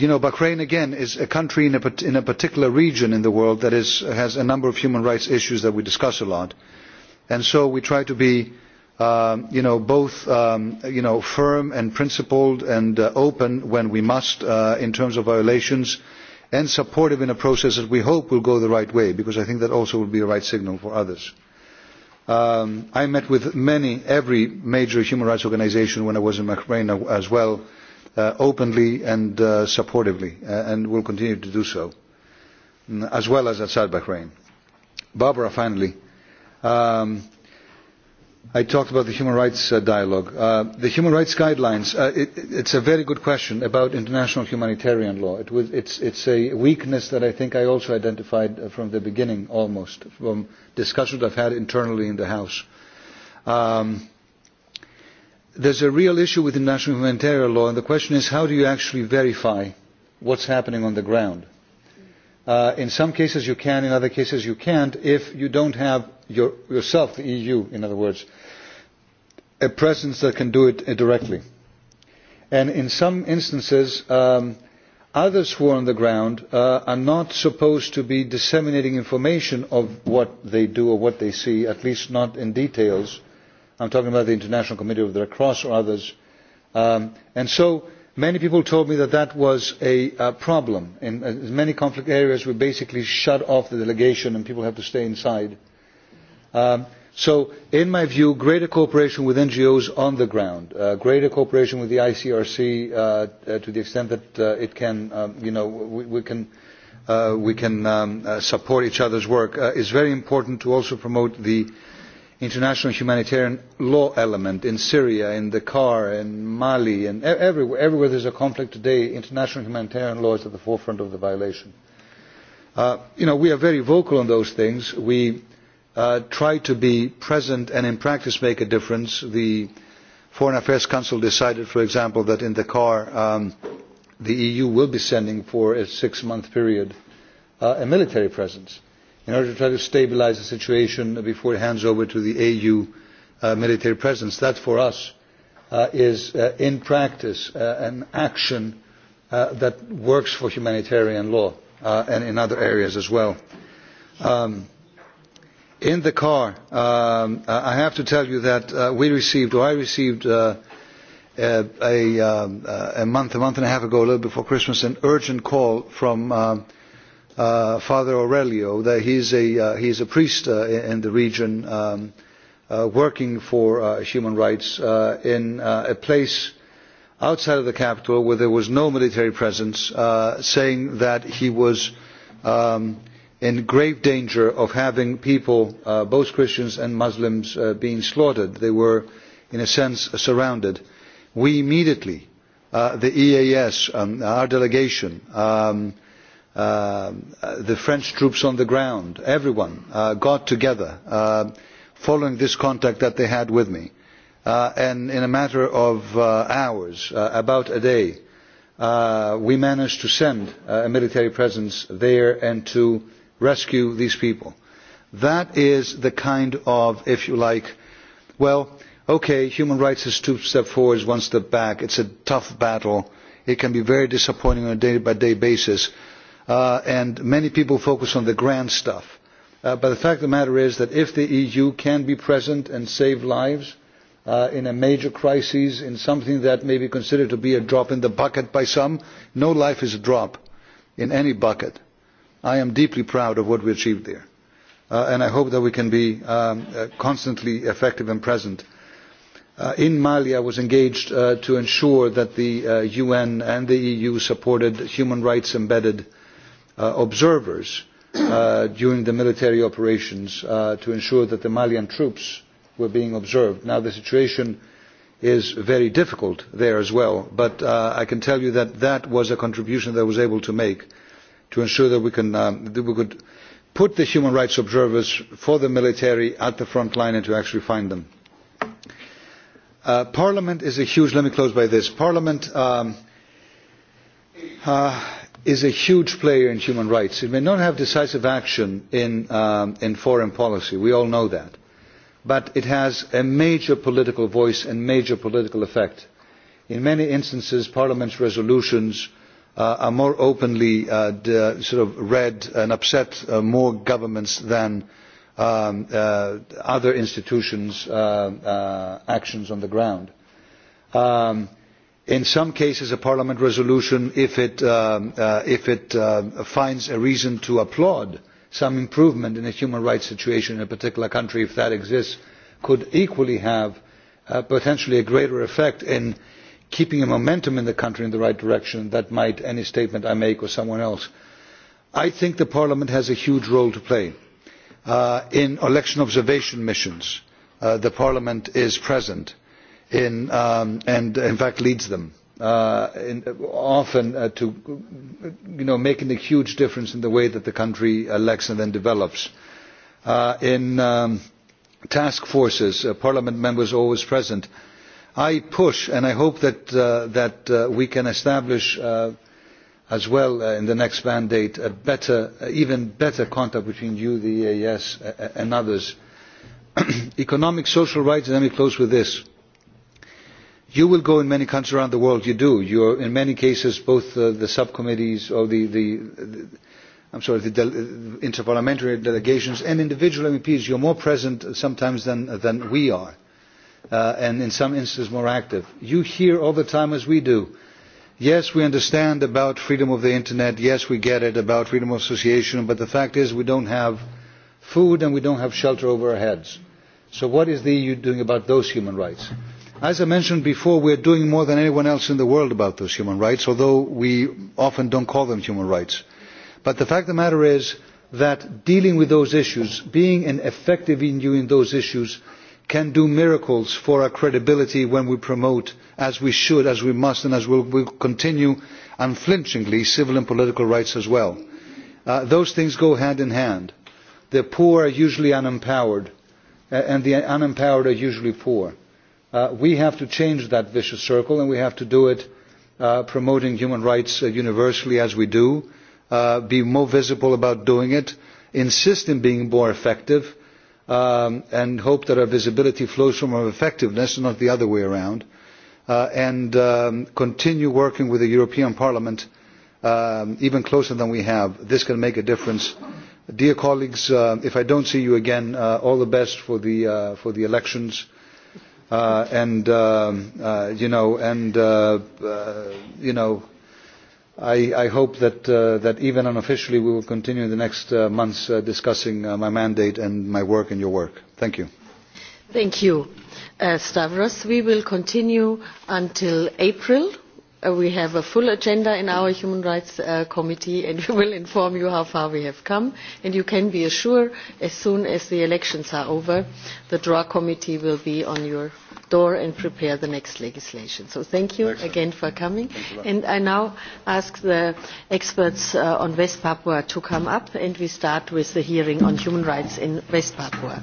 you know, Bahrain, again, is a country in a particular region in the world that has a number of human rights issues that we discuss a lot. And so we try to be, you know, both, you know, firm and principled and open when we must in terms of violations and supportive in a process that we hope will go the right way, because I think that also will be a right signal for others. I met with many, every major human rights organisation when I was in Bahrain as well, openly and supportively, and will continue to do so, as well as outside Bahrain. Barbara, finally. I talked about the human rights dialogue. The human rights guidelines, it's a very good question about international humanitarian law. It It's a weakness that I think I also identified from the beginning almost, from discussions I've had internally in the House. There's a real issue with international humanitarian law, and the question is how do you actually verify what's happening on the ground? In some cases you can, in other cases you can't, if you don't have yourself, the EU, in other words, a presence that can do it directly. And in some instances, others who are on the ground are not supposed to be disseminating information of what they do or what they see, at least not in details. I'm talking about the International Committee of the Red Cross or others. And so many people told me that that was a problem. In many conflict areas, we basically shut off the delegation and people have to stay inside So, in my view, greater cooperation with NGOs on the ground, greater cooperation with the ICRC to the extent that it can, you know, we can we can support each other's work is very important to also promote the international humanitarian law element in syria in dakar in mali and everywhere there is a conflict today international humanitarian law is at the forefront of the violation. we are very vocal on those things. we try to be present and in practice make a difference. The Foreign Affairs Council decided, for example, that in the car the EU will be sending for a six-month period a military presence in order to try to stabilise the situation before it hands over to the AU military presence. That for us is in practice an action that works for humanitarian law and in other areas as well in the car i have to tell you that we received or i received a month a month and a half ago a little before christmas an urgent call from father aurelio that is a a priest in the region working for human rights in a place outside of the capital where there was no military presence saying that he was in grave danger of having people, both Christians and Muslims, being slaughtered. They were, in a sense, surrounded. We immediately, the EAS, our delegation, the French troops on the ground, everyone got together following this contact that they had with me. And in a matter of hours, about a day, we managed to send a military presence there and to rescue these people. That is the kind of, if you like, well, okay, human rights is two steps forward, one step back. It's a tough battle. It can be very disappointing on a day-by-day basis. And many people focus on the grand stuff. But the fact of the matter is that if the EU can be present and save lives in a major crisis, in something that may be considered to be a drop in the bucket by some, no life is a drop in any bucket I am deeply proud of what we achieved there, and I hope that we can be constantly effective and present. In Mali, I was engaged to ensure that the UN and the EU supported human rights embedded observers during the military operations to ensure that the Malian troops were being observed. Now, the situation is very difficult there as well, but I can tell you that that was a contribution that I was able to make to ensure that we could put the human rights observers for the military at the front line and to actually find them. Parliament is a huge, let me close by this, Parliament is a huge player in human rights. It may not have decisive action in foreign policy, we all know that, but it has a major political voice and major political effect. In many instances, Parliament's resolutions are more openly sort of read and upset more governments than other institutions' actions on the ground. In some cases, a Parliament resolution, if it finds a reason to applaud some improvement in the human rights situation in a particular country, if that exists, could equally have potentially a greater effect in keeping a momentum in the country in the right direction that might any statement I make or someone else. I think the Parliament has a huge role to play. In election observation missions, the Parliament is present and in fact leads them, often to making a huge difference in the way that the country elects and then develops. In task forces, Parliament members are always present I push, and I hope that we can establish as well in the next mandate a even better contact between you, the EAS, and others. Economic, social rights, let me close with this. You will go in many countries around the world. You do. You are in many cases both the subcommittees or the, I'm sorry, the interparliamentary delegations and individual MEPs. are more present sometimes than we are and in some instances more active. You hear all the time, as we do, yes, we understand about freedom of the Internet, yes, we get it about freedom of association, but the fact is we don't have food and we don't have shelter over our heads. So what is the EU doing about those human rights? As I mentioned before, we are doing more than anyone else in the world about those human rights, although we often don't call them human rights. But the fact of the matter is that dealing with those issues, being an effective EU in those issues, can do miracles for our credibility when we promote as we should as we must and as we will continue unflinchingly civil and political rights as well. those things go hand in hand. the poor are usually unempowered and the unempowered are usually poor. we have to change that vicious circle and we have to do it promoting human rights universally as we do be more visible about doing it insist on being more effective and hope that our visibility flows from our effectiveness and not the other way around, and continue working with the European Parliament even closer than we have. This can make a difference. Dear colleagues, if I don't see you again, all the best for the elections and you know I hope that even unofficially we will continue in the next months discussing my mandate and my work and your work. Thank you. Thank you, Stavros. We will continue until April We have a full agenda in our Human Rights Committee and we will inform you how far we have come. And you can be assured, as soon as the elections are over, the DRAW Committee will be on your door and prepare the next legislation. So thank you again for coming. And I now ask the experts on West Papua to come up and we start with the hearing on human rights in West Papua.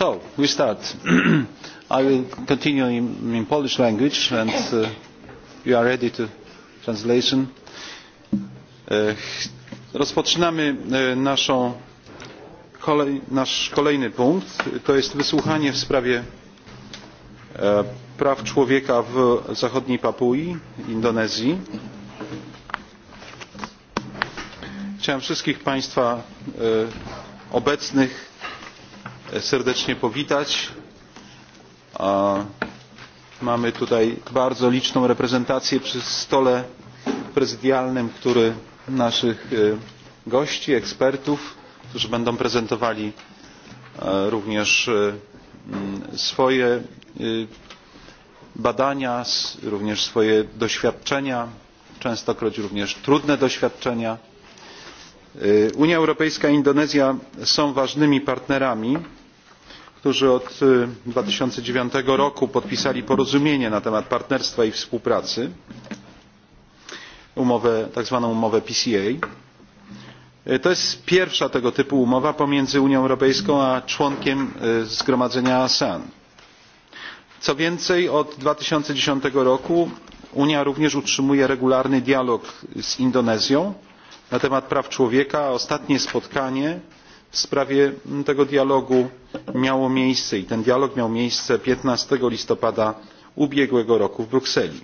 So, we start. I will continue in Polish language and you are ready to translation. Rozpoczynamy naszą nasz kolejny punkt to jest wysłuchanie w sprawie praw człowieka w zachodniej papui indonezji. chciałem wszystkich państwa obecnych serdecznie powitać. Mamy tutaj bardzo liczną reprezentację przy stole prezydialnym, który naszych gości, ekspertów, którzy będą prezentowali również swoje badania, również swoje doświadczenia, częstokroć również trudne doświadczenia. Unia Europejska i Indonezja są ważnymi partnerami którzy od dwa tysiące dziewięć roku podpisali porozumienie na temat partnerstwa i współpracy tak zwaną umowę pca. to jest pierwsza tego typu umowa pomiędzy unią europejską a członkiem zgromadzenia asean. co więcej od dwa tysiące dziesięć roku unia również utrzymuje regularny dialog z indonezją na temat praw człowieka a ostatnie spotkanie w sprawie tego dialogu miało miejsce i ten dialog miał miejsce 15 listopada ubiegłego roku w Brukseli.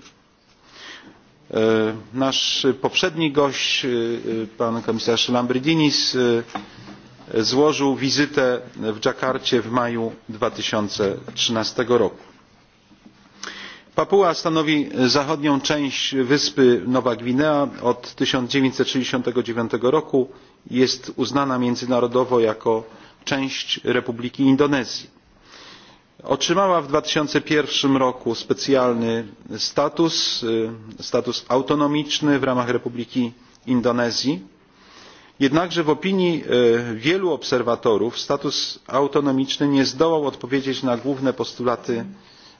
Nasz poprzedni gość, pan komisarz Lambrydinis złożył wizytę w Dżakarcie w maju 2013 roku. Papua stanowi zachodnią część wyspy Nowa Gwinea od 1969 roku jest uznana międzynarodowo jako część Republiki Indonezji. Otrzymała w 2001 roku specjalny status, status autonomiczny w ramach Republiki Indonezji. Jednakże w opinii wielu obserwatorów status autonomiczny nie zdołał odpowiedzieć na główne postulaty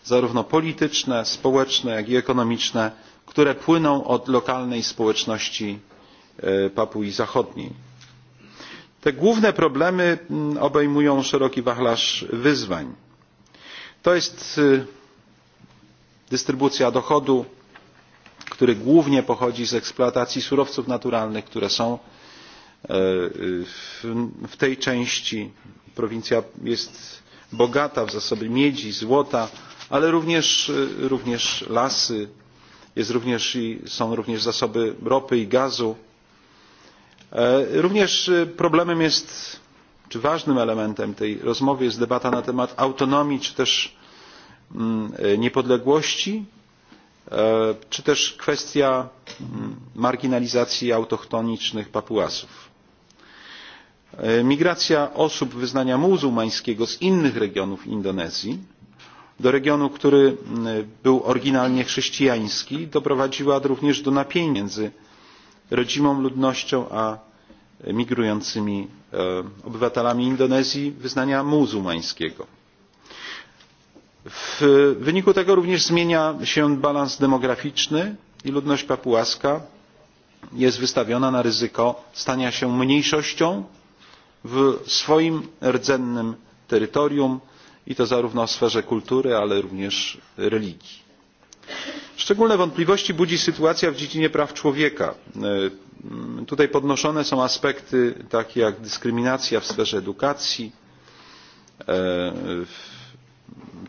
zarówno polityczne, społeczne, jak i ekonomiczne, które płyną od lokalnej społeczności Papui Zachodniej Te główne problemy obejmują szeroki wachlarz wyzwań. To jest dystrybucja dochodu, który głównie pochodzi z eksploatacji surowców naturalnych, które są w tej części. Prowincja jest bogata w zasoby miedzi, złota, ale również lasy, są również zasoby ropy i gazu Również problemem jest, czy ważnym elementem tej rozmowy jest debata na temat autonomii, czy też niepodległości, czy też kwestia marginalizacji autochtonicznych Papuasów. Migracja osób wyznania muzułmańskiego z innych regionów Indonezji do regionu, który był oryginalnie chrześcijański, doprowadziła również do napięć między rodzimą ludnością a migrującymi obywatelami Indonezji wyznania muzułmańskiego. W wyniku tego również zmienia się balans demograficzny i ludność papuaska jest wystawiona na ryzyko stania się mniejszością w swoim rdzennym terytorium i to zarówno w sferze kultury ale również religii szczególne wątpliwości budzi sytuacja w dziedzinie praw człowieka. tutaj podnoszone są aspekty takie jak dyskryminacja w sferze edukacji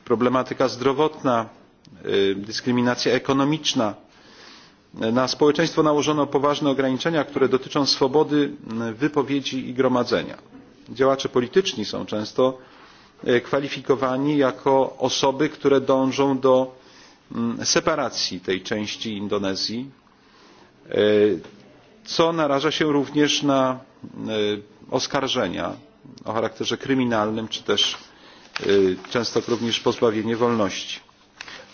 problematyka zdrowotna dyskryminacja ekonomiczna. na społeczeństwo nałożono poważne ograniczenia które dotyczą swobody wypowiedzi i gromadzenia. działacze polityczni są często kwalifikowani jako osoby które dążą do separacji tej części Indonezji, co naraża się również na oskarżenia o charakterze kryminalnym, czy też często również pozbawienie wolności.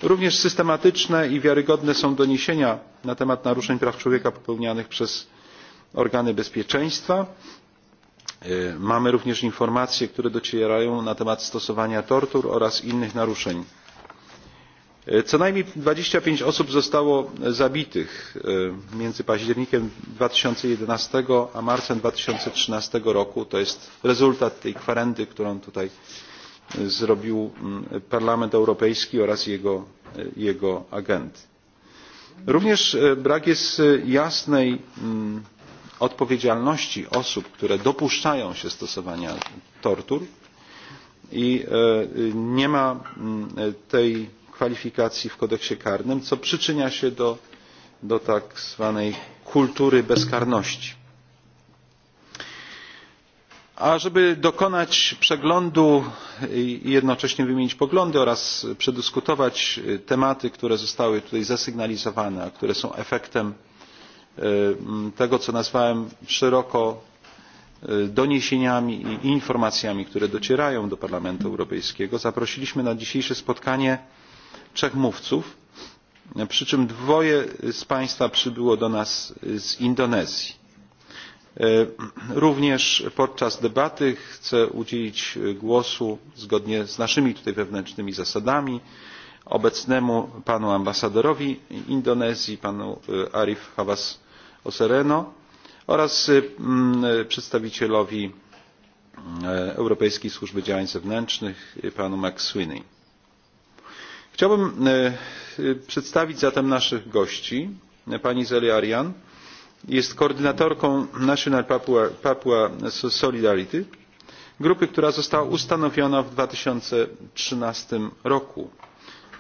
Również systematyczne i wiarygodne są doniesienia na temat naruszeń praw człowieka popełnianych przez organy bezpieczeństwa. Mamy również informacje, które docierają na temat stosowania tortur oraz innych naruszeń co najmniej dwadzieścia pięć osób zostało zabitych między październikiem 2011 a marcem 2013 roku to jest rezultat tej kwerendy którą tutaj zrobił parlament europejski oraz jego agendy. również brak jest jasnej odpowiedzialności osób które dopuszczają się stosowania tortur i nie ma tej kwalifikacji w kodeksie karnym co przyczynia się do tak zwanej kultury bezkarności. a żeby dokonać przeglądu i jednocześnie wymienić poglądy oraz przedyskutować tematy które zostały tutaj zasygnalizowane a które są efektem tego co nazwałem szeroko doniesieniami i informacjami które docierają do parlamentu europejskiego zaprosiliśmy na dzisiejsze spotkanie trzech mówców, przy czym dwoje z Państwa przybyło do nas z Indonezji. Również podczas debaty chcę udzielić głosu, zgodnie z naszymi tutaj wewnętrznymi zasadami, obecnemu panu ambasadorowi Indonezji, panu Arif Hawas Osereno oraz przedstawicielowi Europejskiej Służby Działań Zewnętrznych, panu McSweeney Chciałbym przedstawić zatem naszych gości. Pani Zeli Arian jest koordynatorką National Papua Solidarity, grupy, która została ustanowiona w 2013 roku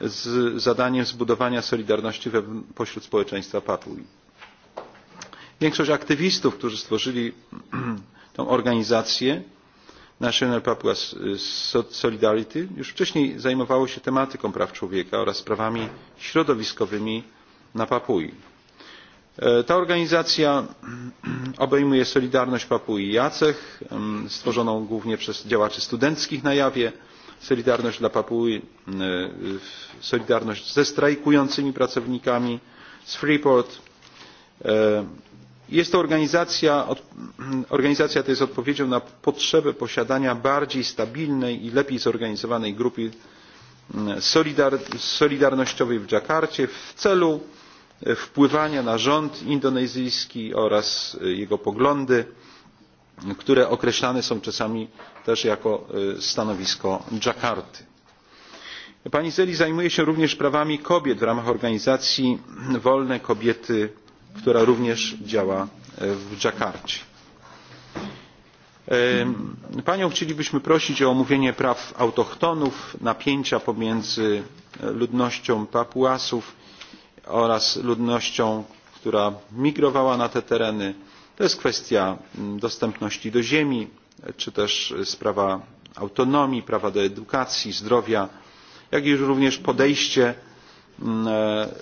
z zadaniem zbudowania solidarności pośród społeczeństwa Papui. Większość aktywistów, którzy stworzyli tę organizację, National Papua Solidarity już wcześniej zajmowało się tematyką praw człowieka oraz sprawami środowiskowymi na Papui. Ta organizacja obejmuje Solidarność Papui i Jacech, stworzoną głównie przez działaczy studenckich na jawie, Solidarność dla Papui, Solidarność ze strajkującymi pracownikami z Freeport, Jest to organizacja jest odpowiedzią na potrzebę posiadania bardziej stabilnej i lepiej zorganizowanej grupy solidarnościowej w Dżakarcie w celu wpływania na rząd indonezyjski oraz jego poglądy, które określane są czasami też jako stanowisko Dżakarty. Pani Zeli zajmuje się również prawami kobiet w ramach organizacji Wolne Kobiety która również działa w Dżakarcie. Panią chcielibyśmy prosić o omówienie praw autochtonów, napięcia pomiędzy ludnością Papuasów oraz ludnością, która migrowała na te tereny. To jest kwestia dostępności do ziemi, czy też sprawa autonomii, prawa do edukacji, zdrowia, jak i również podejście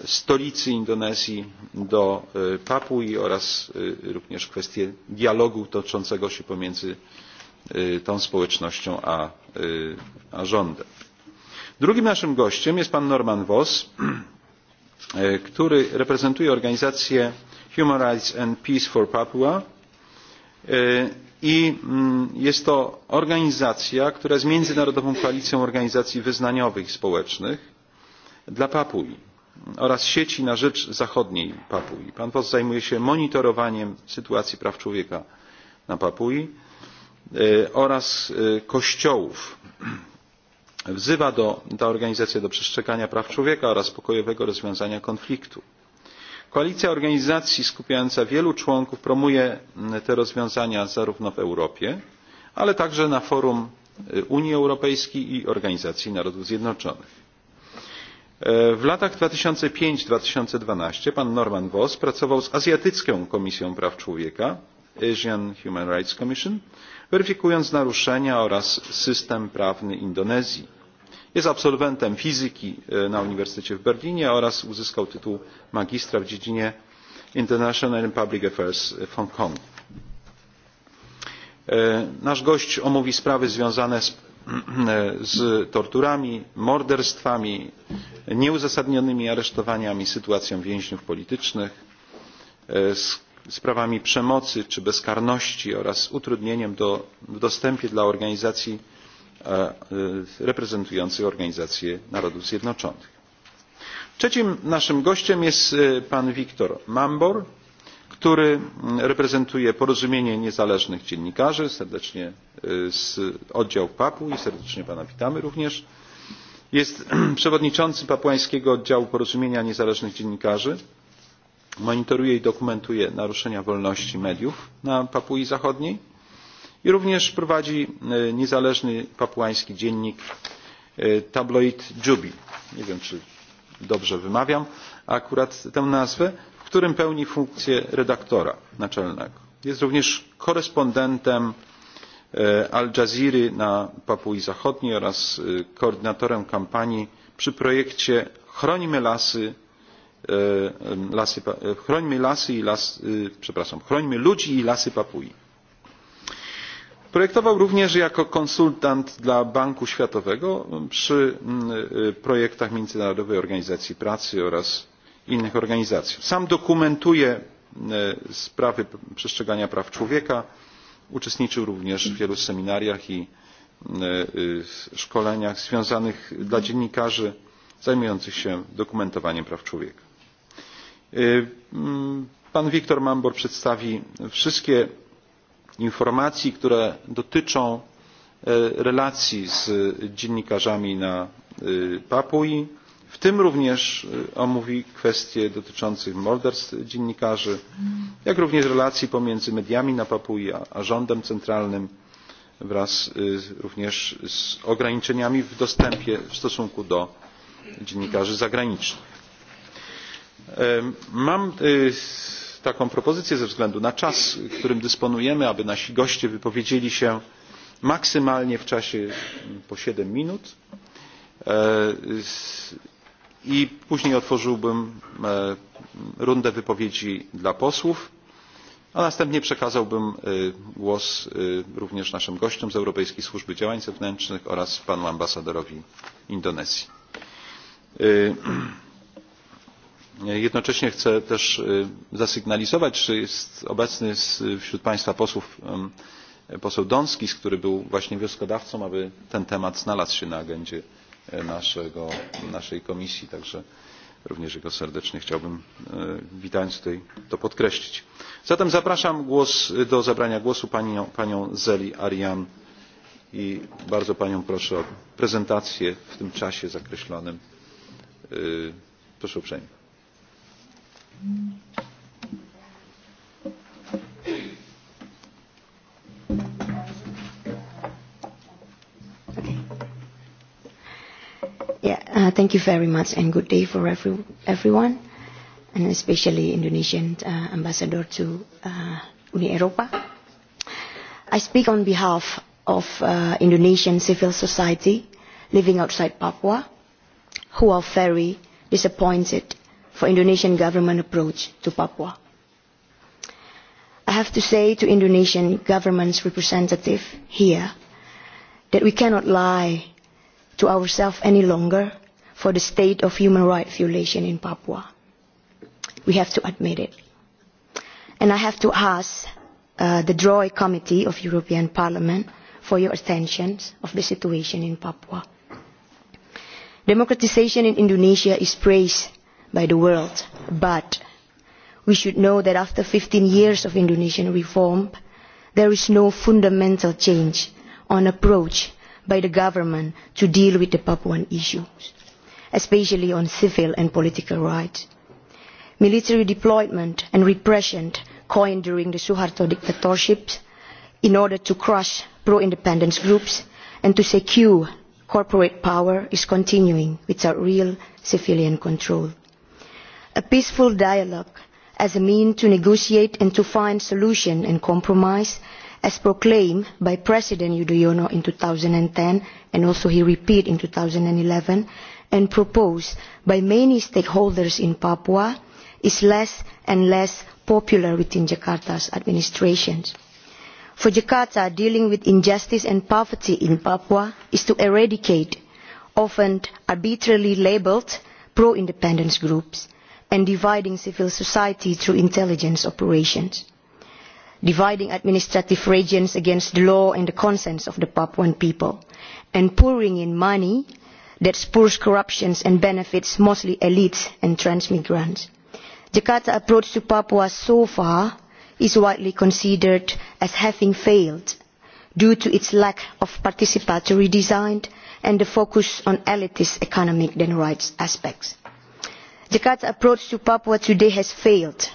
stolicy Indonezji do Papui oraz również kwestię dialogu toczącego się pomiędzy tą społecznością a rządem. Drugim naszym gościem jest pan Norman Voss, który reprezentuje organizację Human Rights and Peace for Papua i jest to organizacja, która jest międzynarodową koalicją organizacji wyznaniowych i społecznych dla papui oraz sieci na rzecz zachodniej papui. pan Post zajmuje się monitorowaniem sytuacji praw człowieka na papui oraz kościołów. wzywa ta organizacja do przestrzegania praw człowieka oraz pokojowego rozwiązania konfliktu. koalicja organizacji skupiająca wielu członków promuje te rozwiązania zarówno w europie ale także na forum unii europejskiej i organizacji narodów zjednoczonych w latach dwa tysiące pan norman voss pracował z azjatycką komisją praw człowieka asian human rights commission weryfikując naruszenia oraz system prawny indonezji. jest absolwentem fizyki na uniwersytecie w berlinie oraz uzyskał tytuł magistra w dziedzinie international and public affairs w hongkongu. nasz gość omówi sprawy związane z z torturami morderstwami nieuzasadnionymi aresztowaniami sytuacją więźniów politycznych sprawami przemocy czy bezkarności oraz utrudnieniem w dostępie dla organizacji reprezentujących organizację narodów zjednoczonych. trzecim naszym gościem jest pan victor Mambor który reprezentuje porozumienie niezależnych dziennikarzy serdecznie z oddział papu i serdecznie pana witamy również jest przewodniczącym papułańskiego oddziału porozumienia niezależnych dziennikarzy monitoruje i dokumentuje naruszenia wolności mediów na papui zachodniej i również prowadzi niezależny papułański dziennik tabloid jubi nie wiem czy dobrze wymawiam akurat tę nazwę w którym pełni funkcję redaktora naczelnego. Jest również korespondentem Al Jazeera na Papui Zachodniej oraz koordynatorem kampanii przy projekcie Chronimy lasy, lasy, chronimy, lasy przepraszam, chronimy ludzi i lasy Papui. Projektował również jako konsultant dla Banku Światowego przy projektach Międzynarodowej Organizacji Pracy oraz innych organizacji. Sam dokumentuję sprawy przestrzegania praw człowieka. Uczestniczył również w wielu seminariach i szkoleniach związanych dla dziennikarzy zajmujących się dokumentowaniem praw człowieka. Pan Wiktor Mambor przedstawi wszystkie informacje, które dotyczą relacji z dziennikarzami na Papui w tym również omówi kwestie dotyczące morderstw dziennikarzy jak również relacji pomiędzy mediami na papui a rządem centralnym wraz również z ograniczeniami w dostępie w stosunku do dziennikarzy zagranicznych. mam taką propozycję ze względu na czas którym dysponujemy aby nasi goście wypowiedzieli się maksymalnie w czasie po siedem minut i później otworzyłbym rundę wypowiedzi dla posłów a następnie przekazałbym głos również naszym gościom z europejskiej służby działań zewnętrznych oraz panu ambasadorowi indonezji. jednocześnie chcę też zasygnalizować że jest obecny wśród państwa posłów poseł donskis który był właśnie wnioskodawcą aby ten temat znalazł się na agendzie naszego, naszej komisji. Także również jego serdecznie chciałbym witając tutaj to podkreślić. Zatem zapraszam głos, do zabrania głosu panią, panią Zeli Arian i bardzo panią proszę o prezentację w tym czasie zakreślonym. Proszę uprzejmie. Thank you very much and good day for everyone, and especially Indonesian ambassador to Uni Europa. I speak on behalf of Indonesian civil society living outside Papua, who are very disappointed for Indonesian government approach to Papua. I have to say to Indonesian government's representative here that we cannot lie to ourselves any longer for the state of human rights violation in Papua. We have to admit it. And I have to ask the DROI Committee of European Parliament for your attention of the situation in Papua. Democratisation in Indonesia is praised by the world, but we should know that after 15 years of Indonesian reform, there is no fundamental change on approach by the government to deal with the Papuan issues especially on civil and political rights. Military deployment and repression coined during the Suharto dictatorships in order to crush pro-independence groups and to secure corporate power is continuing without real civilian control. A peaceful dialogue as a means to negotiate and to find solution and compromise as proclaimed by President Yudhoyono in 2010 and also he repeated in 2011 and proposed by many stakeholders in Papua is less and less popular within Jakarta's administrations. For Jakarta, dealing with injustice and poverty in Papua is to eradicate often arbitrarily labelled pro independence groups and dividing civil society through intelligence operations, dividing administrative regions against the law and the consents of the Papuan people, and pouring in money that spurs corruption and benefits mostly elites and transmigrants. Jakarta's approach to Papua so far is widely considered as having failed due to its lack of participatory design and the focus on elitist economic and rights aspects. Jakarta's approach to Papua today has failed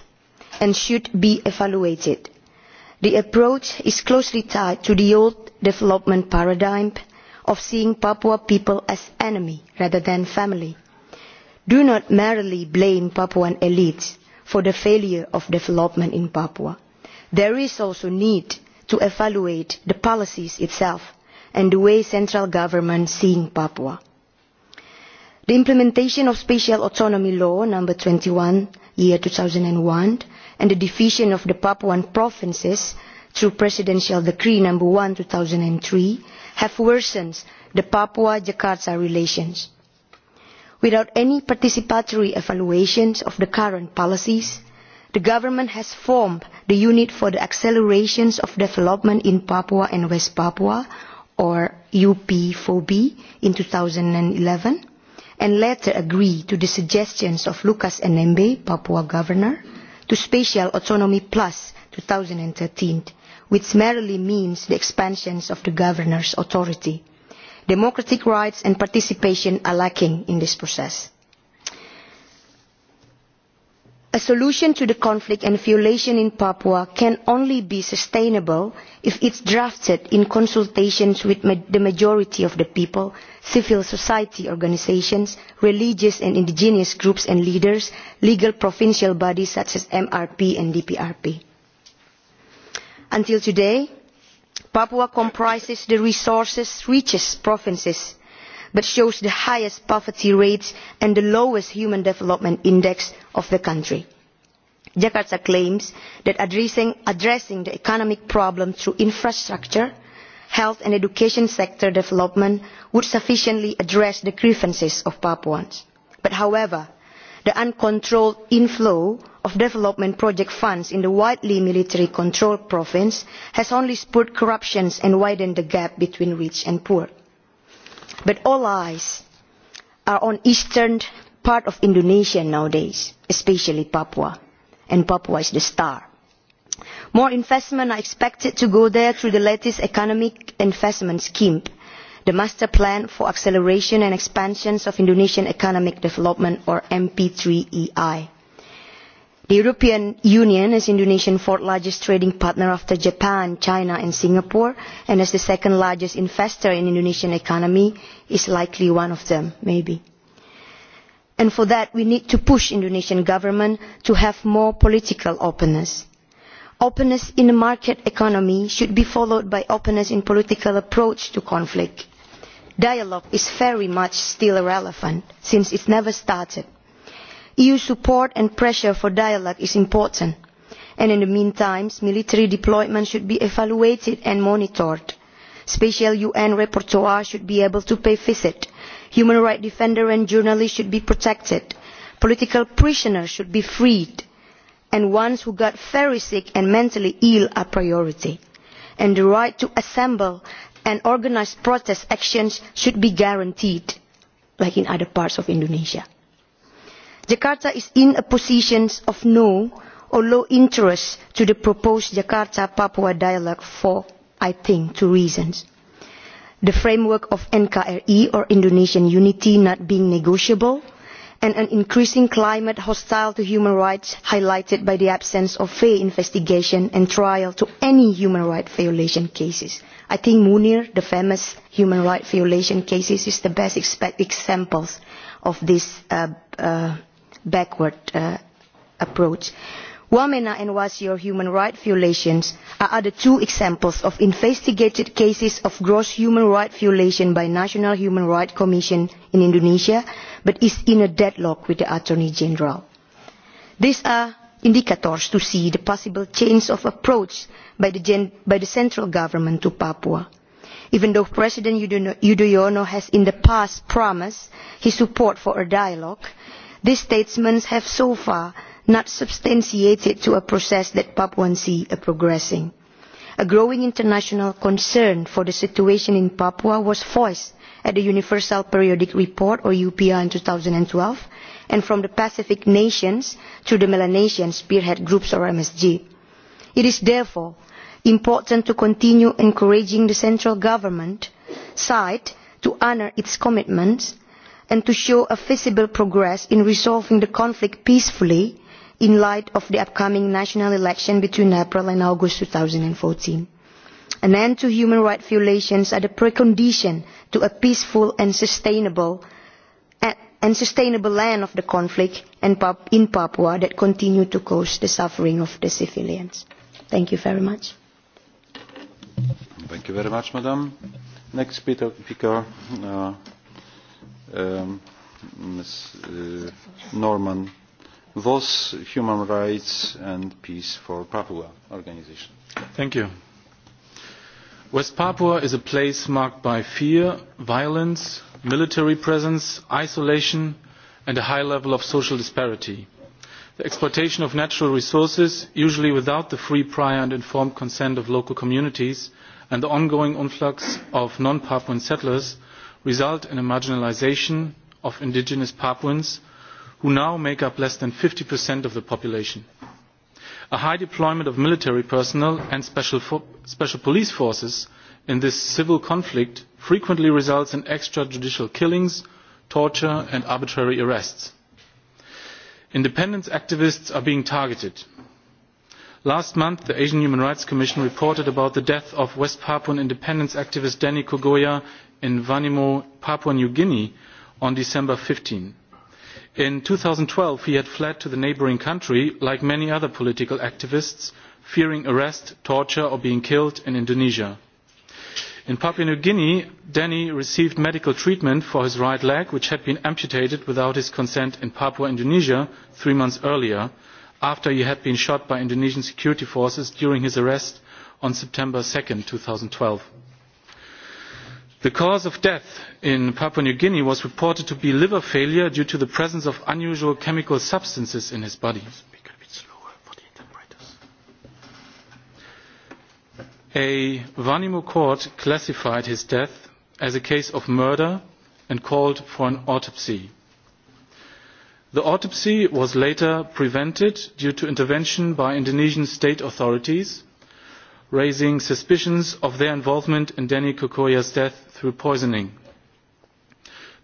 and should be evaluated. The approach is closely tied to the old development paradigm of seeing Papua people as enemy rather than family. Do not merely blame Papuan elites for the failure of development in Papua. There is also need to evaluate the policies itself and the way central government seeing Papua. The implementation of Special Autonomy Law No. 21, year 2001, and the division of the Papuan provinces through Presidential Decree No. 1, 2003, have worsened the Papua Jakarta relations. Without any participatory evaluations of the current policies, the government has formed the Unit for the Accelerations of Development in Papua and West Papua, or UP4B, in 2011, and later agreed to the suggestions of Lucas Enembe, Papua Governor, to Spatial Autonomy Plus 2013 which merely means the expansion of the governor's authority. Democratic rights and participation are lacking in this process. A solution to the conflict and violation in Papua can only be sustainable if it is drafted in consultations with the majority of the people, civil society organisations, religious and indigenous groups and leaders, legal provincial bodies such as MRP and DPRP until today papua comprises the resources richest provinces but shows the highest poverty rates and the lowest human development index of the country. jakarta claims that addressing the economic problem through infrastructure health and education sector development would sufficiently address the grievances of papuans but however the uncontrolled inflow of development project funds in the widely military controlled province has only spurred corruption and widened the gap between rich and poor. But all eyes are on the eastern part of Indonesia nowadays, especially Papua, and Papua is the star. More investment are expected to go there through the latest economic investment scheme the master plan for acceleration and expansion of indonesian economic development or mp3ei. the european union is indonesia's fourth largest trading partner after japan china and singapore and as the second largest investor in the indonesian economy is likely one of them maybe. and for that we need to push the indonesian government to have more political openness. openness in the market economy should be followed by openness in political approach to conflict dialogue is very much still relevant since it never started. eu support and pressure for dialogue is important and in the meantime military deployment should be evaluated and monitored. special un rapporteurs should be able to pay visit human rights defenders and journalists should be protected political prisoners should be freed and ones who got very sick and mentally ill are a priority and the right to assemble and organised protest actions should be guaranteed, like in other parts of Indonesia. Jakarta is in a position of no or low interest to the proposed Jakarta Papua dialogue for, I think, two reasons the framework of NKRE or Indonesian unity not being negotiable and an increasing climate hostile to human rights highlighted by the absence of fair investigation and trial to any human rights violation cases. I think Munir, the famous human rights violation cases, is the best example of this backward approach. Wamena and your human rights violations are other two examples of investigated cases of gross human rights violation by National Human Rights Commission in Indonesia, but is in a deadlock with the Attorney General. These are indicators to see the possible change of approach by the central government to Papua. Even though President Yudhoyono has in the past promised his support for a dialogue, these statements have so far not substantiated to a process that Guinea is progressing. A growing international concern for the situation in Papua was voiced at the Universal Periodic Report or UPR in 2012 and from the Pacific nations to the Melanesian spearhead groups or MSG. It is therefore important to continue encouraging the central government side to honour its commitments and to show a feasible progress in resolving the conflict peacefully in light of the upcoming national election between April and August 2014. An end to human rights violations are the precondition to a peaceful and sustainable and sustainable end of the conflict in Papua that continue to cause the suffering of the civilians. Thank you very much. Thank you very much, Madam. Next speaker, Ms. Norman both human rights and peace for Papua organization. Thank you. West Papua is a place marked by fear, violence, military presence, isolation and a high level of social disparity. The exploitation of natural resources, usually without the free, prior and informed consent of local communities, and the ongoing influx of non-Papuan settlers result in a marginalisation of indigenous Papuans who now make up less than 50% of the population. A high deployment of military personnel and special police forces in this civil conflict frequently results in extrajudicial killings, torture and arbitrary arrests. Independence activists are being targeted. Last month, the Asian Human Rights Commission reported about the death of West Papuan independence activist Danny Kogoya in Vanimo, Papua New Guinea on December 15. In 2012, he had fled to the neighbouring country, like many other political activists, fearing arrest, torture or being killed in Indonesia. In Papua New Guinea, Denny received medical treatment for his right leg, which had been amputated without his consent in Papua, Indonesia, three months earlier, after he had been shot by Indonesian security forces during his arrest on September 2, 2012. The cause of death in Papua New Guinea was reported to be liver failure due to the presence of unusual chemical substances in his body. A Vanimo court classified his death as a case of murder and called for an autopsy. The autopsy was later prevented due to intervention by Indonesian state authorities, raising suspicions of their involvement in Danny Kokoya's death through poisoning.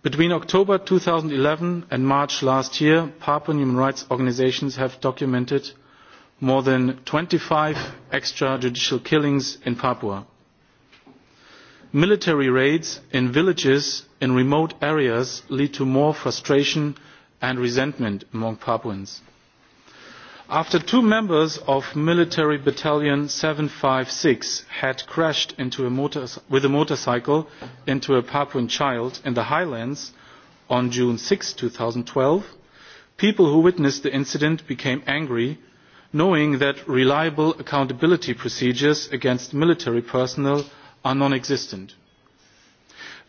Between October 2011 and March last year, Papuan human rights organisations have documented more than 25 extrajudicial killings in Papua. Military raids in villages in remote areas lead to more frustration and resentment among Papuans. After two members of military battalion 756 had crashed with a motorcycle into a Papuan child in the highlands on June 6, 2012, people who witnessed the incident became angry, knowing that reliable accountability procedures against military personnel are non-existent.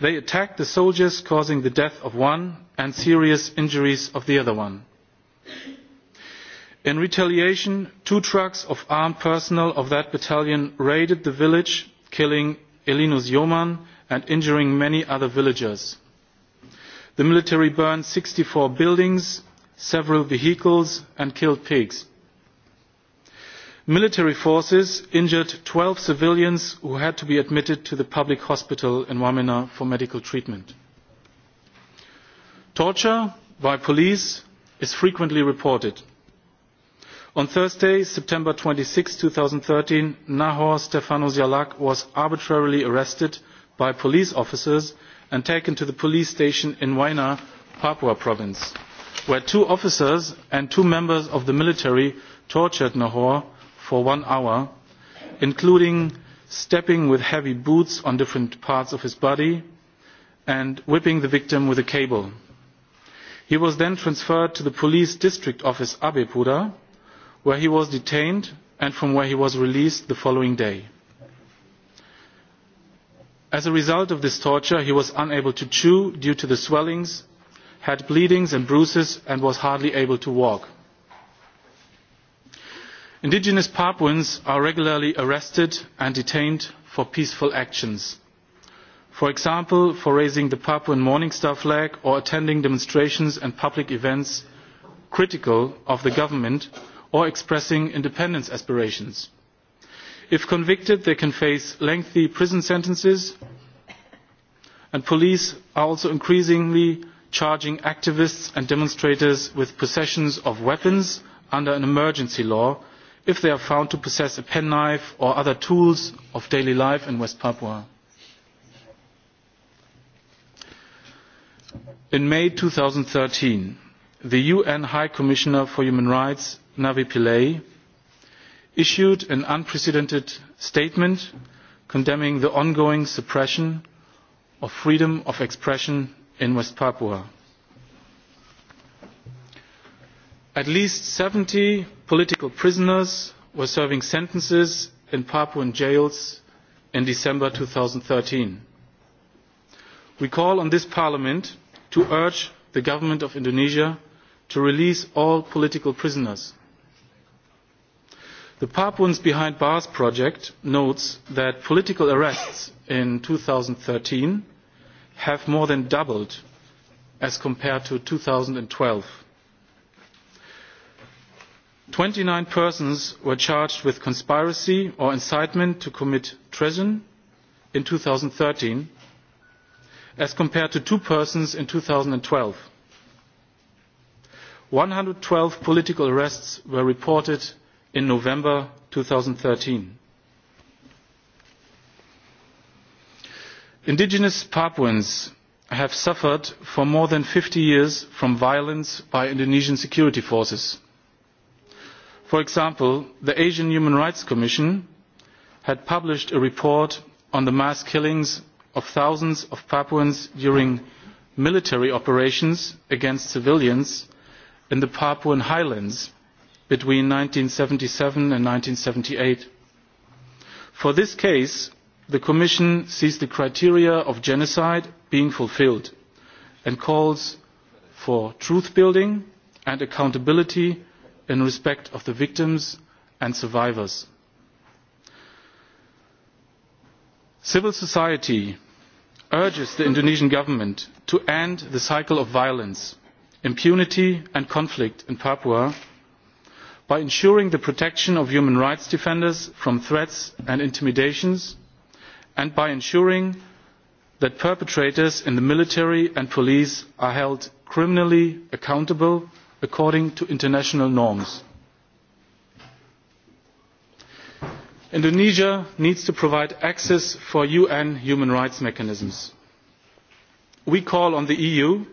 They attacked the soldiers, causing the death of one and serious injuries of the other one. In retaliation, two trucks of armed personnel of that battalion raided the village, killing Elinus Joman and injuring many other villagers. The military burned sixty four buildings, several vehicles and killed pigs. Military forces injured twelve civilians who had to be admitted to the public hospital in Wamina for medical treatment. Torture by police is frequently reported. On Thursday, September 26, 2013, Nahor Stefanos-Yalak was arbitrarily arrested by police officers and taken to the police station in Waina, Papua province, where two officers and two members of the military tortured Nahor for one hour, including stepping with heavy boots on different parts of his body and whipping the victim with a cable. He was then transferred to the police district office Abepura, where he was detained and from where he was released the following day. As a result of this torture, he was unable to chew due to the swellings, had bleedings and bruises, and was hardly able to walk. Indigenous Papuans are regularly arrested and detained for peaceful actions. For example, for raising the Papuan Morning Star flag or attending demonstrations and public events critical of the government or expressing independence aspirations. If convicted, they can face lengthy prison sentences, and police are also increasingly charging activists and demonstrators with possessions of weapons under an emergency law if they are found to possess a penknife or other tools of daily life in West Papua. In May 2013, the UN High Commissioner for Human Rights Navi Pillay, issued an unprecedented statement condemning the ongoing suppression of freedom of expression in West Papua. At least 70 political prisoners were serving sentences in Papuan jails in December 2013. We call on this Parliament to urge the government of Indonesia to release all political prisoners. The Papuans Behind Bars project notes that political arrests in 2013 have more than doubled as compared to 2012. nine persons were charged with conspiracy or incitement to commit treason in 2013 as compared to two persons in 2012. 112 political arrests were reported in November 2013. Indigenous Papuans have suffered for more than 50 years from violence by Indonesian security forces. For example, the Asian Human Rights Commission had published a report on the mass killings of thousands of Papuans during military operations against civilians in the Papuan highlands between one thousand nine hundred and seventy seventy seven and and one thousand nine hundred eight. For this case, the Commission sees the criteria of genocide being fulfilled and calls for truth building and accountability in respect of the victims and survivors. Civil society urges the Indonesian government to end the cycle of violence, impunity and conflict in Papua by ensuring the protection of human rights defenders from threats and intimidations and by ensuring that perpetrators in the military and police are held criminally accountable according to international norms. Indonesia needs to provide access for UN human rights mechanisms. We call on the EU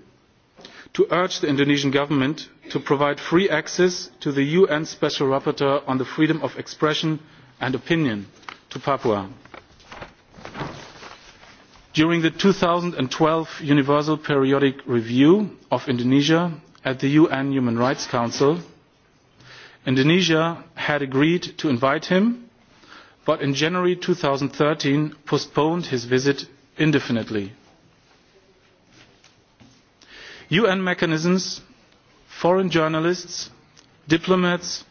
to urge the Indonesian government to provide free access to the UN Special Rapporteur on the freedom of expression and opinion to Papua. During the 2012 Universal Periodic Review of Indonesia at the UN Human Rights Council, Indonesia had agreed to invite him, but in January 2013 postponed his visit indefinitely un mechanisms foreign journalists diplomats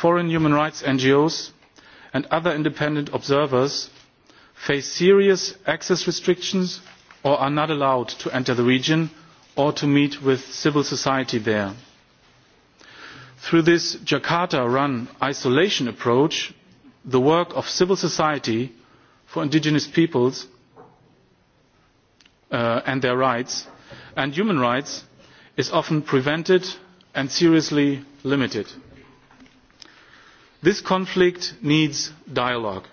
foreign human rights ngos and other independent observers face serious access restrictions or are not allowed to enter the region or to meet with civil society there. through this jakarta run isolation approach the work of civil society for indigenous peoples and their rights and human rights is often prevented and seriously limited. This conflict needs dialogue.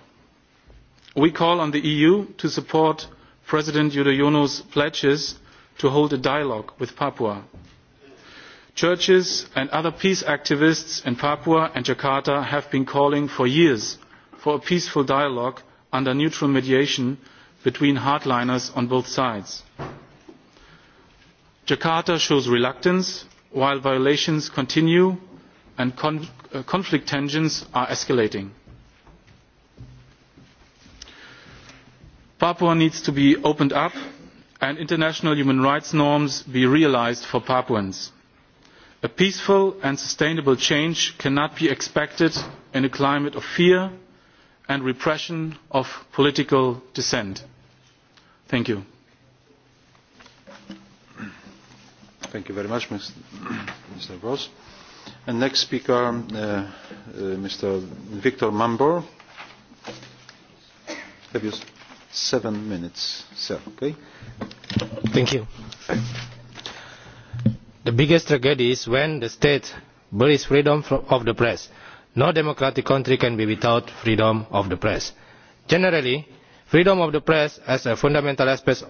We call on the EU to support President Yudhoyono's pledges to hold a dialogue with Papua. Churches and other peace activists in Papua and Jakarta have been calling for years for a peaceful dialogue under neutral mediation between hardliners on both sides. Jakarta shows reluctance while violations continue and conflict tensions are escalating. Papua needs to be opened up and international human rights norms be realised for Papuans. A peaceful and sustainable change cannot be expected in a climate of fear and repression of political dissent. Thank you. Thank you very much, Mr. Gross. And next speaker, Mr. Victor Mambor. Have you seven minutes, sir? Okay. Thank you. The biggest tragedy is when the state buries freedom of the press. No democratic country can be without freedom of the press. Generally, freedom of the press as a fundamental aspect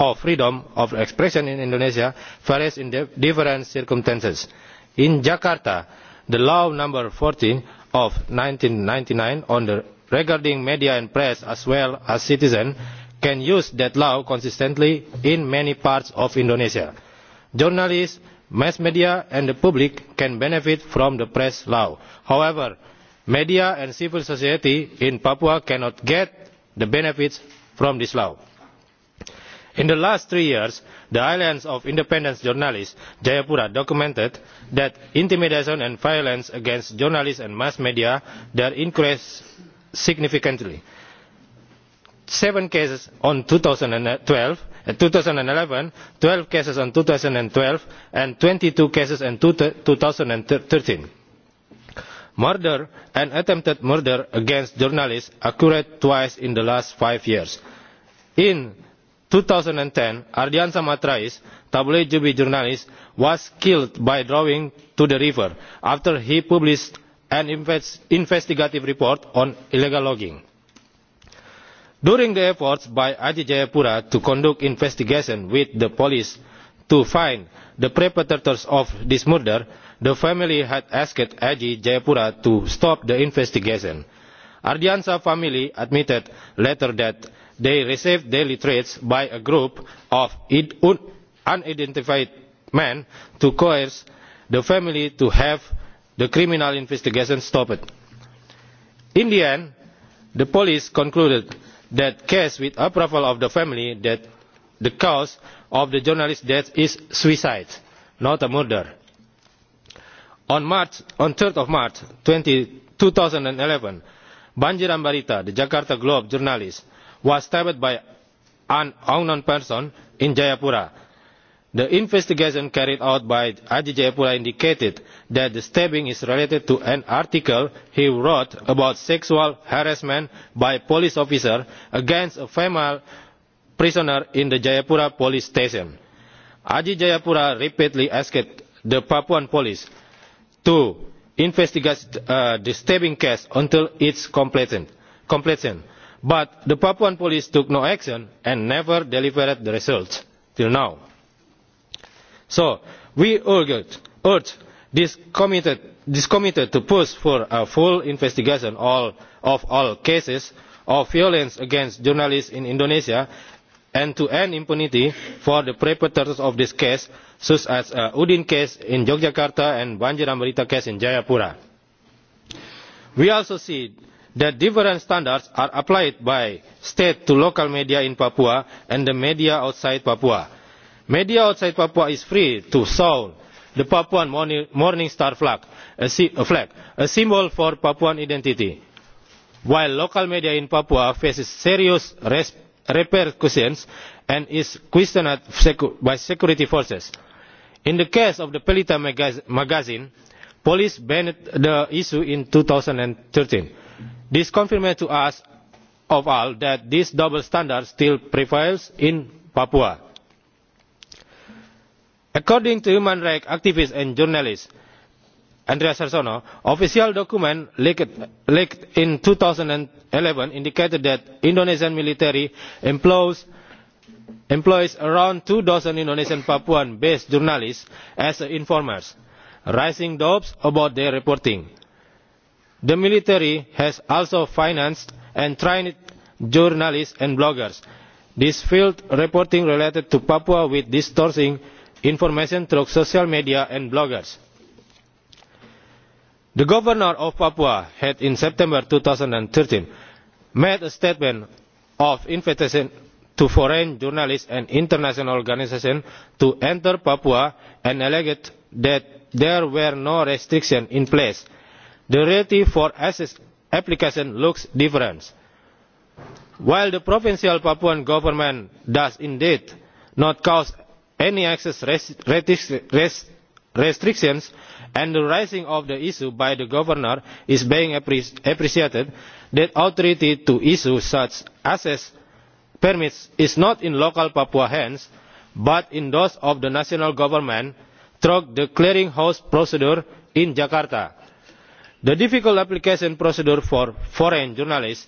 of freedom of expression in Indonesia varies in different circumstances. In Jakarta, the law number fourteen of 1999 on the regarding media and press as well as citizens can use that law consistently in many parts of Indonesia. Journalists, mass media and the public can benefit from the press law. However, media and civil society in Papua cannot get the benefits from this law in the last three years the islands of independent journalists jayapura documented that intimidation and violence against journalists and mass media there increased significantly seven cases in two thousand and eleven twelve cases in two thousand and twelve and twenty two cases in two thousand and thirteen murder and attempted murder against journalists occurred twice in the last five years. in 2010, Ardiansa Matrais, tabloid Jubi journalist, was killed by drowning to the river after he published an investigative report on illegal logging. During the efforts by Aji Jayapura to conduct investigation with the police to find the perpetrators of this murder, the family had asked Aji Jayapura to stop the investigation. Ardiansa family admitted later that they received daily threats by a group of unidentified men to coerce the family to have the criminal investigation stopped. in the end the police concluded that case with approval of the family that the cause of the journalist's death is suicide not a murder. on three march two thousand and eleven banjiran barita the jakarta globe journalist was stabbed by an unknown person in Jayapura. The investigation carried out by Aji Jayapura indicated that the stabbing is related to an article he wrote about sexual harassment by police officer against a female prisoner in the Jayapura police station. Aji Jayapura repeatedly asked the Papuan police to investigate the stabbing case until its completion but the papuan police took no action and never delivered the results till now. so we urge this committee to push for a full investigation of all cases of violence against journalists in indonesia and to end impunity for the perpetrators of this case such as the udin case in yogyakarta and banjir amrita case in jayapura. we also see that different standards are applied by state to local media in Papua and the media outside Papua. Media outside Papua is free to sound the Papuan Morning Star flag, a symbol for Papuan identity, while local media in Papua faces serious repercussions and is questioned by security forces. In the case of the Pelita magazine, police banned the issue in 2013 this confirms to us of all that this double standard still prevails in papua. according to human rights activist and journalist andreas Sarsono, official documents leaked in 2011 indicated that indonesian military employs employs around two dozen Indonesian Papuan based journalists as informers, raising doubts about their reporting the military has also financed and trained journalists and bloggers. this field reporting related to papua with distorting information through social media and bloggers. the governor of papua had in september 2013 made a statement of invitation to foreign journalists and international organisations to enter papua and alleged that there were no restrictions in place the reality for access application looks different. While the provincial Papuan government does indeed not cause any access restrictions and the raising of the issue by the governor is being appreciated, that authority to issue such access permits is not in local Papua hands but in those of the national government through the clearing house procedure in Jakarta the difficult application procedure for foreign journalists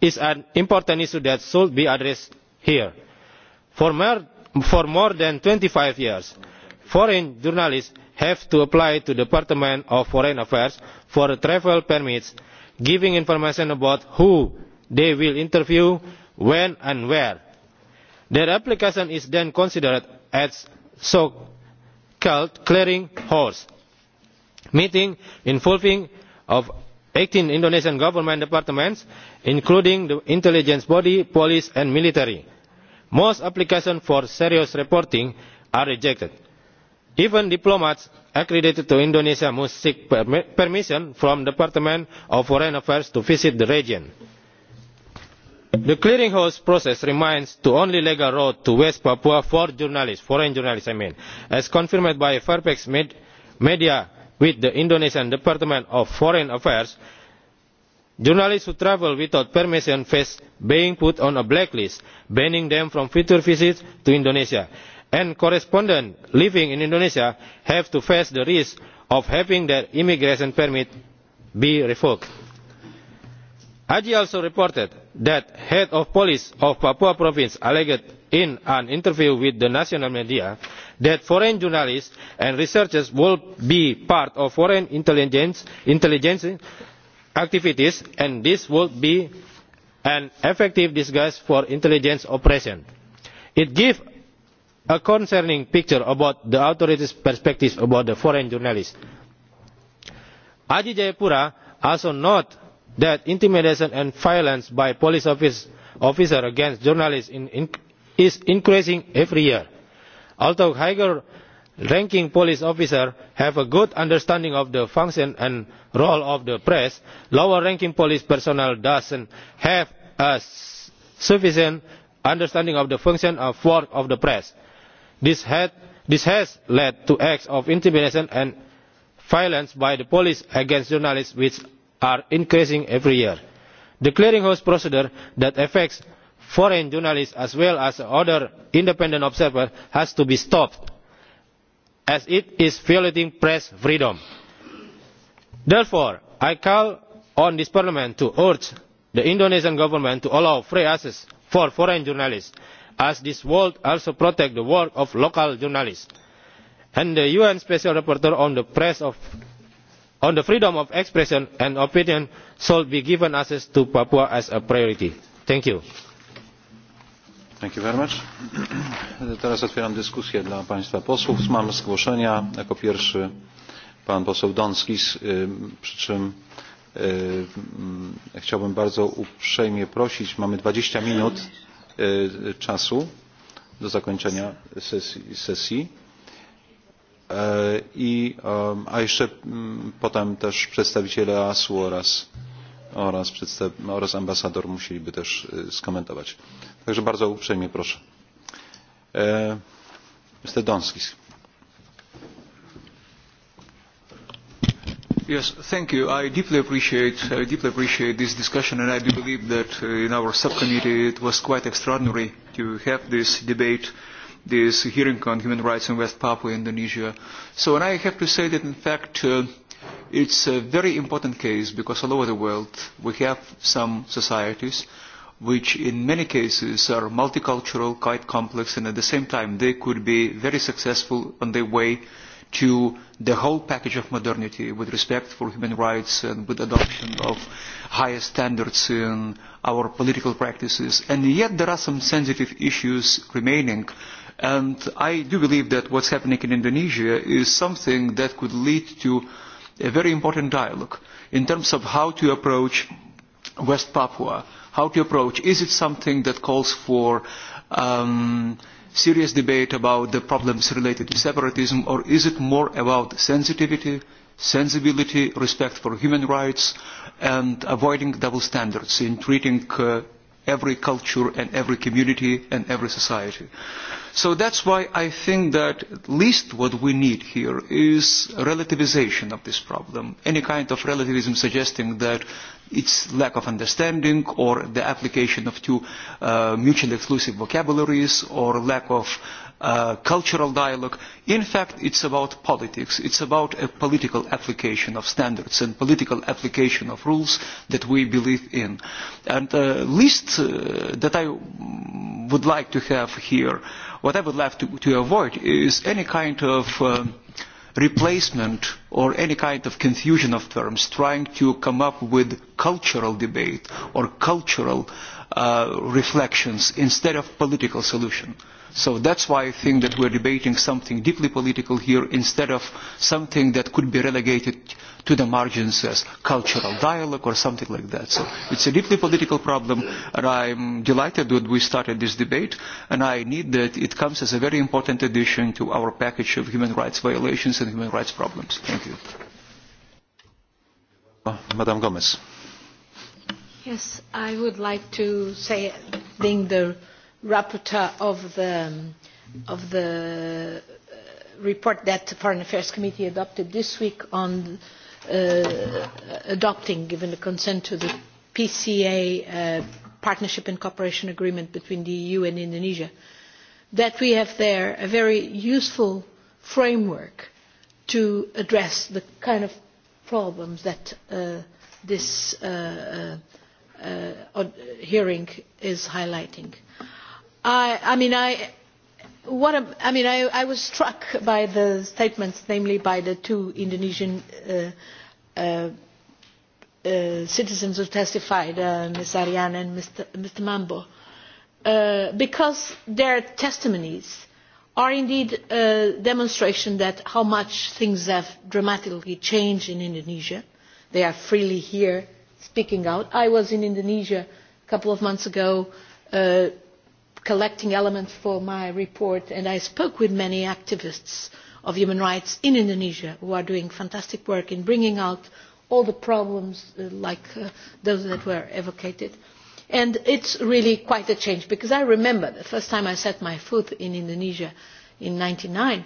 is an important issue that should be addressed here. for more than twenty five years foreign journalists have to apply to the department of foreign affairs for travel permits giving information about who they will interview when and where. their application is then considered as so called clearing horse' meeting involving of 18 Indonesian government departments, including the intelligence body, police and military. Most applications for serious reporting are rejected. Even diplomats accredited to Indonesia must seek permission from the Department of Foreign Affairs to visit the region. The clearinghouse process remains the only legal road to West Papua for journalists, foreign journalists I mean, as confirmed by Fairfax Media with the Indonesian Department of Foreign Affairs, journalists who travel without permission face being put on a blacklist, banning them from future visits to Indonesia, and correspondents living in Indonesia have to face the risk of having their immigration permit be revoked. AGI also reported that head of police of Papua Province alleged in an interview with the national media that foreign journalists and researchers will be part of foreign intelligence activities and this would be an effective disguise for intelligence operation. It gives a concerning picture about the authorities' perspectives about the foreign journalists. Aji Jayapura also notes that intimidation and violence by police officers against journalists in is increasing every year. Although higher ranking police officers have a good understanding of the function and role of the press, lower ranking police personnel doesn't have a sufficient understanding of the function and work of the press. This has led to acts of intimidation and violence by the police against journalists which are increasing every year. The clearinghouse procedure that affects foreign journalists as well as other independent observers has to be stopped as it is violating press freedom. therefore i call on this parliament to urge the indonesian government to allow free access for foreign journalists as this world also protect the work of local journalists. and the un special rapporteur on the press on the freedom of expression and opinion should be given access to papua as a priority. thank you. Teraz otwieram dyskusję dla państwa posłów. Mam zgłoszenia. Jako pierwszy pan poseł Donskis, przy czym chciałbym bardzo uprzejmie prosić, mamy 20 minut czasu do zakończenia sesji. I, a jeszcze potem też przedstawiciele ASU oraz, oraz, oraz ambasador musieliby też skomentować. Także bardzo uprzejmie proszę. Mr. Donskis. Yes, thank you. I deeply appreciate, I deeply appreciate this discussion, and I do believe that in our subcommittee it was quite extraordinary to have this debate, this hearing on human rights in West Papua, Indonesia. So, and I have to say that in fact it's a very important case because all over the world we have some societies which in many cases are multicultural, quite complex, and at the same time they could be very successful on their way to the whole package of modernity with respect for human rights and with adoption of higher standards in our political practices. And yet there are some sensitive issues remaining. And I do believe that what's happening in Indonesia is something that could lead to a very important dialogue in terms of how to approach West Papua how to approach. Is it something that calls for serious debate about the problems related to separatism, or is it more about sensitivity, sensibility, respect for human rights, and avoiding double standards in treating every culture and every community and every society. So that's why I think that at least what we need here is relativization of this problem. Any kind of relativism suggesting that its lack of understanding or the application of two mutually exclusive vocabularies or lack of cultural dialogue. In fact, it's about politics. It's about a political application of standards and political application of rules that we believe in. And the list that I would like to have here, what I would like to avoid is any kind of replacement or any kind of confusion of terms, trying to come up with cultural debate or cultural reflections instead of political solution. So that's why I think that we are debating something deeply political here instead of something that could be relegated to the margins as cultural dialogue or something like that. So it's a deeply political problem and I'm delighted that we started this debate and I need that it comes as a very important addition to our package of human rights violations and human rights problems. Thank you. Madam Gomez. Yes, I would like to say, being the rapporteur of the of the report that the Foreign Affairs Committee adopted this week on adopting, given the consent to the PCA Partnership and Cooperation Agreement between the EU and Indonesia, that we have there a very useful framework to address the kind of problems that this hearing is highlighting. I mean, I was struck by the statements, namely by the two Indonesian citizens who testified, Ms. Ariane and Mr. Mambo, because their testimonies are indeed a demonstration that how much things have dramatically changed in Indonesia. They are freely here speaking out. I was in Indonesia a couple of months ago collecting elements for my report and I spoke with many activists of human rights in Indonesia who are doing fantastic work in bringing out all the problems like those that were evocated. And it's really quite a change because I remember the first time I set my foot in Indonesia in nine,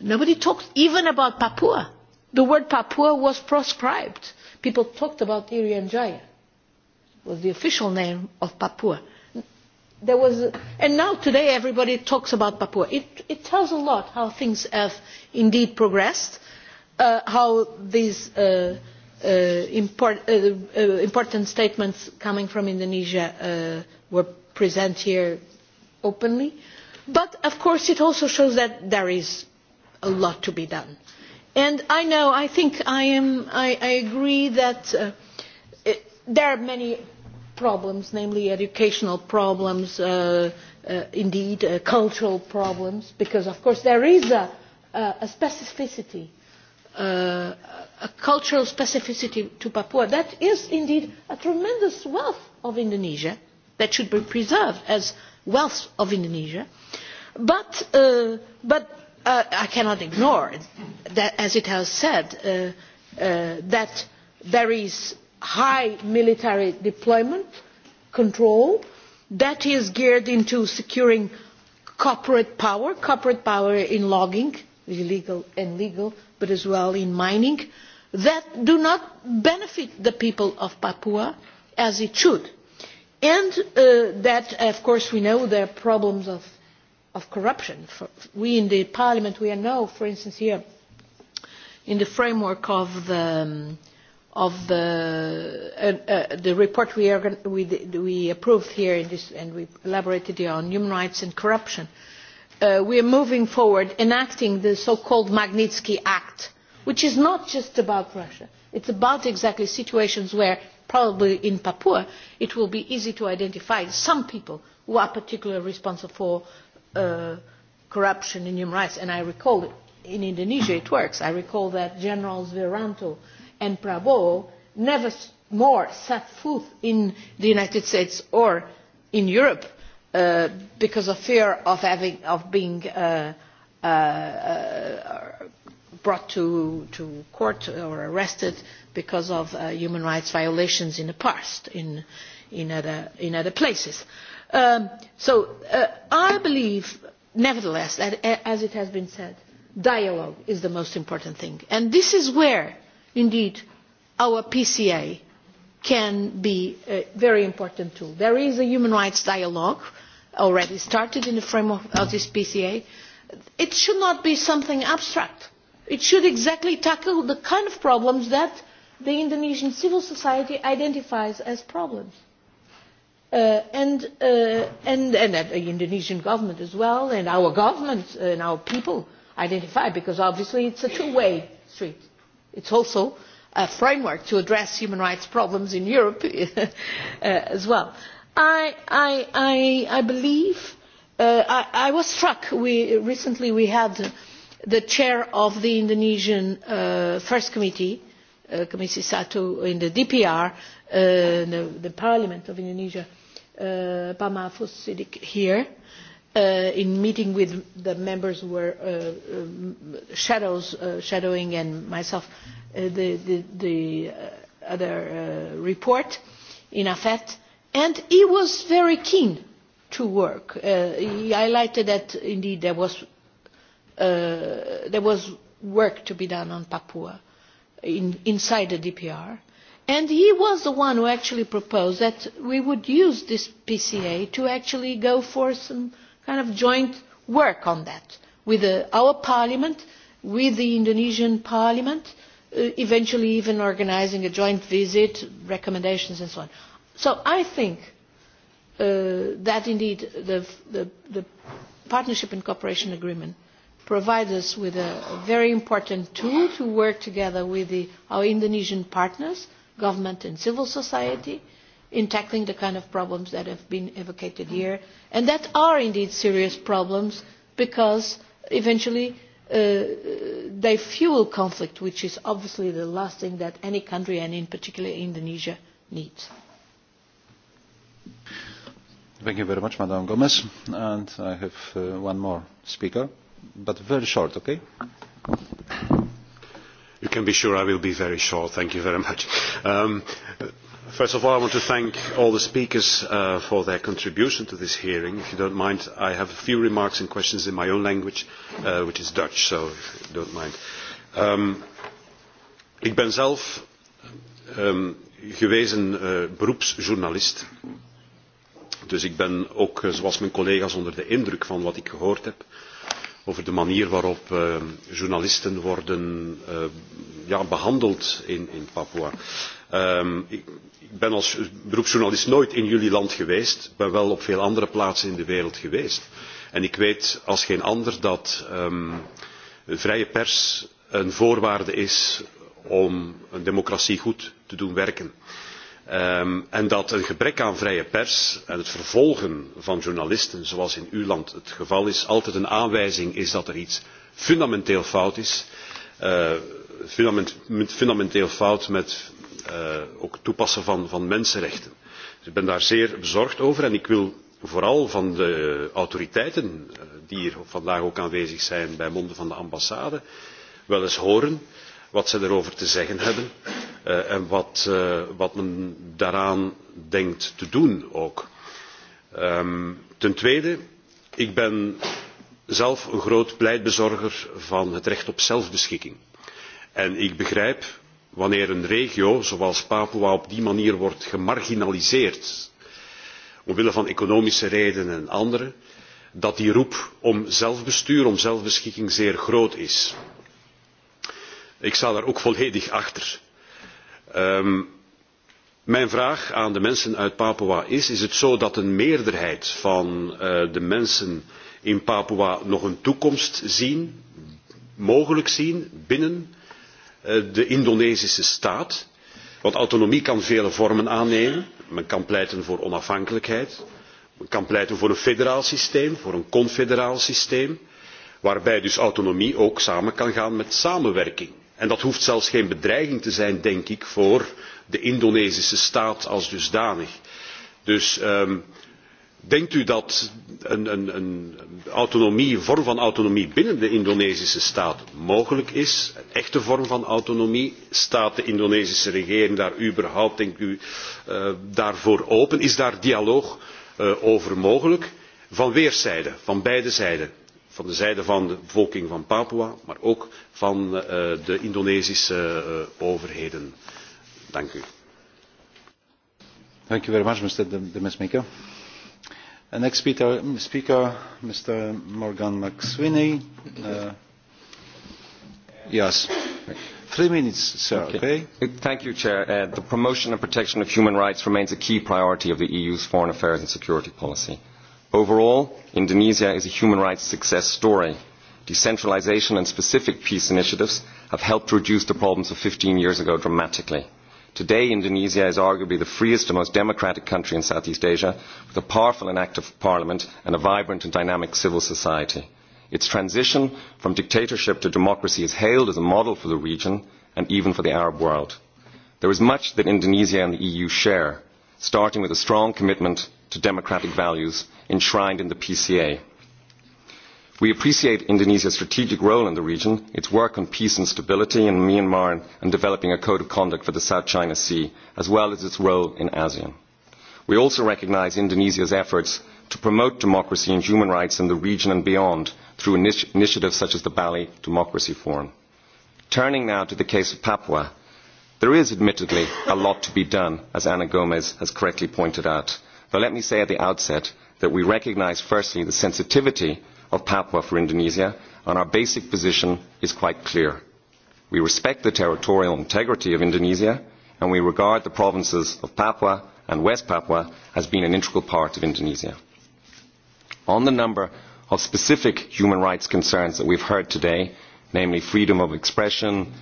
nobody talked even about Papua. The word Papua was proscribed People talked about Irian Jaya, was the official name of Papua. There was, and now today everybody talks about Papua. It tells a lot how things have indeed progressed, how these important statements coming from Indonesia were present here openly. But of course it also shows that there is a lot to be done. And I know, I think I am, I agree that there are many problems, namely educational problems, indeed cultural problems, because of course there is a specificity, a cultural specificity to Papua. That is indeed a tremendous wealth of Indonesia that should be preserved as wealth of Indonesia. But I cannot ignore that, as it has said, that there is high military deployment control that is geared into securing corporate power, corporate power in logging, illegal and legal, but as well in mining, that do not benefit the people of Papua as it should. And that, of course, we know there are problems of of corruption. We in the Parliament, we know, for instance, here in the framework of the of the report we approved here and we elaborated on human rights and corruption, we are moving forward enacting the so-called Magnitsky Act, which is not just about Russia. It's about exactly situations where, probably in Papua, it will be easy to identify some people who are particularly responsible for corruption in human rights. And I recall in Indonesia it works. I recall that Generals Wiranto and Prabowo never more set foot in the United States or in Europe because of fear of of being brought to court or arrested because of human rights violations in the past in other places so i believe nevertheless as it has been said dialogue is the most important thing and this is where indeed our pca can be a very important tool. there is a human rights dialogue already started in the framework of this pca. it should not be something abstract. it should exactly tackle the kind of problems that the indonesian civil society identifies as problems and the Indonesian government as well, and our government and our people identify, because obviously it's a two-way street. It's also a framework to address human rights problems in Europe as well. I believe, I was struck, recently we had the chair of the Indonesian First Committee, Komisi Sato, in the DPR, the Parliament of Indonesia, Bama Fossidik here in meeting with the members who were shadows shadowing and myself the other report in AFET and he was very keen to work. He highlighted that indeed there was work to be done on Papua inside the DPR And he was the one who actually proposed that we would use this PCA to actually go for some kind of joint work on that with our parliament, with the Indonesian parliament, eventually even organising a joint visit, recommendations and so on. So I think that indeed the partnership and cooperation agreement provides us with a very important tool to work together with our Indonesian partners government and civil society in tackling the kind of problems that have been evocated here and that are indeed serious problems because eventually they fuel conflict which is obviously the last thing that any country and in particular Indonesia needs. Thank you very much Madam Gomez and I have one more speaker but very short okay can be sure I will be very short. Thank you very much. First of all, I want to thank all the speakers for their contribution to this hearing. If you don't mind, I have a few remarks and questions in my own language, which is Dutch, so don't mind. Ik ben zelf gewezen beroepsjournalist. Dus ik ben ook, zoals mijn collega's, onder de indruk van wat ik gehoord heb over de manier waarop journalisten worden behandeld in Papua. Ik ben als beroepsjournalist nooit in jullie land geweest. Ik ben wel op veel andere plaatsen in de wereld geweest. En ik weet als geen ander dat een vrije pers een voorwaarde is om een democratie goed te doen werken en dat een gebrek aan vrije pers en het vervolgen van journalisten zoals in uw land het geval is altijd een aanwijzing is dat er iets fundamenteel fout is fundamenteel fout met het toepassen van mensenrechten. ik ben daar zeer bezorgd over en ik wil vooral van de autoriteiten die hier vandaag ook aanwezig zijn bij monde van de ambassade wel eens horen wat zij daarover te zeggen hebben en wat men daaraan denkt te doen ook. ten tweede ik ben zelf een groot pleitbezorger van het recht op zelfbeschikking en ik begrijp wanneer een regio zoals papua op die manier wordt gemarginaliseerd omwille van economische redenen en andere dat die roep om zelfbestuur om zelfbeschikking zeer groot is. Ik sta daar ook volledig achter. Mijn vraag aan de mensen uit Papua is, is het zo dat een meerderheid van de mensen in Papua nog een toekomst zien, mogelijk zien, binnen de Indonesische staat? Want autonomie kan vele vormen aannemen. Men kan pleiten voor onafhankelijkheid. Men kan pleiten voor een federaal systeem, voor een confederaal systeem. Waarbij dus autonomie ook samen kan gaan met samenwerking en dat hoeft zelfs geen bedreiging te zijn denk ik voor de indonesische staat als dusdanig. dus denkt u dat een vorm van autonomie binnen de indonesische staat mogelijk is een echte vorm van autonomie? staat de indonesische regering daar überhaupt denkt u daarvoor open? is daar dialoog over mogelijk van weerszijden van beide zijden? van de zijde van de bevolking van Papua, maar ook van de Indonesische overheden. Dank u. Thank you very much, Mr. Demesmaker. The next speaker, Mr. Morgan McSweeney. yes. Three minutes, sir. Okay. Thank you, Chair. the promotion and protection of human rights remains a key priority of the EU's foreign affairs and security policy Overall, Indonesia is a human rights success story. Decentralisation and specific peace initiatives have helped reduce the problems of 15 years ago dramatically. Today, Indonesia is arguably the freest and most democratic country in Southeast Asia, with a powerful and active parliament and a vibrant and dynamic civil society. Its transition from dictatorship to democracy is hailed as a model for the region and even for the Arab world. There is much that Indonesia and the EU share, starting with a strong commitment to democratic values enshrined in the PCA. We appreciate Indonesia's strategic role in the region, its work on peace and stability in Myanmar and developing a code of conduct for the South China Sea, as well as its role in ASEAN. We also recognise Indonesia's efforts to promote democracy and human rights in the region and beyond through initiatives such as the Bali Democracy Forum. Turning now to the case of Papua, there is admittedly a lot to be done, as Ana Gomez has correctly pointed out. But let me say at the outset that we recognise firstly the sensitivity of Papua for Indonesia and our basic position is quite clear. We respect the territorial integrity of Indonesia and we regard the provinces of Papua and West Papua as being an integral part of Indonesia. On the number of specific human rights concerns that we have heard today, namely freedom of expression,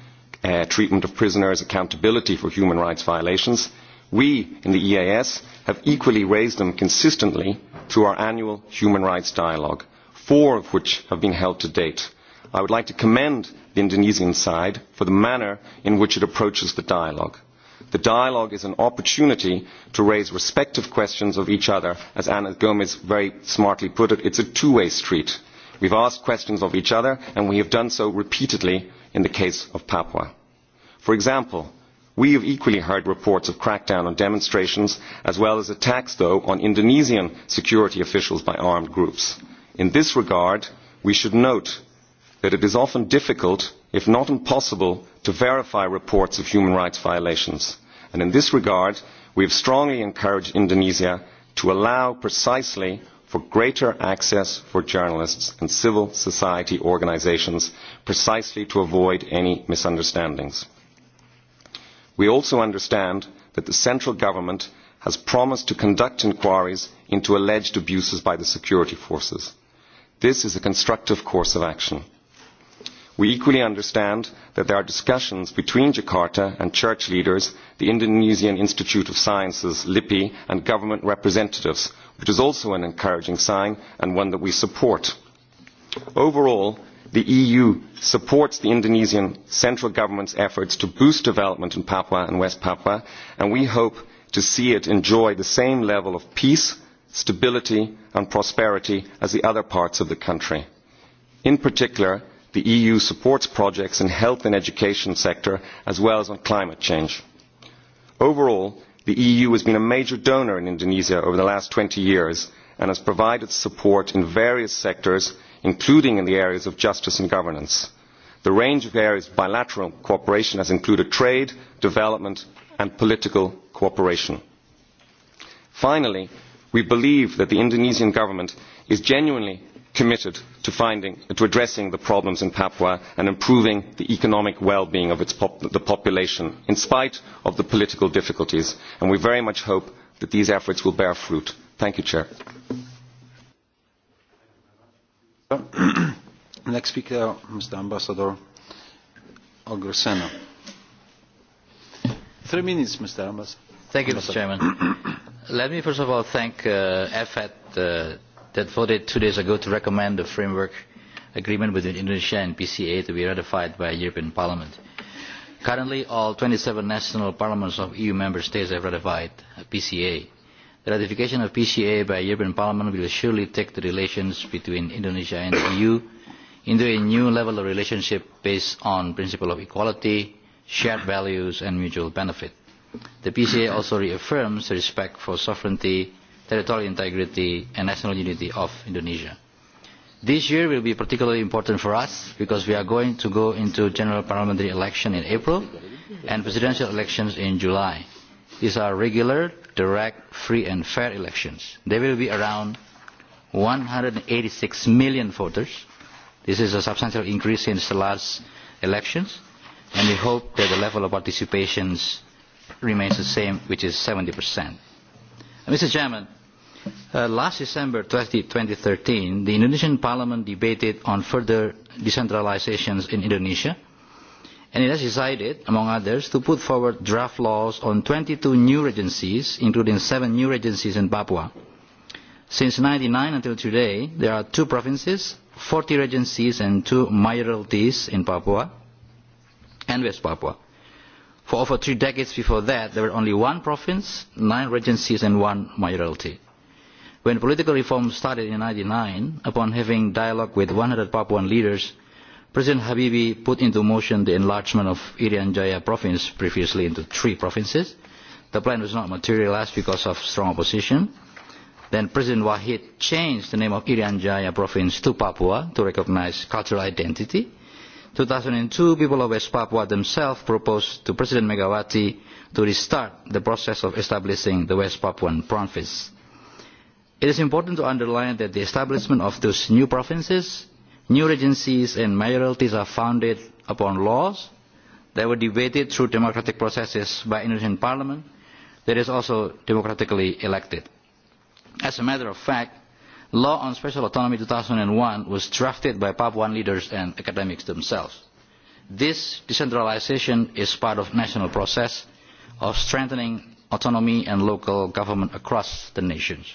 treatment of prisoners, accountability for human rights violations, We in the EAS have equally raised them consistently through our annual human rights dialogue, four of which have been held to date. I would like to commend the Indonesian side for the manner in which it approaches the dialogue. The dialogue is an opportunity to raise respective questions of each other. As Ana Gomes very smartly put it, it's a two-way street. We've asked questions of each other, and we have done so repeatedly in the case of Papua. For example, We have equally heard reports of crackdown on demonstrations, as well as attacks, though, on Indonesian security officials by armed groups. In this regard, we should note that it is often difficult, if not impossible, to verify reports of human rights violations. And in this regard, we have strongly encouraged Indonesia to allow precisely for greater access for journalists and civil society organisations, precisely to avoid any misunderstandings we also understand that the central government has promised to conduct inquiries into alleged abuses by the security forces. This is a constructive course of action. We equally understand that there are discussions between Jakarta and church leaders, the Indonesian Institute of Sciences, LIPI, and government representatives, which is also an encouraging sign and one that we support. Overall, the eu supports the indonesian central government's efforts to boost development in papua and west papua and we hope to see it enjoy the same level of peace stability and prosperity as the other parts of the country. in particular the eu supports projects in the health and education sector as well as on climate change. overall the eu has been a major donor in indonesia over the last 20 years and has provided support in various sectors including in the areas of justice and governance. The range of areas of bilateral cooperation has included trade, development and political cooperation. Finally, we believe that the Indonesian government is genuinely committed to addressing the problems in Papua and improving the economic well-being of the population, in spite of the political difficulties, and we very much hope that these efforts will bear fruit. Thank you, Chair. Next speaker, Mr. Ambassador Ogresena. Three minutes, Mr. Ambassador. Thank you, Mr. Chairman. Let me first of all thank uh, that voted two days ago to recommend the framework agreement between Indonesia and PCA to be ratified by the European Parliament. Currently, all 27 national parliaments of EU member states have ratified PCA. The ratification of PCA by European Parliament will surely take the relations between Indonesia and the EU into a new level of relationship based on principle of equality, shared values and mutual benefit. The PCA also reaffirms the respect for sovereignty, territorial integrity and national unity of Indonesia. This year will be particularly important for us because we are going to go into general parliamentary election in April and presidential elections in July. These are regular direct, free and fair elections. There will be around 186 million voters. This is a substantial increase since the last elections, and we hope that the level of participation remains the same, which is 70%. Mr. Chairman, last December 2013, the Indonesian Parliament debated on further decentralizations in Indonesia and it has decided, among others, to put forward draft laws on twenty two new regencies, including seven new regencies in Papua. Since ninety nine until today, there are two provinces, forty regencies and two mayoralties in Papua and West Papua. For over three decades before that, there were only one province, nine regencies and one mayoralty. When political reform started in ninety nine, upon having dialogue with one hundred Papuan leaders, President Habibi put into motion the enlargement of Irian Jaya province previously into three provinces. The plan was not materialized because of strong opposition. Then President Wahid changed the name of Irian Jaya province to Papua to recognize cultural identity. 2002, people of West Papua themselves proposed to President Megawati to restart the process of establishing the West Papuan province. It is important to underline that the establishment of those new provinces New agencies and mayoralties are founded upon laws that were debated through democratic processes by Indonesian parliament that is also democratically elected. As a matter of fact, Law on Special Autonomy 2001 was drafted by Papuan leaders and academics themselves. This decentralization is part of national process of strengthening autonomy and local government across the nations.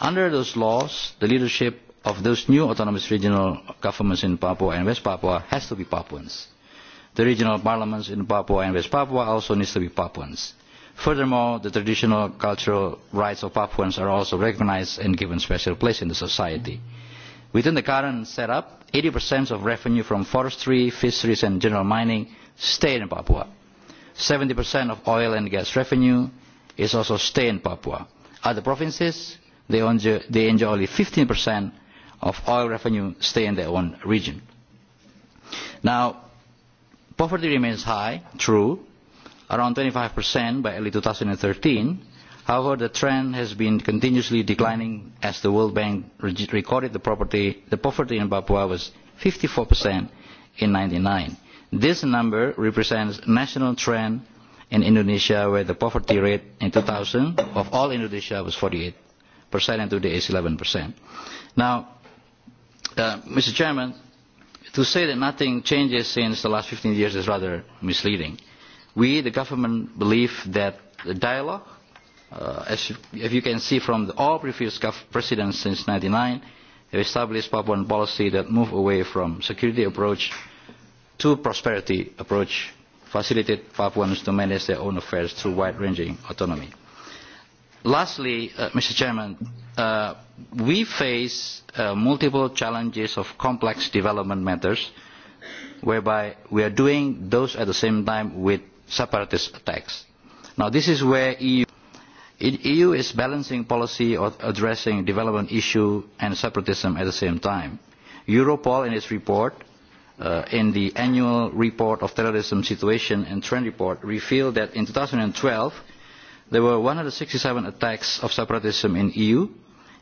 Under those laws, the leadership of those new autonomous regional governments in Papua and West Papua has to be Papuans. The regional parliaments in Papua and West Papua also need to be Papuans. Furthermore, the traditional cultural rights of Papuans are also recognized and given special place in the society. Within the current setup, 80% of revenue from forestry, fisheries and general mining stay in Papua. 70% of oil and gas revenue is also stay in Papua. Other provinces, they enjoy only 15% of oil revenue stay in their own region. Now, poverty remains high, true, around 25% by early 2013. However, the trend has been continuously declining as the World Bank recorded the poverty in Papua was 54% in 1999. This number represents national trend in Indonesia where the poverty rate in 2000 of all Indonesia was 48% and today is 11%. Now, Mr. Chairman, to say that nothing changes since the last 15 years is rather misleading. We, the government, believe that the dialogue, as you can see from all previous presidents since nine, have established Papuan policy that moved away from security approach to prosperity approach, facilitated Papuans to manage their own affairs through wide-ranging autonomy. Lastly, Mr. Chairman, we face multiple challenges of complex development matters, whereby we are doing those at the same time with separatist attacks. Now, this is where EU EU is balancing policy of addressing development issue and separatism at the same time. Europol, in its report, in the annual report of terrorism situation and trend report, revealed that in 2012 There were 167 attacks of separatism in EU,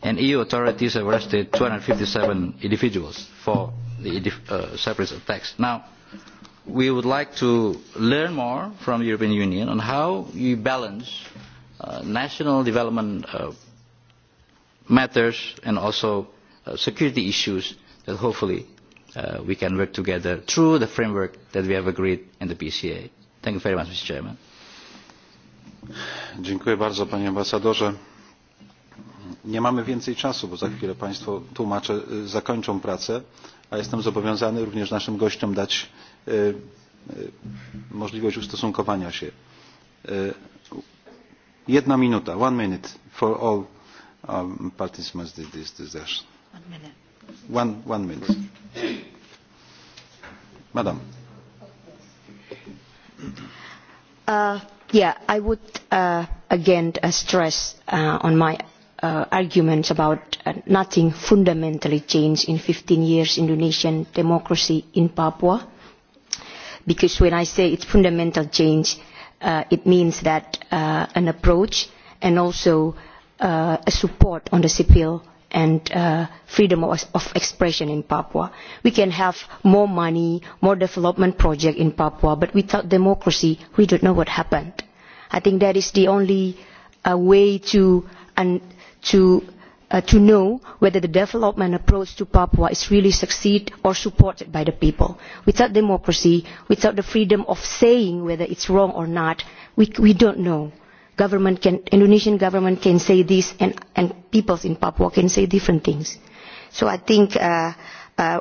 and EU authorities have arrested 257 individuals for the separatist attacks. Now, we would like to learn more from the European Union on how you balance national development matters and also security issues that hopefully we can work together through the framework that we have agreed in the PCA. Thank you very much, Mr. Chairman. Dziękuję bardzo, panie ambasadorze. Nie mamy więcej czasu, bo za chwilę państwo tłumacze zakończą pracę, a jestem zobowiązany również naszym gościom dać możliwość ustosunkowania się. Jedna minuta, one minute for all participants in this discussion. One minute. One minute. Madam. Yeah, I would again stress on my arguments about nothing fundamentally changed in 15 years Indonesian democracy in Papua, because when I say it's fundamental change, it means that an approach and also a support on the civil and freedom of expression in Papua. We can have more money, more development projects in Papua, but without democracy, we don't know what happened I think that is the only way to know whether the development approach to Papua is really succeed or supported by the people. Without democracy, without the freedom of saying whether it's wrong or not, we we don't know. Government can Indonesian government can say this and and peoples in Papua can say different things. So I think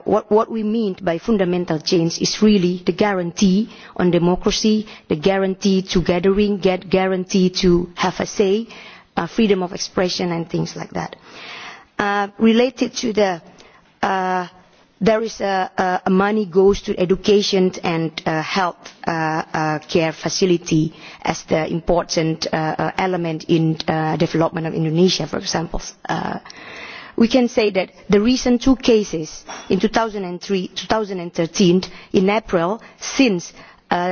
what we mean by fundamental change is really the guarantee on democracy, the guarantee to gathering, guarantee to have a say, freedom of expression and things like that. Related to the there is money goes to education and health care facility as the important element in development of Indonesia, for example we can say that the recent two cases in 2003 2013 in april since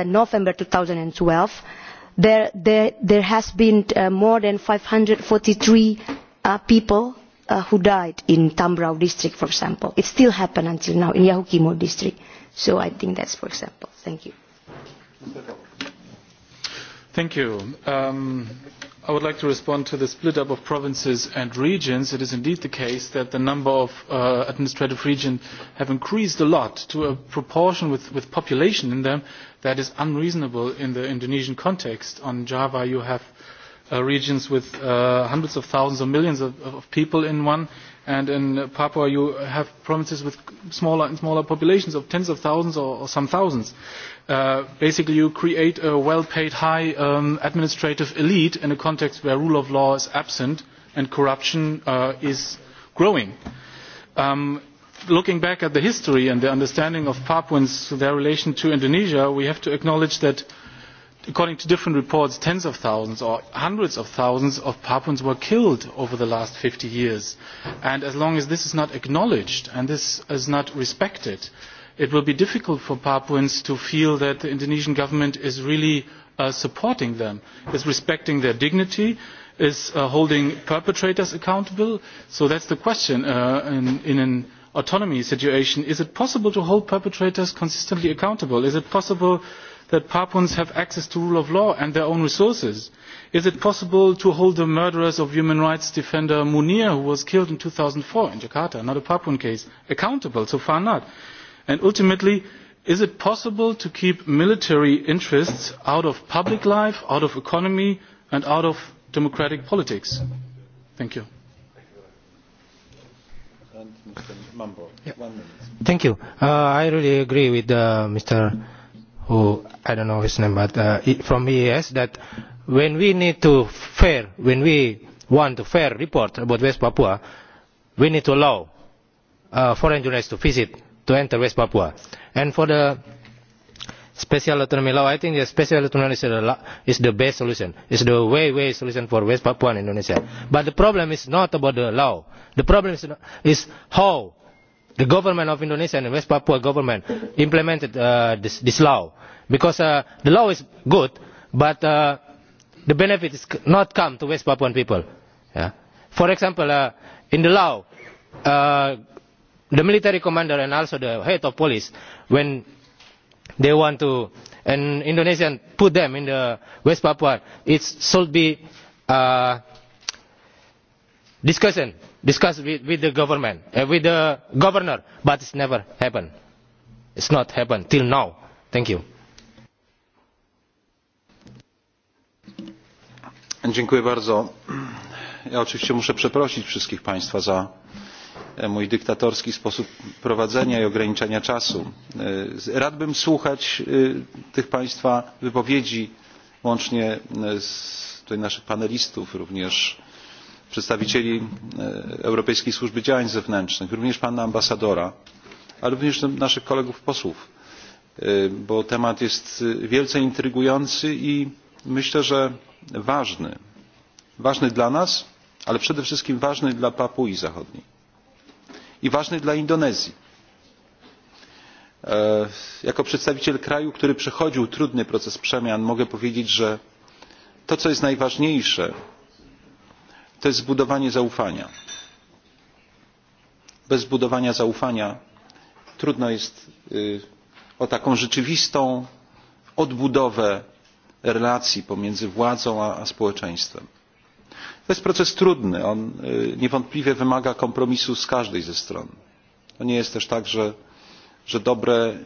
november 2012 there there has been more than 543 people who died in Tambrau district for example it still happened until now in Yahukimo district so i think that's for example thank you I would like to respond to the split up of provinces and regions. It is indeed the case that the number of administrative regions have increased a lot to a proportion with population in them that is unreasonable in the Indonesian context. On Java you have regions with hundreds of thousands or millions of people in one and in Papua you have provinces with smaller and smaller populations of tens of thousands or some thousands basically you create a well paid high administrative elite in a context where rule of law is absent and corruption is growing. Looking back at the history and the understanding of Papuans, their relation to Indonesia, we have to acknowledge that according to different reports tens of thousands or hundreds of thousands of papuans were killed over the last 50 years and as long as this is not acknowledged and this is not respected it will be difficult for Papuans to feel that the Indonesian government is really supporting them, is respecting their dignity, is holding perpetrators accountable. So that's the question. In an autonomy situation, is it possible to hold perpetrators consistently accountable? Is it possible that Papuans have access to rule of law and their own resources? Is it possible to hold the murderers of human rights defender Munir, who was killed in 2004 in Jakarta, not a Papuan case, accountable? So far not and ultimately is it possible to keep military interests out of public life out of economy and out of democratic politics? thank you. Thank you. I really agree with Mr. who I don't know his name, but from EES that when we need to fair, when we want to fair report about West Papua, we need to allow foreign journalists to visit to enter West Papua. And for the special autonomy law, I think the special autonomy is the best solution. It's the way, way solution for West Papua and Indonesia. But the problem is not about the law. The problem is how the government of Indonesia and West Papua government implemented this law. Because the law is good, but the benefit is not come to West Papuan people. For example, in the law, the military commander and also the head of police when they want to and Indonesian put them in the West Papua it should be uh, discussion discussed with, with the government with the governor but it's never happened it's not happened till now thank you Dziękuję bardzo. Ja oczywiście muszę przeprosić wszystkich Państwa za mój dyktatorski sposób prowadzenia i ograniczania czasu. radbym słuchać tych państwa wypowiedzi łącznie z tutaj naszych panelistów również przedstawicieli europejskiej służby działań zewnętrznych również pana ambasadora ale również naszych kolegów posłów bo temat jest wielce intrygujący i myślę że ważny ważny dla nas ale przede wszystkim ważny dla papui zachodniej i ważny dla Indonezji. Jako przedstawiciel kraju, który przechodził trudny proces przemian, mogę powiedzieć, że to, co jest najważniejsze, to jest zbudowanie zaufania. Bez zbudowania zaufania trudno jest o taką rzeczywistą odbudowę relacji pomiędzy władzą a społeczeństwem. To jest proces trudny. On niewątpliwie wymaga kompromisu z każdej ze stron. To nie jest też tak, że dobre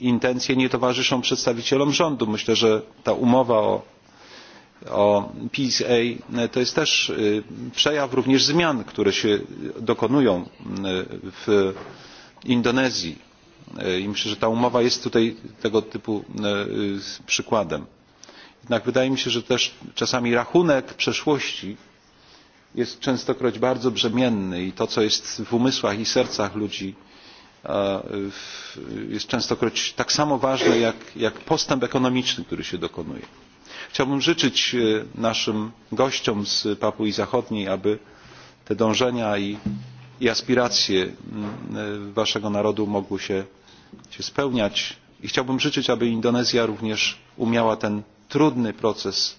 intencje nie towarzyszą przedstawicielom rządu. Myślę, że ta umowa o PSA to jest też przejaw również zmian, które się dokonują w Indonezji. I myślę, że ta umowa jest tutaj tego typu przykładem. Jednak wydaje mi się, że też czasami rachunek przeszłości jest częstokroć bardzo brzemienny i to, co jest w umysłach i sercach ludzi, jest częstokroć tak samo ważne jak postęp ekonomiczny, który się dokonuje. Chciałbym życzyć naszym gościom z Papui Zachodniej, aby te dążenia i aspiracje waszego narodu mogły się się spełniać i chciałbym życzyć, aby Indonezja również umiała ten trudny proces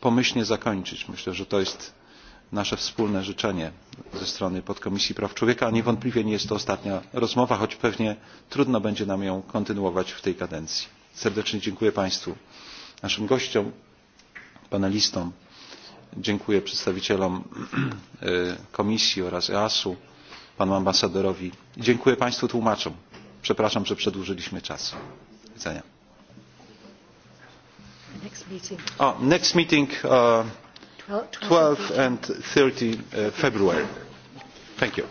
pomyślnie zakończyć. Myślę, że to jest nasze wspólne życzenie ze strony Podkomisji Praw Człowieka, a niewątpliwie nie jest to ostatnia rozmowa, choć pewnie trudno będzie nam ją kontynuować w tej kadencji. Serdecznie dziękuję Państwu, naszym gościom, panelistom, dziękuję przedstawicielom Komisji oraz EAS-u, panu ambasadorowi dziękuję Państwu tłumaczom. Przepraszam, że przedłużyliśmy czas. Do widzenia. Next meeting. Next 12 and 30 February. Thank you.